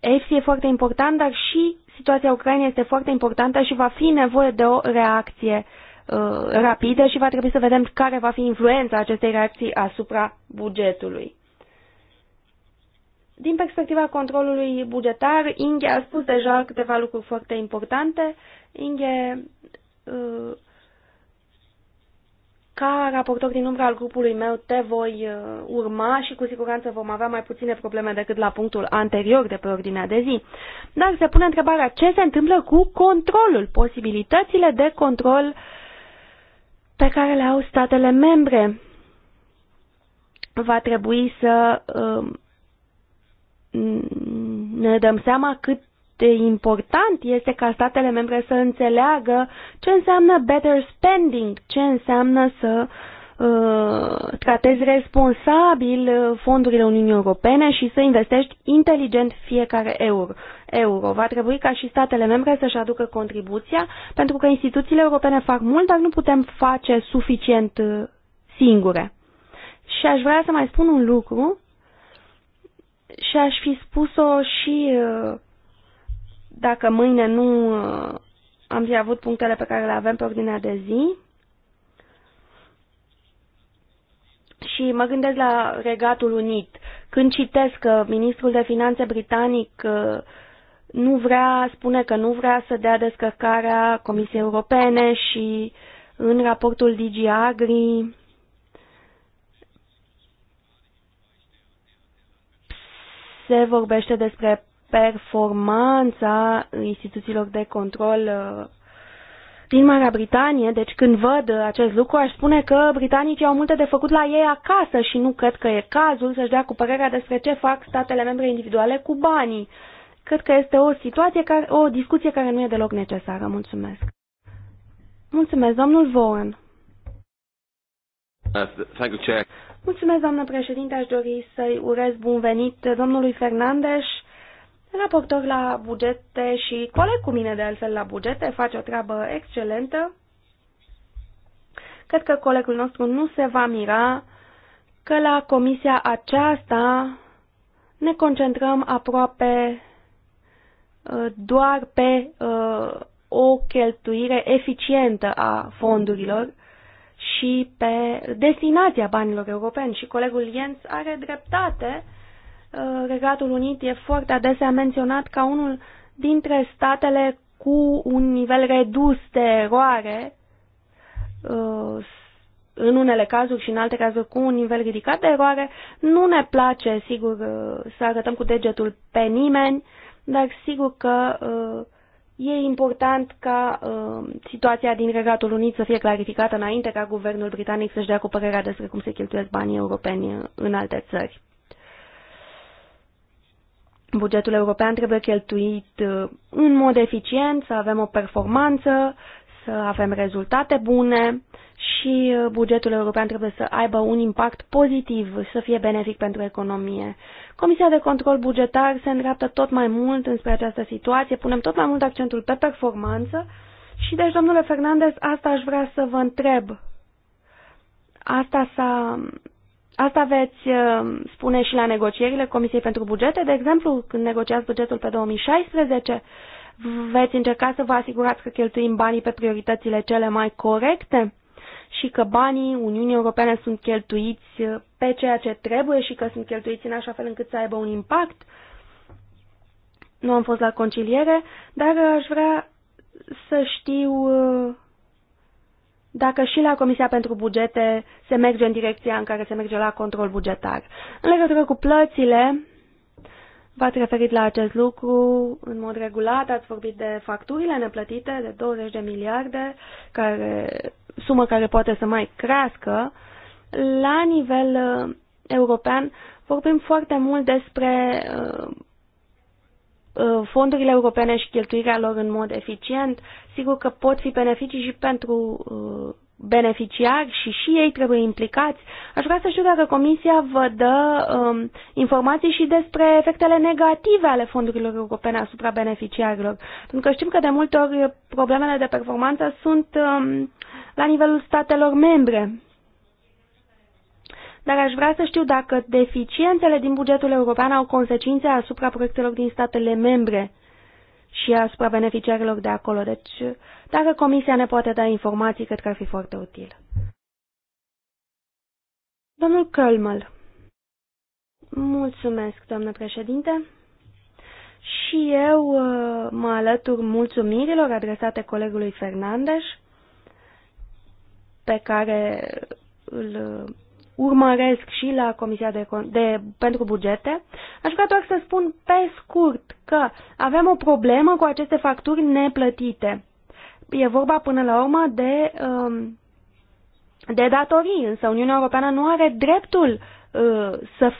EFSI um, e foarte important, dar și situația Ucrainei este foarte importantă și va fi nevoie de o reacție uh, rapidă și va trebui să vedem care va fi influența acestei reacții asupra bugetului. Din perspectiva controlului bugetar, Inge a spus deja câteva lucruri foarte importante. Inge uh, ca raportor din umbra al grupului meu te voi uh, urma și cu siguranță vom avea mai puține probleme decât la punctul anterior de pe ordinea de zi. Dar se pune întrebarea ce se întâmplă cu controlul, posibilitățile de control pe care le au statele membre. Va trebui să uh, ne dăm seama cât important este ca statele membre să înțeleagă ce înseamnă better spending, ce înseamnă să uh, tratezi responsabil uh, fondurile Uniunii Europene și să investești inteligent fiecare euro. euro. Va trebui ca și statele membre să-și aducă contribuția, pentru că instituțiile europene fac mult, dar nu putem face suficient uh, singure. Și aș vrea să mai spun un lucru și aș fi spus-o și uh, dacă mâine nu uh, am fi avut punctele pe care le avem pe ordinea de zi, și mă gândesc la Regatul Unit. Când citesc că ministrul de finanțe britanic uh, nu vrea, spune că nu vrea să dea descărcarea Comisiei Europene și în raportul DG Agri se vorbește despre performanța instituțiilor de control uh, din Marea Britanie, deci când văd acest lucru, aș spune că britanicii au multe de făcut la ei acasă și nu cred că e cazul să-și dea cu părerea despre ce fac statele membre individuale cu banii. Cred că este o situație, care, o discuție care nu e deloc necesară. Mulțumesc. Mulțumesc, domnul Vaughan. Uh, Mulțumesc, doamnă președinte. Aș dori să-i urez bun venit domnului Fernandes raportor la bugete și coleg cu mine de altfel la bugete, face o treabă excelentă. Cred că colegul nostru nu se va mira că la comisia aceasta ne concentrăm aproape uh, doar pe uh, o cheltuire eficientă a fondurilor și pe destinația banilor europeni. Și colegul Jens are dreptate Uh, Regatul Unit e foarte adesea menționat ca unul dintre statele cu un nivel redus de eroare, uh, în unele cazuri și în alte cazuri cu un nivel ridicat de eroare. Nu ne place, sigur, uh, să arătăm cu degetul pe nimeni, dar sigur că e important ca situația din Regatul Unit să fie clarificată înainte ca guvernul britanic să-și dea cu părerea despre cum se cheltuiesc banii europeni în alte țări. Bugetul european trebuie cheltuit uh, în mod eficient, să avem o performanță, să avem rezultate bune și uh, bugetul european trebuie să aibă un impact pozitiv, să fie benefic pentru economie. Comisia de control bugetar se îndreaptă tot mai mult înspre această situație, punem tot mai mult accentul pe performanță și deci, domnule Fernandez, asta aș vrea să vă întreb. Asta s-a Asta veți uh, spune și la negocierile Comisiei pentru Bugete. De exemplu, când negociați bugetul pe 2016, veți încerca să vă asigurați că cheltuim banii pe prioritățile cele mai corecte și că banii Uniunii Europene sunt cheltuiți uh, pe ceea ce trebuie și că sunt cheltuiți în așa fel încât să aibă un impact. Nu am fost la conciliere, dar aș vrea să știu uh, dacă și la Comisia pentru Bugete se merge în direcția în care se merge la control bugetar. În legătură cu plățile, v-ați referit la acest lucru în mod regulat, ați vorbit de facturile neplătite de 20 de miliarde, care, sumă care poate să mai crească. La nivel uh, european vorbim foarte mult despre uh, Uh, fondurile europene și cheltuirea lor în mod eficient, sigur că pot fi beneficii și pentru uh, beneficiari și și ei trebuie implicați. Aș vrea să știu dacă Comisia vă dă um, informații și despre efectele negative ale fondurilor europene asupra beneficiarilor. Pentru că știm că de multe ori problemele de performanță sunt um, la nivelul statelor membre dar aș vrea să știu dacă deficiențele din bugetul european au consecințe asupra proiectelor din statele membre și asupra beneficiarilor de acolo. Deci, dacă Comisia ne poate da informații, cred că ar fi foarte util. Domnul Kölmel. Mulțumesc, doamnă președinte. Și eu uh, mă alătur mulțumirilor adresate colegului Fernandes, pe care îl urmăresc și la Comisia de, de, pentru bugete. Aș vrea doar să spun pe scurt că avem o problemă cu aceste facturi neplătite. E vorba până la urmă de, um, de datorii, însă Uniunea Europeană nu are dreptul uh, să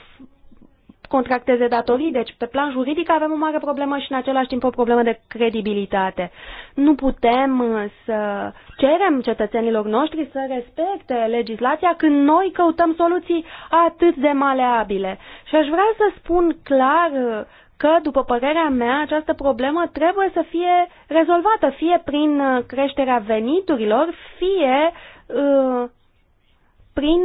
contracteze datorii, deci pe plan juridic avem o mare problemă și în același timp o problemă de credibilitate. Nu putem uh, să cerem cetățenilor noștri să respecte legislația când noi căutăm soluții atât de maleabile. Și aș vrea să spun clar uh, că, după părerea mea, această problemă trebuie să fie rezolvată, fie prin uh, creșterea veniturilor, fie uh, prin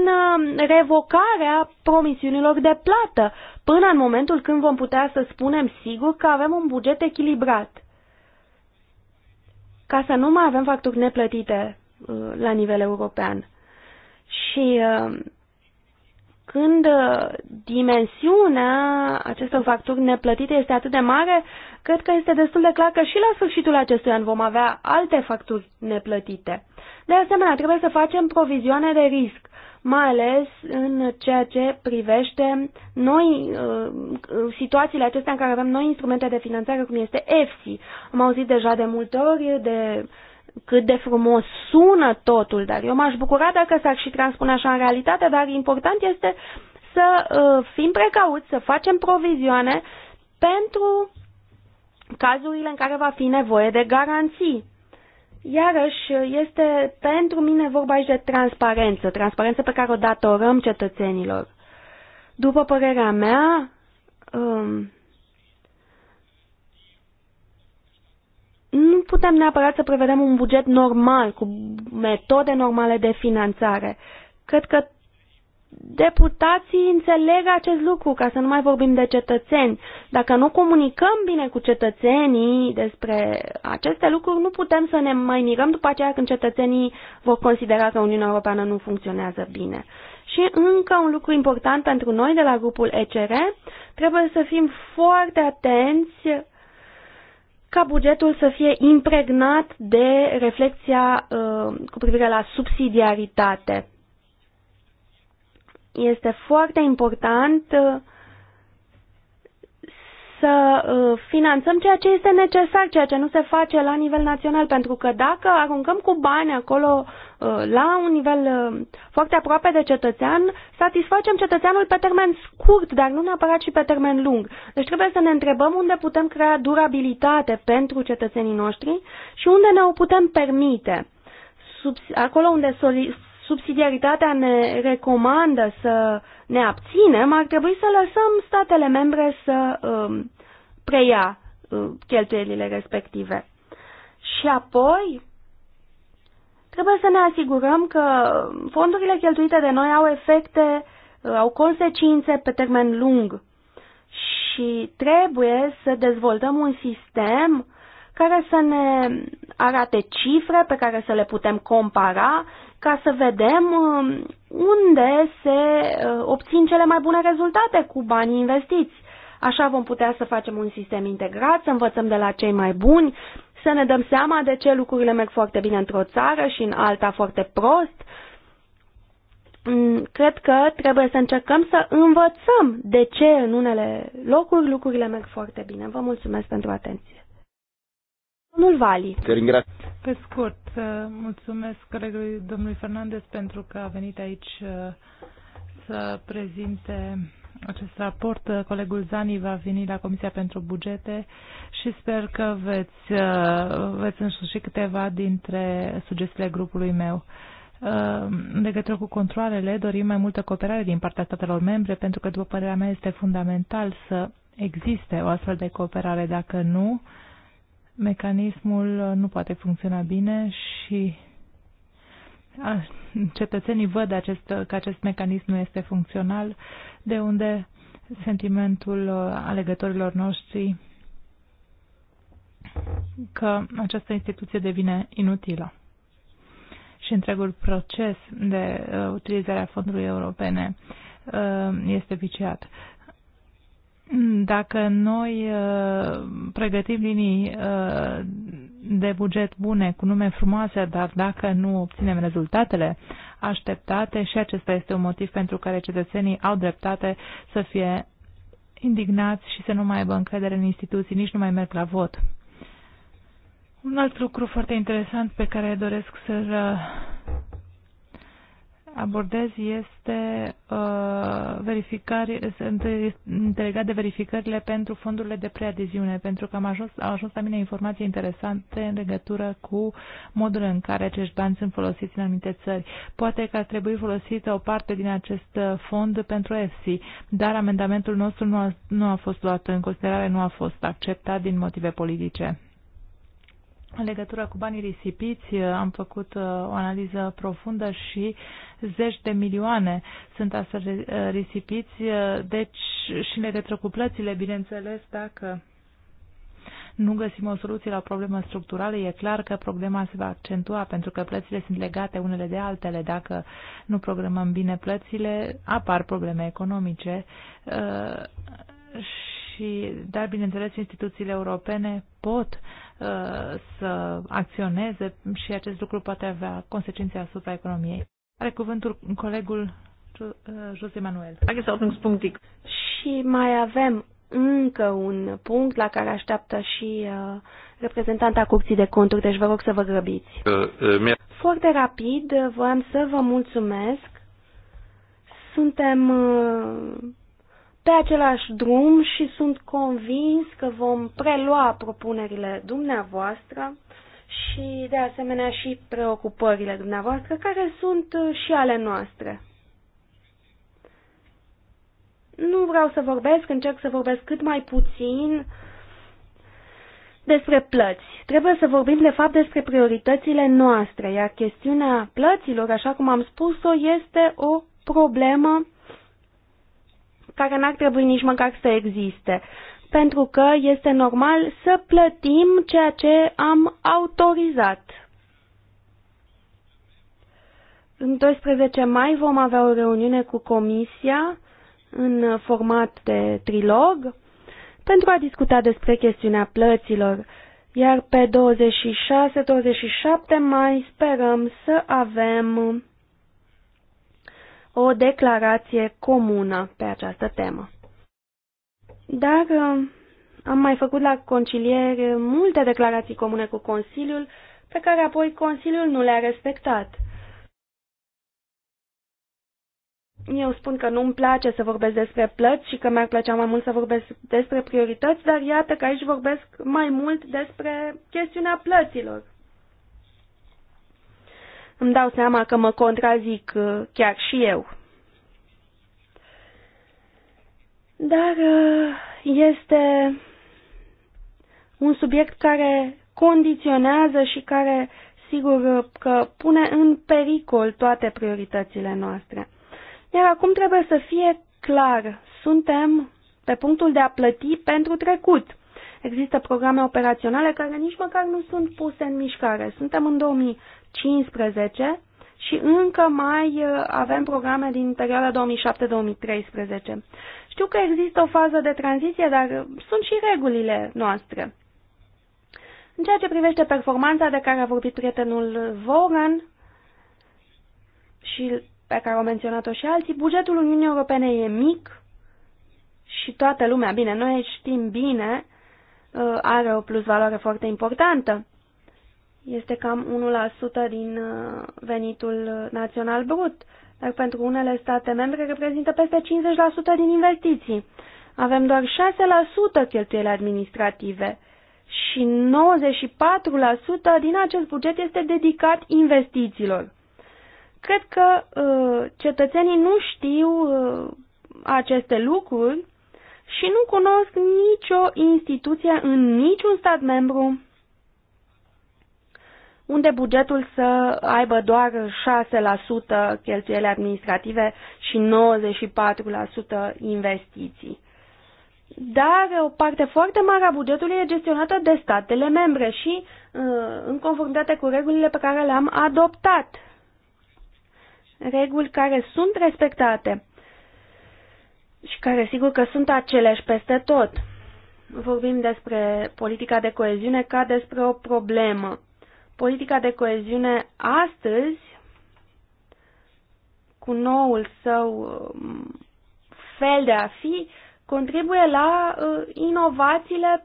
revocarea promisiunilor de plată, până în momentul când vom putea să spunem sigur că avem un buget echilibrat, ca să nu mai avem facturi neplătite uh, la nivel european. Și uh, când uh, dimensiunea acestor facturi neplătite este atât de mare, cred că este destul de clar că și la sfârșitul acestui an vom avea alte facturi neplătite. De asemenea, trebuie să facem provizioane de risc mai ales în ceea ce privește noi, uh, situațiile acestea în care avem noi instrumente de finanțare, cum este EFSI. Am auzit deja de multe ori de cât de frumos sună totul, dar eu m-aș bucura dacă s-ar și transpune așa în realitate, dar important este să uh, fim precauți, să facem provizioane pentru cazurile în care va fi nevoie de garanții. Iarăși, este pentru mine vorba aici de transparență, transparență pe care o datorăm cetățenilor. După părerea mea, um, nu putem neapărat să prevedem un buget normal, cu metode normale de finanțare. Cred că deputații înțeleg acest lucru, ca să nu mai vorbim de cetățeni. Dacă nu comunicăm bine cu cetățenii despre aceste lucruri, nu putem să ne mai mirăm după aceea când cetățenii vor considera că Uniunea Europeană nu funcționează bine. Și încă un lucru important pentru noi de la grupul ECR, trebuie să fim foarte atenți ca bugetul să fie impregnat de reflexia uh, cu privire la subsidiaritate este foarte important uh, să uh, finanțăm ceea ce este necesar, ceea ce nu se face la nivel național, pentru că dacă aruncăm cu bani acolo uh, la un nivel foarte aproape de cetățean, satisfacem cetățeanul pe termen scurt, dar nu neapărat și pe termen lung. Deci trebuie să ne întrebăm unde putem crea durabilitate pentru cetățenii noștri și unde ne o putem permite. Acolo unde subsidiaritatea ne recomandă să ne abținem, ar trebui să lăsăm statele membre să um, preia uh, cheltuielile respective. Și apoi, trebuie să ne asigurăm că fondurile cheltuite de noi au efecte, uh, au consecințe pe termen lung și trebuie să dezvoltăm un sistem care să ne arate cifre pe care să le putem compara ca să vedem um, unde se uh, obțin cele mai bune rezultate cu banii investiți. Așa vom putea să facem un sistem integrat, să învățăm de la cei mai buni, să ne dăm seama de ce lucrurile merg foarte bine într-o țară și în alta foarte prost. Mm, cred că trebuie să încercăm să învățăm de ce în unele locuri lucrurile merg foarte bine. Vă mulțumesc pentru atenție. Domnul Vali. Pe scurt, uh, mulțumesc colegului domnului Fernandez pentru că a venit aici uh, să prezinte acest raport. Uh, colegul Zani va veni la Comisia pentru Bugete și sper că veți, veți însuși câteva dintre sugestiile grupului meu. În legătură cu controlele, dorim mai multă cooperare din partea statelor membre, pentru că, după părerea mea, este fundamental să existe o astfel de cooperare. Dacă nu, uh, mecanismul nu poate funcționa bine și cetățenii văd acest, că acest mecanism nu este funcțional, de unde sentimentul uh, alegătorilor noștri că această instituție devine inutilă. Și întregul proces de uh, utilizare a fondurilor europene uh, este viciat. Dacă noi uh, pregătim linii uh, de buget bune, cu nume frumoase, dar dacă nu obținem rezultatele așteptate și acesta este un motiv pentru care cetățenii au dreptate să fie indignați și să nu mai aibă încredere în instituții, nici nu mai merg la vot. Un alt lucru foarte interesant pe care doresc să-l abordez este uh, verificări, este legat de verificările pentru fondurile de preadeziune, pentru că am ajuns, au ajuns la mine informații interesante în legătură cu modul în care acești bani sunt folosiți în anumite țări. Poate că ar trebui folosită o parte din acest fond pentru EFSI, dar amendamentul nostru nu a, nu a fost luat în considerare, nu a fost acceptat din motive politice. În legătură cu banii risipiți, uh, am făcut uh, o analiză profundă și zeci de milioane sunt astfel uh, risipiți, deci și în legătură cu plățile, bineînțeles, dacă nu găsim o soluție la o problemă structurală, e clar că problema se va accentua pentru că plățile sunt legate unele de altele. Dacă nu programăm bine plățile, apar probleme economice și, dar bineînțeles, instituțiile europene pot uh, să acționeze și acest lucru poate avea consecințe asupra economiei. Are cuvântul colegul uh, José Manuel. Și mai avem încă un punct la care așteaptă și uh, reprezentanta Curții de Conturi, deci vă rog să vă grăbiți. Uh, uh, Foarte rapid, voiam să vă mulțumesc. Suntem uh, pe același drum și sunt convins că vom prelua propunerile dumneavoastră și, de asemenea, și preocupările dumneavoastră, care sunt uh, și ale noastre. Nu vreau să vorbesc, încerc să vorbesc cât mai puțin despre plăți. Trebuie să vorbim, de fapt, despre prioritățile noastre, iar chestiunea plăților, așa cum am spus-o, este o problemă care n-ar trebui nici măcar să existe, pentru că este normal să plătim ceea ce am autorizat. În 12 mai vom avea o reuniune cu Comisia în format de trilog pentru a discuta despre chestiunea plăților, iar pe 26-27 mai sperăm să avem o declarație comună pe această temă. Dar uh, am mai făcut la conciliere multe declarații comune cu Consiliul, pe care apoi Consiliul nu le-a respectat. Eu spun că nu-mi place să vorbesc despre plăți și că mi-ar plăcea mai mult să vorbesc despre priorități, dar iată că aici vorbesc mai mult despre chestiunea plăților. Îmi dau seama că mă contrazic uh, chiar și eu. Dar uh, este un subiect care condiționează și care, sigur, uh, că pune în pericol toate prioritățile noastre. Iar acum trebuie să fie clar, suntem pe punctul de a plăti pentru trecut. Există programe operaționale care nici măcar nu sunt puse în mișcare. Suntem în 2015 și încă mai uh, avem programe din perioada 2007-2013. Știu că există o fază de tranziție, dar sunt și regulile noastre. În ceea ce privește performanța de care a vorbit prietenul Voran și pe care au menționat-o și alții, bugetul Uniunii Europene e mic și toată lumea, bine, noi știm bine Uh, are o plusvaloare foarte importantă. Este cam 1% din uh, venitul național brut, dar pentru unele state membre reprezintă peste 50% din investiții. Avem doar 6% cheltuieli administrative și 94% din acest buget este dedicat investițiilor. Cred că uh, cetățenii nu știu uh, aceste lucruri și nu cunosc nicio instituție în niciun stat membru unde bugetul să aibă doar 6% cheltuieli administrative și 94% investiții. Dar o parte foarte mare a bugetului e gestionată de statele membre și uh, în conformitate cu regulile pe care le-am adoptat. Reguli care sunt respectate și care sigur că sunt aceleași peste tot. Vorbim despre politica de coeziune ca despre o problemă. Politica de coeziune astăzi, cu noul său um, fel de a fi, contribuie la uh, inovațiile,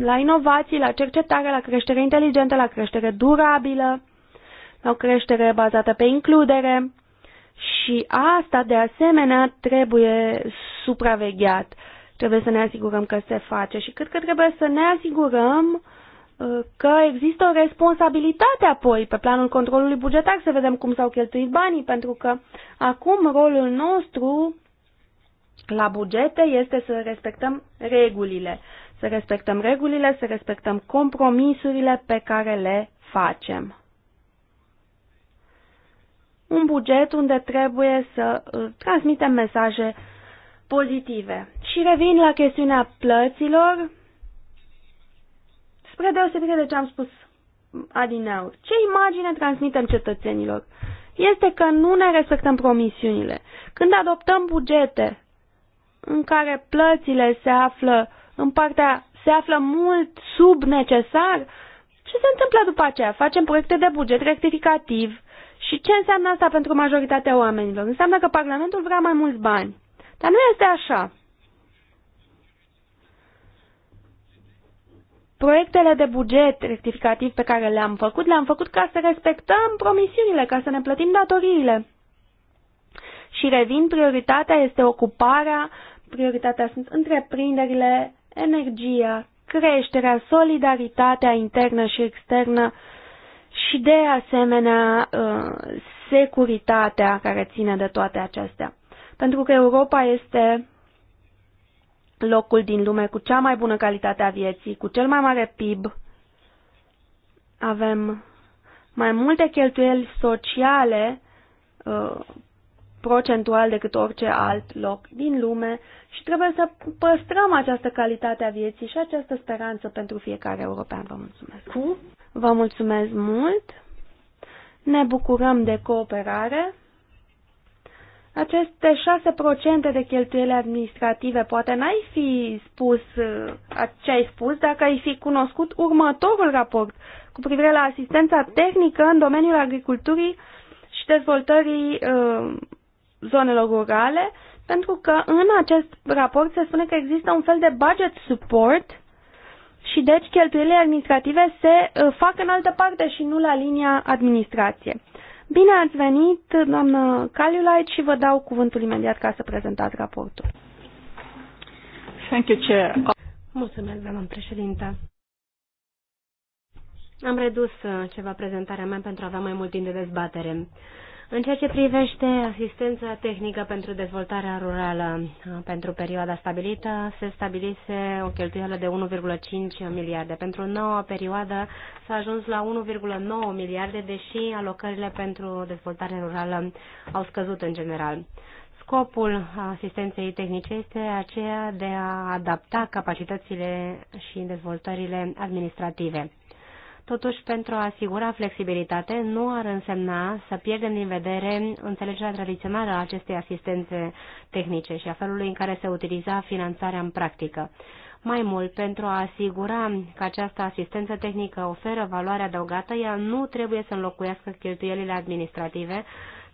la inovații, la cercetare, la creștere inteligentă, la creștere durabilă, la o creștere bazată pe includere, și asta, de asemenea, trebuie supravegheat. Trebuie să ne asigurăm că se face și cred că trebuie să ne asigurăm uh, că există o responsabilitate apoi pe planul controlului bugetar să vedem cum s-au cheltuit banii, pentru că acum rolul nostru la bugete este să respectăm regulile, să respectăm regulile, să respectăm compromisurile pe care le facem un buget unde trebuie să uh, transmitem mesaje pozitive. Și revin la chestiunea plăților, spre deosebire de ce am spus adineaur. Ce imagine transmitem cetățenilor? Este că nu ne respectăm promisiunile. Când adoptăm bugete în care plățile se află în partea se află mult sub necesar, ce se întâmplă după aceea? Facem proiecte de buget rectificativ și ce înseamnă asta pentru majoritatea oamenilor? Înseamnă că Parlamentul vrea mai mulți bani. Dar nu este așa. Proiectele de buget rectificativ pe care le-am făcut, le-am făcut ca să respectăm promisiunile, ca să ne plătim datoriile. Și revin, prioritatea este ocuparea, prioritatea sunt întreprinderile, energia, creșterea, solidaritatea internă și externă și de asemenea uh, securitatea care ține de toate acestea. Pentru că Europa este locul din lume cu cea mai bună calitate a vieții, cu cel mai mare PIB. Avem mai multe cheltuieli sociale uh, procentual decât orice alt loc din lume și trebuie să păstrăm această calitate a vieții și această speranță pentru fiecare european. Vă mulțumesc! cu, Vă mulțumesc mult! Ne bucurăm de cooperare. Aceste 6% de cheltuieli administrative, poate n-ai fi spus uh, ce ai spus dacă ai fi cunoscut următorul raport cu privire la asistența tehnică în domeniul agriculturii și dezvoltării uh, zonelor rurale pentru că în acest raport se spune că există un fel de budget support și deci cheltuielile administrative se uh, fac în altă parte și nu la linia administrație. Bine ați venit, doamnă Caliulait, și vă dau cuvântul imediat ca să prezentați raportul. Thank you, Chair. Mulțumesc, doamnă președinte. Am redus uh, ceva prezentarea mea pentru a avea mai mult timp de dezbatere. În ceea ce privește asistența tehnică pentru dezvoltarea rurală pentru perioada stabilită, se stabilise o cheltuială de 1,5 miliarde. Pentru noua perioadă s-a ajuns la 1,9 miliarde, deși alocările pentru dezvoltare rurală au scăzut în general. Scopul asistenței tehnice este aceea de a adapta capacitățile și dezvoltările administrative. Totuși, pentru a asigura flexibilitate, nu ar însemna să pierdem din vedere înțelegerea tradițională a acestei asistențe tehnice și a felului în care se utiliza finanțarea în practică. Mai mult, pentru a asigura că această asistență tehnică oferă valoare adăugată, ea nu trebuie să înlocuiască cheltuielile administrative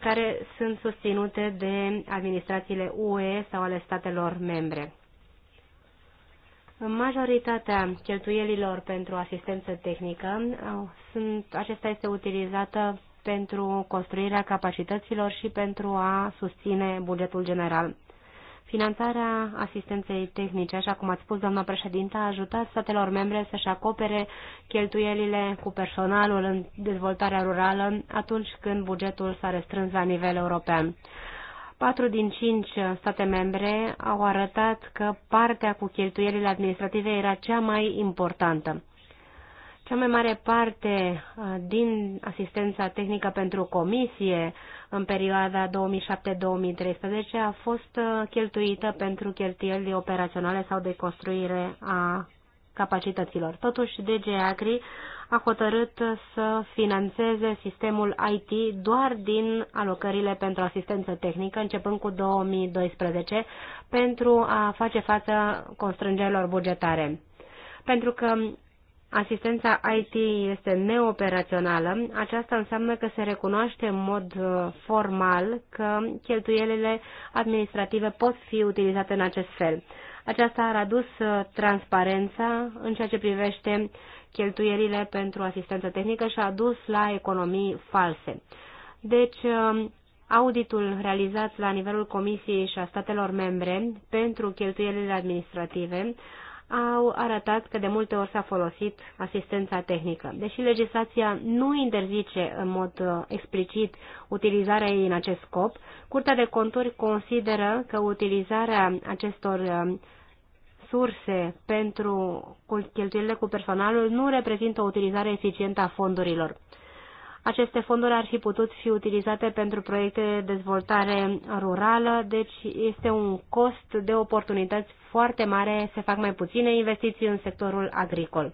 care sunt susținute de administrațiile UE sau ale statelor membre. Majoritatea cheltuielilor pentru asistență tehnică sunt, acesta este utilizată pentru construirea capacităților și pentru a susține bugetul general. Finanțarea asistenței tehnice, așa cum ați spus, doamna președinte, a ajutat statelor membre să-și acopere cheltuielile cu personalul în dezvoltarea rurală atunci când bugetul s-a restrâns la nivel european. Patru din cinci uh, state membre au arătat că partea cu cheltuielile administrative era cea mai importantă. Cea mai mare parte uh, din asistența tehnică pentru comisie în perioada 2007-2013 a fost uh, cheltuită pentru cheltuieli operaționale sau de construire a capacităților. Totuși, DG Agri a hotărât să financeze sistemul IT doar din alocările pentru asistență tehnică, începând cu 2012, pentru a face față constrângerilor bugetare. Pentru că asistența IT este neoperațională, aceasta înseamnă că se recunoaște în mod uh, formal că cheltuielile administrative pot fi utilizate în acest fel. Aceasta a adus uh, transparența în ceea ce privește cheltuierile pentru asistență tehnică și a dus la economii false. Deci, um, auditul realizat la nivelul Comisiei și a statelor membre pentru cheltuielile administrative au arătat că de multe ori s-a folosit asistența tehnică. Deși legislația nu interzice în mod uh, explicit utilizarea ei în acest scop, Curtea de Conturi consideră că utilizarea acestor um, resurse pentru cheltuielile cu personalul nu reprezintă o utilizare eficientă a fondurilor. Aceste fonduri ar fi putut fi utilizate pentru proiecte de dezvoltare rurală, deci este un cost de oportunități foarte mare, se fac mai puține investiții în sectorul agricol.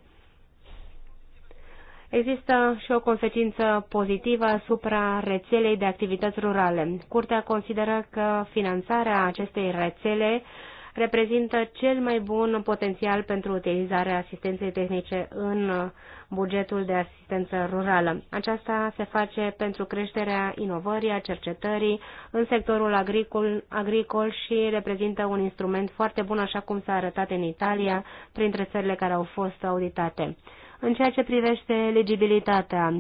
Există și o consecință pozitivă asupra rețelei de activități rurale. Curtea consideră că finanțarea acestei rețele reprezintă cel mai bun potențial pentru utilizarea asistenței tehnice în bugetul de asistență rurală. Aceasta se face pentru creșterea inovării, a cercetării în sectorul agricol, agricol și reprezintă un instrument foarte bun, așa cum s-a arătat în Italia, printre țările care au fost auditate. În ceea ce privește legibilitatea,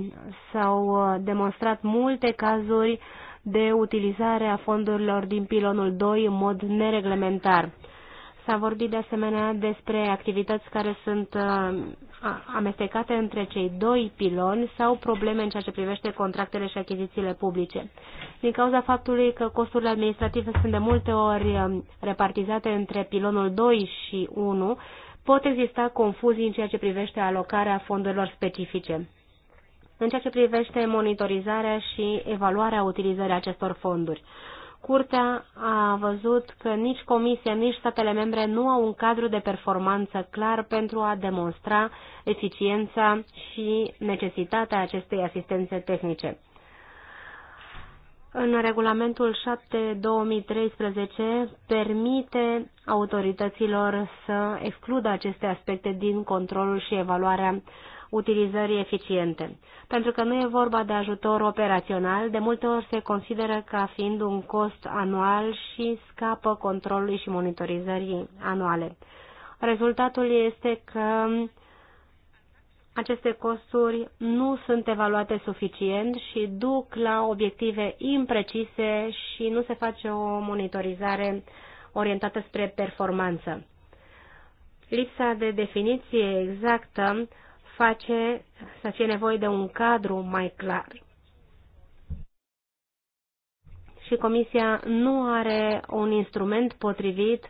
s-au uh, demonstrat multe cazuri de utilizare a fondurilor din pilonul 2 în mod nereglementar. S-a vorbit de asemenea despre activități care sunt uh, amestecate între cei doi piloni sau probleme în ceea ce privește contractele și achizițiile publice. Din cauza faptului că costurile administrative sunt de multe ori um, repartizate între pilonul 2 și 1, pot exista confuzii în ceea ce privește alocarea fondurilor specifice. În ceea ce privește monitorizarea și evaluarea utilizării acestor fonduri. Curtea a văzut că nici Comisia, nici statele membre nu au un cadru de performanță clar pentru a demonstra eficiența și necesitatea acestei asistențe tehnice. În regulamentul 7-2013 permite autorităților să excludă aceste aspecte din controlul și evaluarea utilizării eficiente. Pentru că nu e vorba de ajutor operațional, de multe ori se consideră ca fiind un cost anual și scapă controlului și monitorizării anuale. Rezultatul este că aceste costuri nu sunt evaluate suficient și duc la obiective imprecise și nu se face o monitorizare orientată spre performanță. Lipsa de definiție exactă face să fie nevoie de un cadru mai clar. Și Comisia nu are un instrument potrivit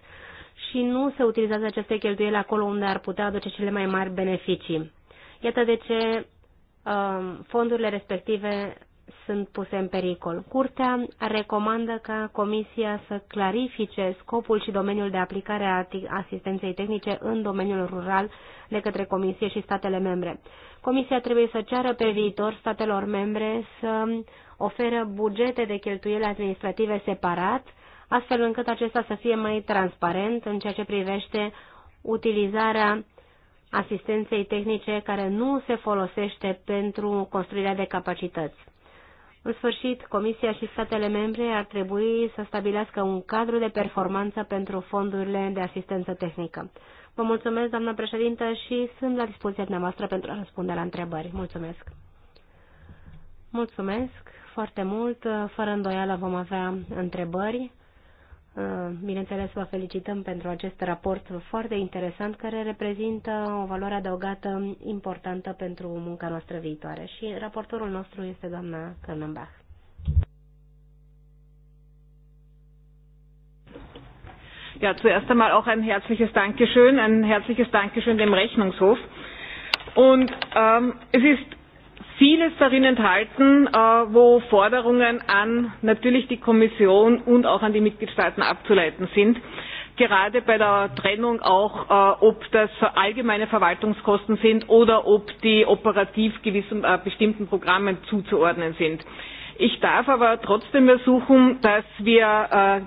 și nu se utilizează aceste cheltuieli acolo unde ar putea aduce cele mai mari beneficii. Iată de ce um, fondurile respective sunt puse în pericol. Curtea recomandă ca Comisia să clarifice scopul și domeniul de aplicare a asistenței tehnice în domeniul rural de către Comisie și statele membre. Comisia trebuie să ceară pe viitor statelor membre să oferă bugete de cheltuieli administrative separat, astfel încât acesta să fie mai transparent în ceea ce privește utilizarea asistenței tehnice care nu se folosește pentru construirea de capacități. În sfârșit, Comisia și statele membre ar trebui să stabilească un cadru de performanță pentru fondurile de asistență tehnică. Vă mulțumesc, doamnă președintă, și sunt la dispoziția dumneavoastră pentru a răspunde la întrebări. Mulțumesc! Mulțumesc foarte mult! Fără îndoială vom avea întrebări Uh, bineînțeles, vă felicităm pentru acest raport foarte interesant care reprezintă o valoare adăugată importantă pentru munca noastră viitoare. Și raportorul nostru este doamna Cărnambach. Ja, zuerst einmal auch ein herzliches Dankeschön, ein herzliches Dankeschön dem Rechnungshof. Und ähm, es ist vieles darin enthalten, äh, wo Forderungen an natürlich die Kommission und auch an die Mitgliedstaaten abzuleiten sind. Gerade bei der Trennung auch, äh, ob das allgemeine Verwaltungskosten sind oder ob die operativ gewissen äh, bestimmten Programmen zuzuordnen sind. Ich darf aber trotzdem ersuchen, dass wir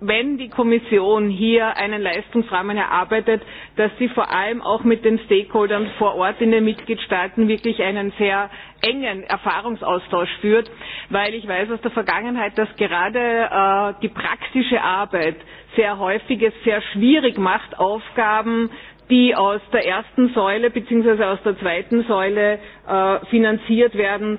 wenn die Kommission hier einen Leistungsrahmen erarbeitet, dass sie vor allem auch mit den Stakeholdern vor Ort in den Mitgliedstaaten wirklich einen sehr engen Erfahrungsaustausch führt, weil ich weiß aus der Vergangenheit, dass gerade äh, die praktische Arbeit sehr häufig es sehr schwierig macht, Aufgaben die aus der ersten Säule bzw. aus der zweiten Säule äh, finanziert werden,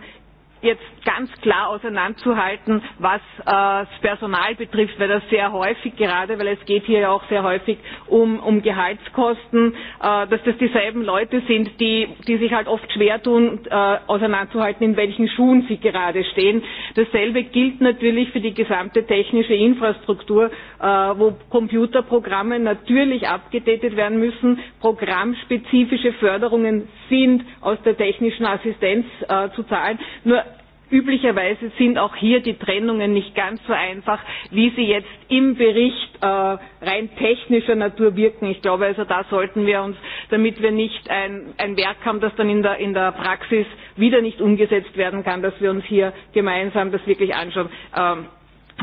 jetzt ganz klar auseinanderzuhalten, was äh, das Personal betrifft, weil das sehr häufig, gerade weil es geht hier ja auch sehr häufig um, um Gehaltskosten, äh, dass das dieselben Leute sind, die, die sich halt oft schwer tun, äh, auseinanderzuhalten, in welchen Schuhen sie gerade stehen. Dasselbe gilt natürlich für die gesamte technische Infrastruktur, äh, wo Computerprogramme natürlich abgedatet werden müssen. Programmspezifische Förderungen sind aus der technischen Assistenz äh, zu zahlen. Nur üblicherweise sind auch hier die Trennungen nicht ganz so einfach, wie sie jetzt im Bericht äh, rein technischer Natur wirken. Ich glaube, also da sollten wir uns, damit wir nicht ein, ein Werk haben, das dann in der, in der Praxis wieder nicht umgesetzt werden kann, dass wir uns hier gemeinsam das wirklich anschauen. Ähm,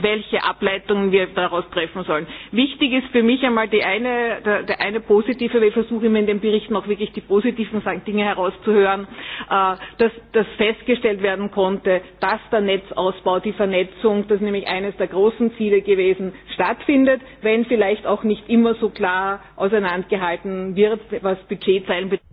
welche Ableitungen wir daraus treffen sollen. Wichtig ist für mich einmal die eine, der, der eine positive, wir versuchen immer in den Berichten auch wirklich die positiven Dinge herauszuhören, äh, dass, dass festgestellt werden konnte, dass der Netzausbau, die Vernetzung, das ist nämlich eines der großen Ziele gewesen, stattfindet, wenn vielleicht auch nicht immer so klar auseinandergehalten wird, was Budgetzeilen betrifft.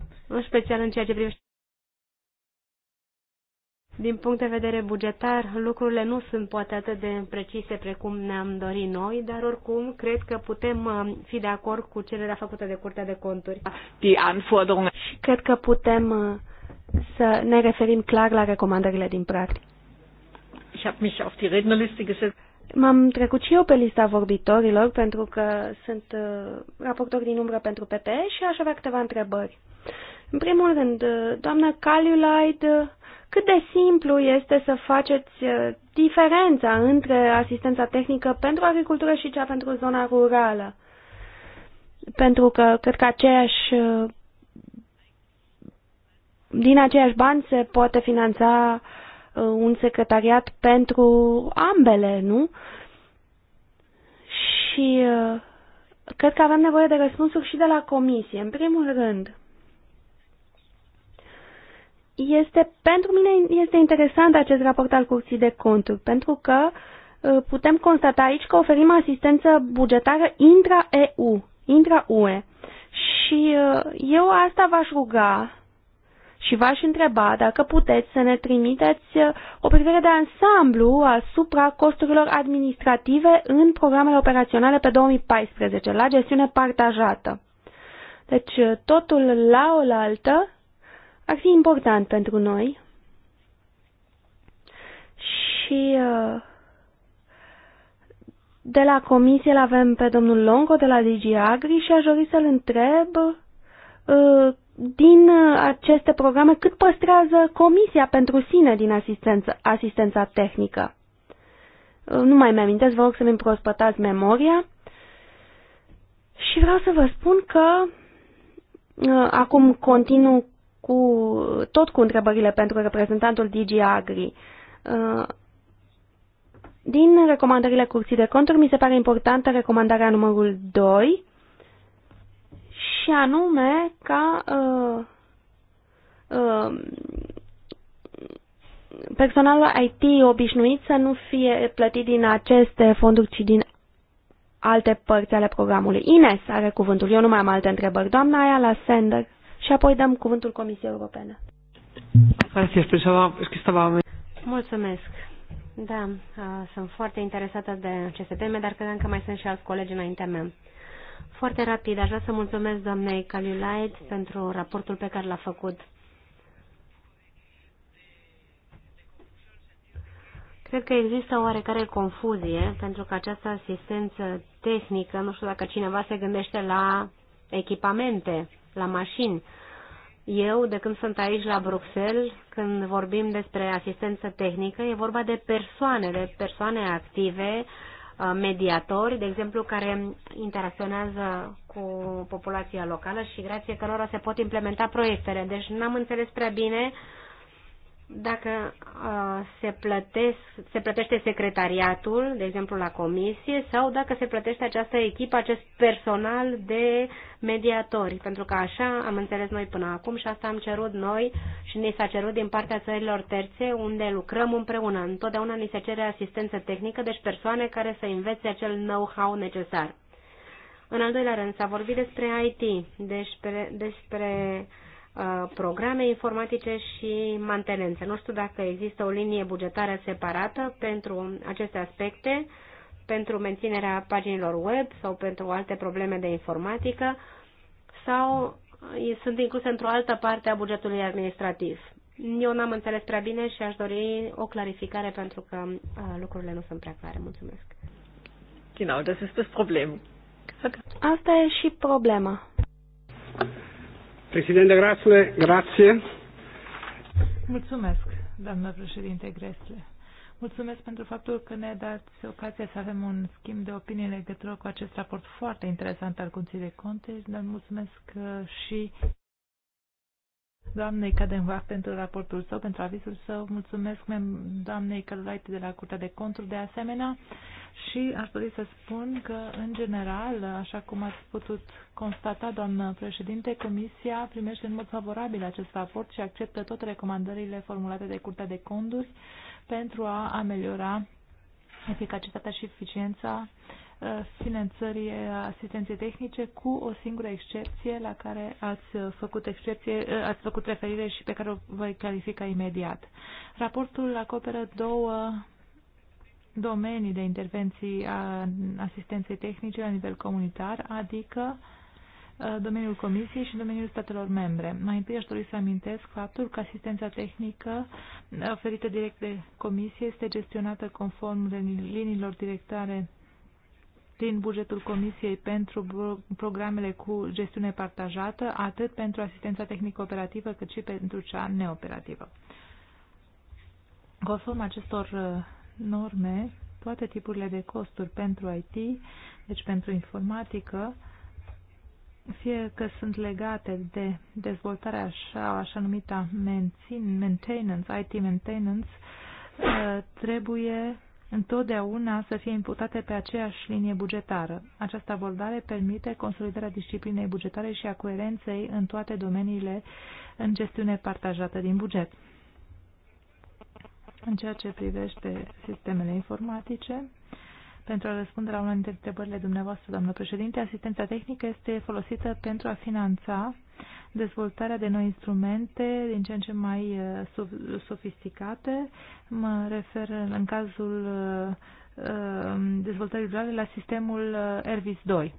Din punct de vedere bugetar, lucrurile nu sunt poate atât de precise precum ne-am dorit noi, dar oricum cred că putem uh, fi de acord cu cererea făcută de Curtea de Conturi. Și Cred că putem uh, să ne referim clar la recomandările din practic. M-am trecut și eu pe lista vorbitorilor pentru că sunt uh, raportor din umbră pentru PPE și aș avea câteva întrebări. În primul rând, doamna Caliulaid, cât de simplu este să faceți uh, diferența între asistența tehnică pentru agricultură și cea pentru zona rurală? Pentru că cred că aceeași, uh, din aceiași bani se poate finanța uh, un secretariat pentru ambele, nu? Și cred că avem nevoie de răspunsuri și de la comisie. În primul rând, este, pentru mine este interesant acest raport al Curții de Conturi, pentru că ă, putem constata aici că oferim asistență bugetară intra-EU, intra-UE. Și ă, eu asta v-aș ruga și v-aș întreba dacă puteți să ne trimiteți ă, o privire de ansamblu asupra costurilor administrative în programele operaționale pe 2014, la gestiune partajată. Deci totul la oaltă ar fi important pentru noi și uh, de la comisie îl avem pe domnul Longo de la DigiAgri și aș dori să-l întreb uh, din aceste programe cât păstrează comisia pentru sine din asistență, asistența tehnică. Uh, nu mai mi-amintesc, vă rog să-mi împrospătați memoria. Și vreau să vă spun că acum continuu cu, tot cu întrebările pentru reprezentantul DG Agri. Uh, din recomandările Curții de Conturi mi se pare importantă recomandarea numărul 2 și anume ca uh, uh, personalul IT obișnuit să nu fie plătit din aceste fonduri, ci din alte părți ale programului. Ines are cuvântul. Eu nu mai am alte întrebări. Doamna aia la sender și apoi dăm cuvântul Comisiei Europene. Mulțumesc. Da, sunt foarte interesată de aceste teme, dar cred că mai sunt și alți colegi înaintea mea. Foarte rapid, aș vrea să mulțumesc doamnei Caliulait pentru raportul pe care l-a făcut. Cred că există oarecare confuzie pentru că această asistență tehnică, nu știu dacă cineva se gândește la echipamente la mașini. Eu, de când sunt aici la Bruxelles, când vorbim despre asistență tehnică, e vorba de persoane, de persoane active, uh, mediatori, de exemplu, care interacționează cu populația locală și grație cărora se pot implementa proiectele. Deci n-am înțeles prea bine uh, dacă uh, se, plătesc, se plătește secretariatul, de exemplu la comisie, sau dacă se plătește această echipă, acest personal de mediatori. Pentru că așa am înțeles noi până acum și asta am cerut noi și ne s-a cerut din partea țărilor terțe unde lucrăm împreună. Întotdeauna ni se cere asistență tehnică, deci persoane care să învețe acel know-how necesar. În al doilea rând, s-a vorbit despre IT, despre, despre Uh, programe informatice și mantenență. Nu știu dacă există o linie bugetară separată pentru aceste aspecte, pentru menținerea paginilor web sau pentru alte probleme de informatică sau sunt incluse într-o altă parte a bugetului administrativ. Eu n-am înțeles prea bine și aș dori o clarificare pentru că a, uh, lucrurile nu sunt prea clare. Mulțumesc. Genau, das ist das Problem. Asta e și problema. Președinte Grasle, grație. Mulțumesc, doamnă președinte Grasle. Mulțumesc pentru faptul că ne dați ocazia să avem un schimb de opinie legătură cu acest raport foarte interesant al Cunții de Conte. Dar mulțumesc uh, și doamnei Cadenva pentru raportul său, pentru avizul său. Mulțumesc doamnei Călulaite de la Curtea de Conturi de asemenea. Și aș dori să spun că, în general, așa cum ați putut constata, doamnă președinte, Comisia primește în mod favorabil acest raport și acceptă toate recomandările formulate de Curtea de Conduri pentru a ameliora eficacitatea și eficiența uh, finanțării uh, asistenței tehnice cu o singură excepție la care ați uh, făcut, excepție, ați făcut referire și pe care o voi califica imediat. Raportul acoperă două domenii de intervenții a asistenței tehnice la nivel comunitar, adică domeniul Comisiei și domeniul statelor membre. Mai întâi aș dori să amintesc faptul că asistența tehnică oferită direct de Comisie este gestionată conform liniilor directare din bugetul Comisiei pentru programele cu gestiune partajată, atât pentru asistența tehnică operativă, cât și pentru cea neoperativă. Conform acestor norme, toate tipurile de costuri pentru IT, deci pentru informatică, fie că sunt legate de dezvoltarea așa, așa numita maintenance, IT maintenance, uh, trebuie întotdeauna să fie imputate pe aceeași linie bugetară. Această abordare permite consolidarea disciplinei bugetare și a coerenței în toate domeniile în gestiune partajată din buget în ceea ce privește sistemele informatice. Pentru a răspunde la una dintre întrebările dumneavoastră, doamnă președinte, asistența tehnică este folosită pentru a finanța dezvoltarea de noi instrumente din ce în ce mai uh, sofisticate. Mă refer în cazul uh, uh, dezvoltării rurale la sistemul ERVIS 2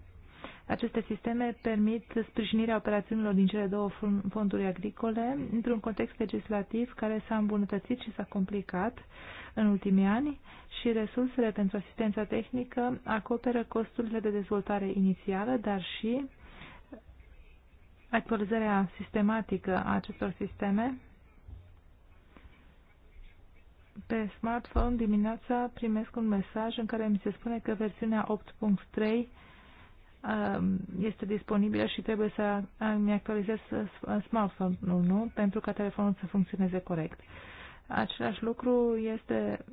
aceste sisteme permit sprijinirea operațiunilor din cele două fonduri agricole într-un context legislativ care s-a îmbunătățit și s-a complicat în ultimii ani și resursele pentru asistența tehnică acoperă costurile de dezvoltare inițială, dar și actualizarea sistematică a acestor sisteme pe smartphone dimineața primesc un mesaj în care mi se spune că versiunea 8.3 Um, este disponibilă și trebuie să îmi actualizez smartphone-ul, nu? Pentru ca telefonul să funcționeze corect. Același lucru este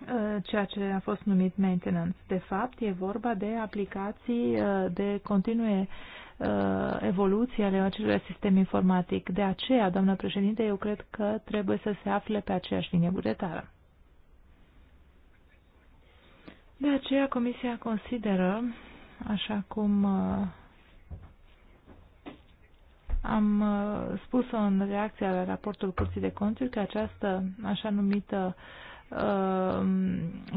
uh, ceea ce a fost numit maintenance. De fapt, e vorba de aplicații uh, de continue uh, evoluție ale acelui sistem informatic. De aceea, doamnă președinte, eu cred că trebuie să se afle pe aceeași linie bugetară. De aceea Comisia consideră, așa cum uh, am uh, spus-o în reacția la raportul Curții de Conturi, că această așa numită uh,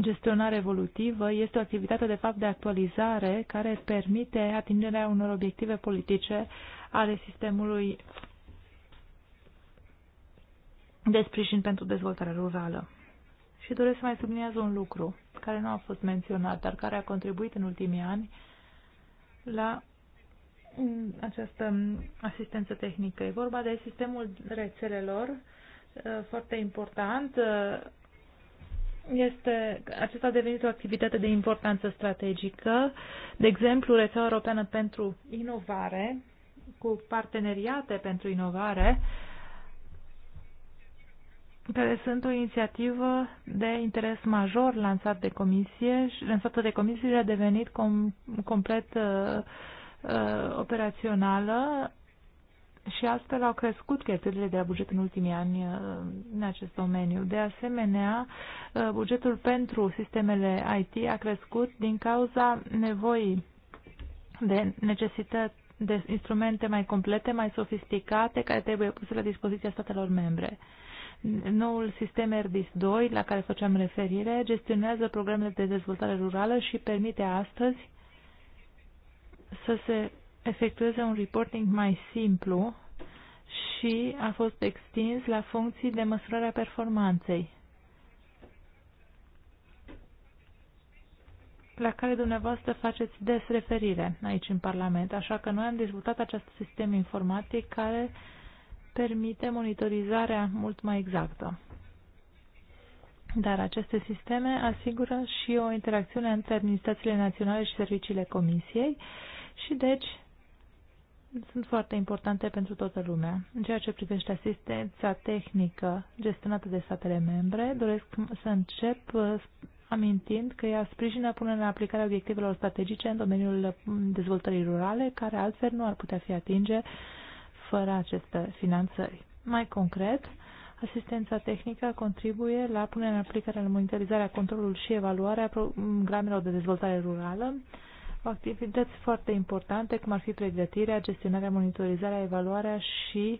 gestionare evolutivă este o activitate de fapt de actualizare care permite atingerea unor obiective politice ale sistemului de sprijin pentru dezvoltarea rurală. Și doresc să mai subliniez un lucru care nu a fost menționat, dar care a contribuit în ultimii ani la mm, această mm, asistență tehnică. E vorba de sistemul rețelelor, uh, foarte important. Uh, este, acesta a devenit o activitate de importanță strategică. De exemplu, rețeaua europeană pentru inovare, cu parteneriate pentru inovare, care sunt o inițiativă de interes major lansat de comisie și lansată de comisie și a devenit com, complet uh, uh operațională și astfel au crescut cheltuielile de la buget în ultimii ani uh, în acest domeniu. De asemenea, uh, bugetul pentru sistemele IT a crescut din cauza nevoii de necesități de instrumente mai complete, mai sofisticate, care trebuie puse la dispoziția statelor membre. Noul sistem RDIS 2, la care făceam referire, gestionează programele de dezvoltare rurală și permite astăzi să se efectueze un reporting mai simplu și a fost extins la funcții de măsurare a performanței, la care dumneavoastră faceți des referire aici în Parlament. Așa că noi am dezvoltat acest sistem informatic care uh, permite monitorizarea mult mai exactă. Dar aceste sisteme asigură și o interacțiune între administrațiile naționale și serviciile Comisiei și deci sunt foarte importante pentru toată lumea. În ceea ce privește asistența tehnică gestionată de statele membre, doresc să încep uh, amintind că ea sprijină punerea în aplicare obiectivelor strategice în domeniul uh, dezvoltării rurale, care altfel nu ar putea fi atinge fără aceste finanțări. Mai concret, asistența tehnică contribuie la punerea în aplicare, la monitorizarea, controlul și evaluarea programelor de dezvoltare rurală, activități foarte importante, cum ar fi pregătirea, gestionarea, monitorizarea, evaluarea și uh,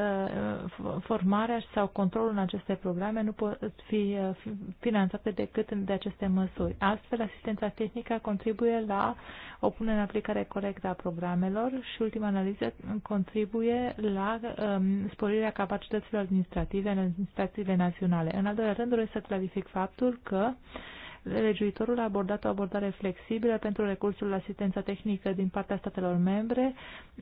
Uh, formarea sau controlul în aceste programe nu pot fi uh, finanțate decât de aceste măsuri. Astfel, asistența tehnică contribuie la o punere în aplicare corectă a programelor și ultima analiză contribuie la um, sporirea capacităților administrative în administrațiile naționale. În al doilea rând, doresc să clarific faptul că uh, Legiuitorul a abordat o abordare flexibilă pentru recursul la asistența tehnică din partea statelor membre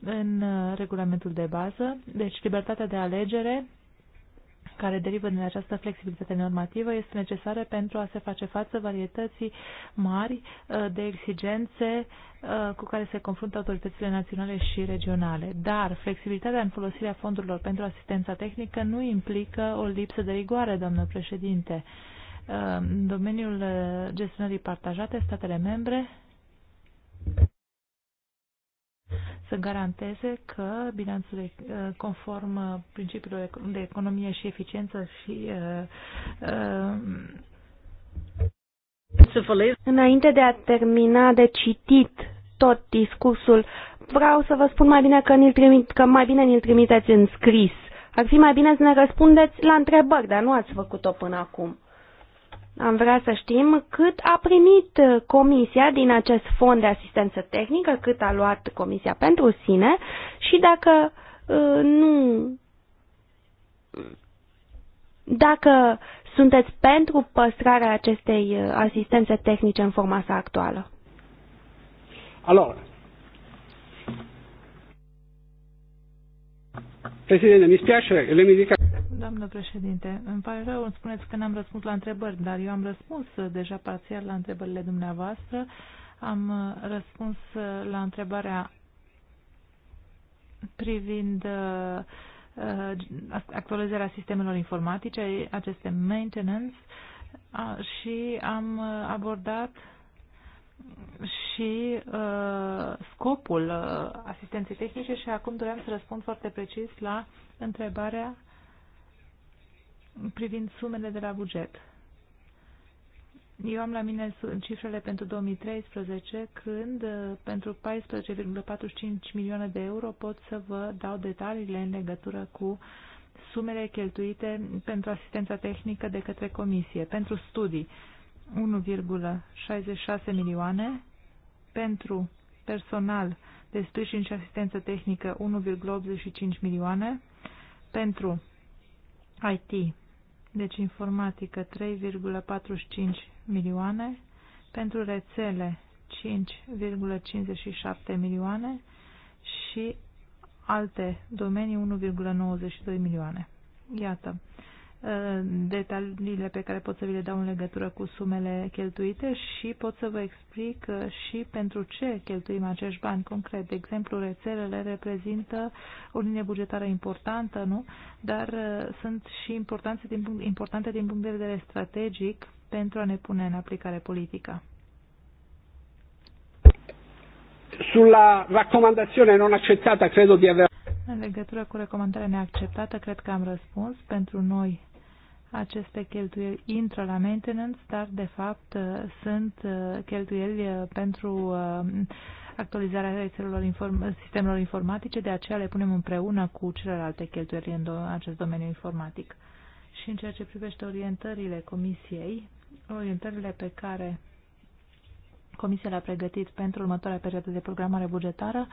în uh, regulamentul de bază, deci libertatea de alegere care derivă din această flexibilitate normativă este necesară pentru a se face față varietății mari uh, de exigențe uh, cu care se confruntă autoritățile naționale și regionale. Dar flexibilitatea în folosirea fondurilor pentru asistența tehnică nu implică o lipsă de rigoare, doamnă președinte. În domeniul uh, gestionării partajate, statele membre să garanteze că bilanțul uh, conform uh, principiilor de economie și eficiență și Înainte de a termina de citit tot discursul, vreau să vă spun mai bine că, ni trimit, că mai bine ni-l trimiteți în scris. Ar fi mai bine să ne răspundeți la întrebări, dar nu ați făcut-o până acum. Am vrea să știm cât a primit Comisia din acest fond de asistență tehnică, cât a luat Comisia pentru sine și dacă uh, nu. Dacă sunteți pentru păstrarea acestei uh, asistențe tehnice în forma sa actuală. Alors, Presidente, mi spiace, le mi dica Doamnă președinte, îmi pare rău, îmi spuneți că n-am răspuns la întrebări, dar eu am răspuns deja parțial la întrebările dumneavoastră. Am răspuns la întrebarea privind uh, actualizarea sistemelor informatice, aceste maintenance, și am abordat și uh, scopul uh, asistenței tehnice și acum doream să răspund foarte precis la întrebarea privind sumele de la buget. Eu am la mine cifrele pentru 2013, când uh, pentru 14,45 milioane de euro pot să vă dau detaliile în legătură cu sumele cheltuite pentru asistența tehnică de către comisie. Pentru studii 1,66 milioane, pentru personal de sprijin și asistență tehnică 1,85 milioane, pentru IT deci informatică 3,45 milioane, pentru rețele 5,57 milioane și alte domenii 1,92 milioane. Iată, detaliile pe care pot să vi le dau în legătură cu sumele cheltuite și pot să vă explic uh, și pentru ce cheltuim acești bani concret. De exemplu, rețelele reprezintă o linie bugetară importantă, nu? dar uh, sunt și importante din punct, importante din punct de vedere strategic pentru a ne pune în aplicare politică. Sulla raccomandazione non accettata credo di aver în legătură cu recomandarea neacceptată, cred că am răspuns. Pentru noi, aceste cheltuieli intră la maintenance, dar de fapt uh, sunt uh, cheltuieli uh, pentru actualizarea rețelelor inform sistemelor informatice, de aceea le punem împreună cu celelalte cheltuieli în acest domeniu informatic. Și în ceea ce privește orientările comisiei, orientările pe care comisia le-a pregătit pentru următoarea perioadă de programare bugetară,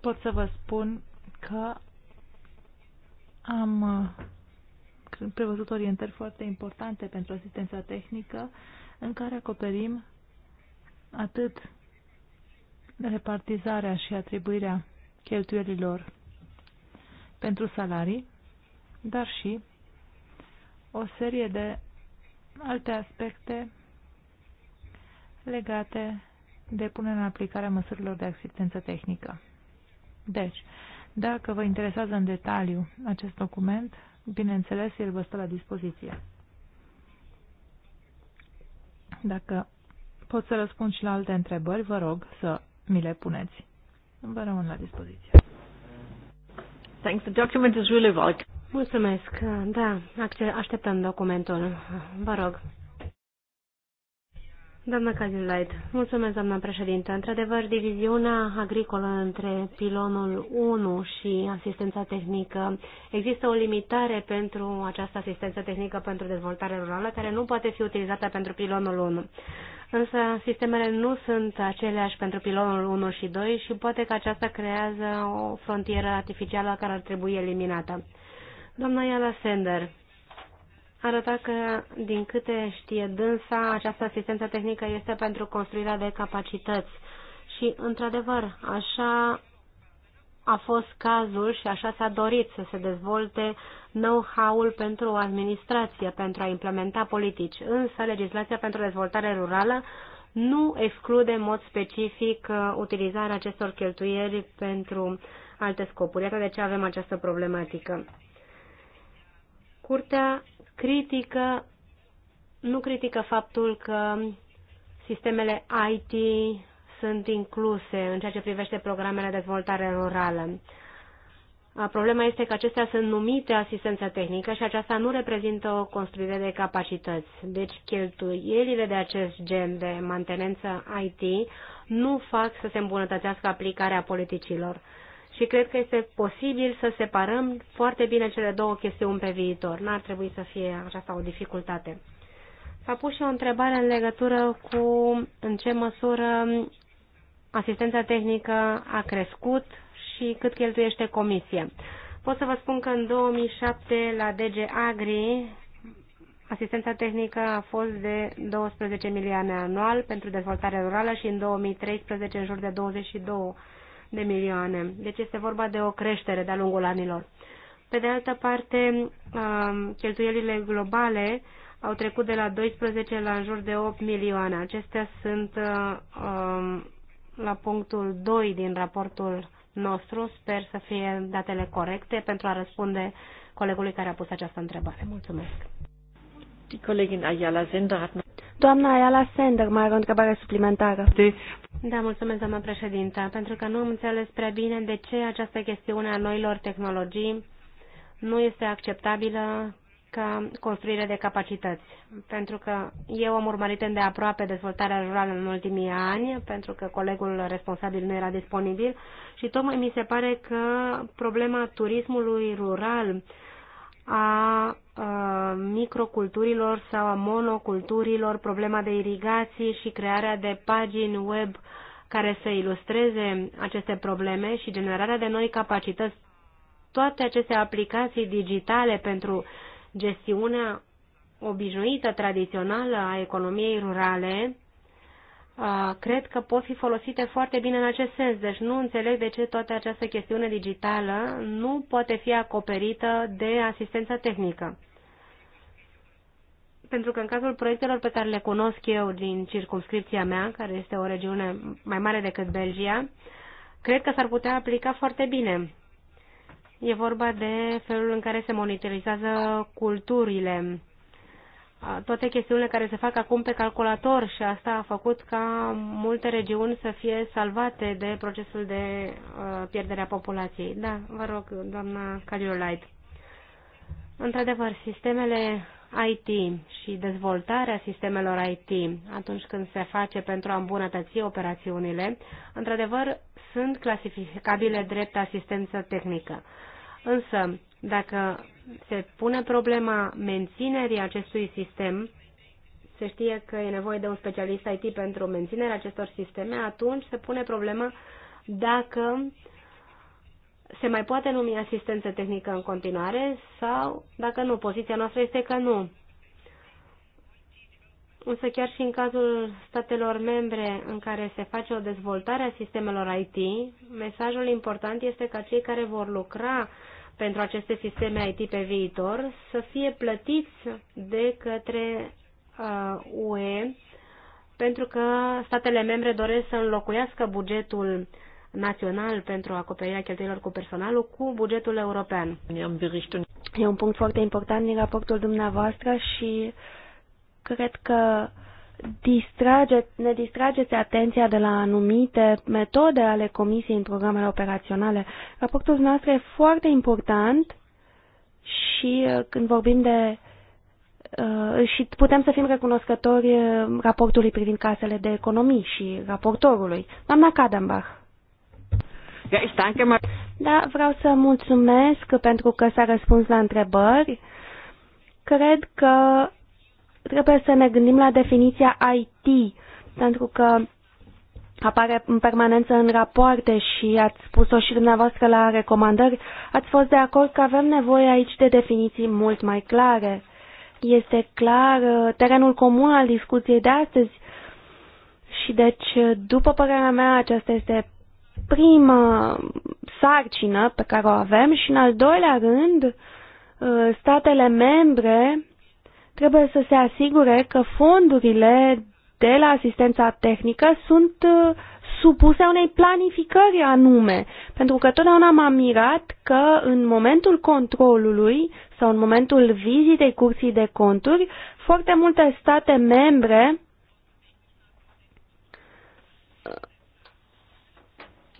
pot să vă spun că am uh, prevăzut orientări foarte importante pentru asistența tehnică în care acoperim atât repartizarea și atribuirea cheltuielilor pentru salarii, dar și o serie de alte aspecte legate de punerea în aplicare a măsurilor de asistență tehnică. Deci, dacă vă interesează în detaliu acest document, bineînțeles, el vă stă la dispoziție. Dacă pot să răspund și la alte întrebări, vă rog să mi le puneți. Vă rămân la dispoziție. Thanks. The document is really valuable. Mulțumesc. Da, așteptăm documentul. Vă rog. Doamna Cazinlight, mulțumesc, doamna președintă. Într-adevăr, diviziunea agricolă între pilonul 1 și asistența tehnică, există o limitare pentru această asistență tehnică pentru dezvoltare rurală, care nu poate fi utilizată pentru pilonul 1. Însă, sistemele nu sunt aceleași pentru pilonul 1 și 2 și poate că aceasta creează o frontieră artificială care ar trebui eliminată. Doamna Iala Sender, arăta că, din câte știe dânsa, această asistență tehnică este pentru construirea de capacități. Și, într-adevăr, așa a fost cazul și așa s-a dorit să se dezvolte know-how-ul pentru administrație, pentru a implementa politici. Însă, legislația pentru dezvoltare rurală nu exclude în mod specific uh, utilizarea acestor cheltuieri pentru alte scopuri. Iată de ce avem această problematică. Curtea critică, nu critică faptul că sistemele IT sunt incluse în ceea ce privește programele de dezvoltare rurală. Problema este că acestea sunt numite asistență tehnică și aceasta nu reprezintă o construire de capacități. Deci cheltuielile de acest gen de mantenență IT nu fac să se îmbunătățească aplicarea politicilor și cred că este posibil să separăm foarte bine cele două chestiuni pe viitor. N-ar trebui să fie aceasta o dificultate. S-a pus și o întrebare în legătură cu în ce măsură asistența tehnică a crescut și cât cheltuiește comisia. Pot să vă spun că în 2007 la DG Agri asistența tehnică a fost de 12 milioane anual pentru dezvoltare rurală și în 2013 în jur de 22 de milioane. Deci este vorba de o creștere de-a lungul anilor. Pe de altă parte, um, cheltuielile globale au trecut de la 12 la în jur de 8 milioane. Acestea sunt um, la punctul 2 din raportul nostru. Sper să fie datele corecte pentru a răspunde colegului care a pus această întrebare. Mulțumesc. Die Kollegin Ayala Sender hat Doamna Ayala Sender mai are o întrebare suplimentară. Da, mulțumesc, doamna președinte. pentru că nu am înțeles prea bine de ce această chestiune a noilor tehnologii nu este acceptabilă ca construire de capacități. Pentru că eu am urmărit îndeaproape dezvoltarea rurală în ultimii ani, pentru că colegul responsabil nu era disponibil și tocmai mi se pare că problema turismului rural a, a microculturilor sau a monoculturilor, problema de irigații și crearea de pagini web care să ilustreze aceste probleme și generarea de noi capacități. Toate aceste aplicații digitale pentru gestiunea obișnuită, tradițională a economiei rurale cred că pot fi folosite foarte bine în acest sens. Deci nu înțeleg de ce toată această chestiune digitală nu poate fi acoperită de asistența tehnică. Pentru că în cazul proiectelor pe care le cunosc eu din circumscripția mea, care este o regiune mai mare decât Belgia, cred că s-ar putea aplica foarte bine. E vorba de felul în care se monitorizează culturile toate chestiunile care se fac acum pe calculator și asta a făcut ca multe regiuni să fie salvate de procesul de pierdere a populației. Da, vă rog, doamna Caliolait. Într-adevăr, sistemele IT și dezvoltarea sistemelor IT atunci când se face pentru a îmbunătăți operațiunile, într-adevăr, sunt clasificabile drept asistență tehnică. Însă, dacă se pune problema menținerii acestui sistem, se știe că e nevoie de un specialist IT pentru menținerea acestor sisteme, atunci se pune problema dacă se mai poate numi asistență tehnică în continuare sau dacă nu. Poziția noastră este că nu. Însă chiar și în cazul statelor membre în care se face o dezvoltare a sistemelor IT, mesajul important este ca cei care vor lucra pentru aceste sisteme IT pe viitor să fie plătiți de către uh, UE pentru că statele membre doresc să înlocuiască bugetul național pentru acoperirea cheltuielor cu personalul cu bugetul european. E un punct foarte important din raportul dumneavoastră și cred că distrage, ne distrageți atenția de la anumite metode ale Comisiei în programele operaționale. Raportul nostru e foarte important și uh, când vorbim de uh, și putem să fim recunoscători uh, raportului privind casele de economii și raportorului. Doamna Kadenbach. Da, vreau să mulțumesc pentru că s-a răspuns la întrebări. Cred că Trebuie să ne gândim la definiția IT, pentru că apare în permanență în rapoarte și ați spus-o și dumneavoastră la recomandări, ați fost de acord că avem nevoie aici de definiții mult mai clare. Este clar uh, terenul comun al discuției de astăzi și deci, uh, după părerea mea, aceasta este prima sarcină pe care o avem și, în al doilea rând, uh, statele membre trebuie să se asigure că fondurile de la asistența tehnică sunt uh, supuse unei planificări anume, pentru că totdeauna m-am mirat că în momentul controlului sau în momentul vizitei curții de conturi, foarte multe state membre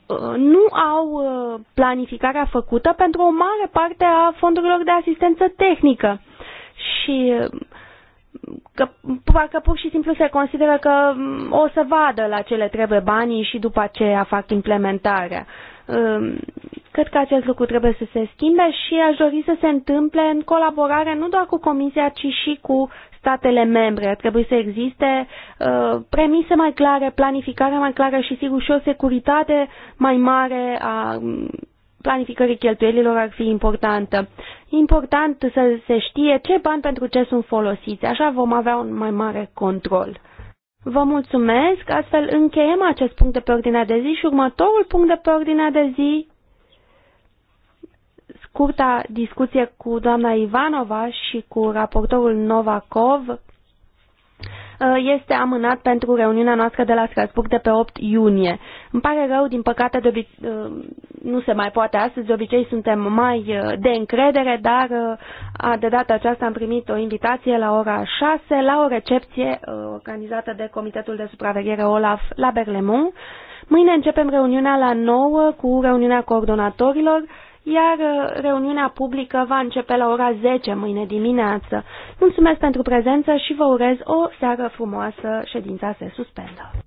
uh, nu au uh, planificarea făcută pentru o mare parte a fondurilor de asistență tehnică și că parcă pur și simplu se consideră că mm, o să vadă la ce le trebuie banii și după aceea fac implementarea. Cred că acest lucru trebuie să se schimbe și aș dori să se întâmple în colaborare nu doar cu Comisia, ci și cu statele membre. Trebuie să existe ă, premise mai clare, planificare mai clară și sigur și o securitate mai mare a planificării cheltuielilor ar fi importantă. Important să se știe ce bani pentru ce sunt folosiți, așa vom avea un mai mare control. Vă mulțumesc, astfel încheiem acest punct de pe ordinea de zi și următorul punct de pe ordinea de zi, scurta discuție cu doamna Ivanova și cu raportorul Novakov Uh, este amânat pentru reuniunea noastră de la Strasburg de pe 8 iunie. Îmi pare rău, din păcate de uh, nu se mai poate astăzi, de obicei suntem mai uh, de încredere, dar de data aceasta am primit o invitație la ora 6 la o recepție organizată de Comitetul de Supraveghere OLAF la Berlemont. Mâine începem reuniunea la 9 cu reuniunea coordonatorilor iar uh, reuniunea publică va începe la ora 10 mâine dimineață. Mulțumesc pentru prezență și vă urez o seară frumoasă. Ședința se suspendă.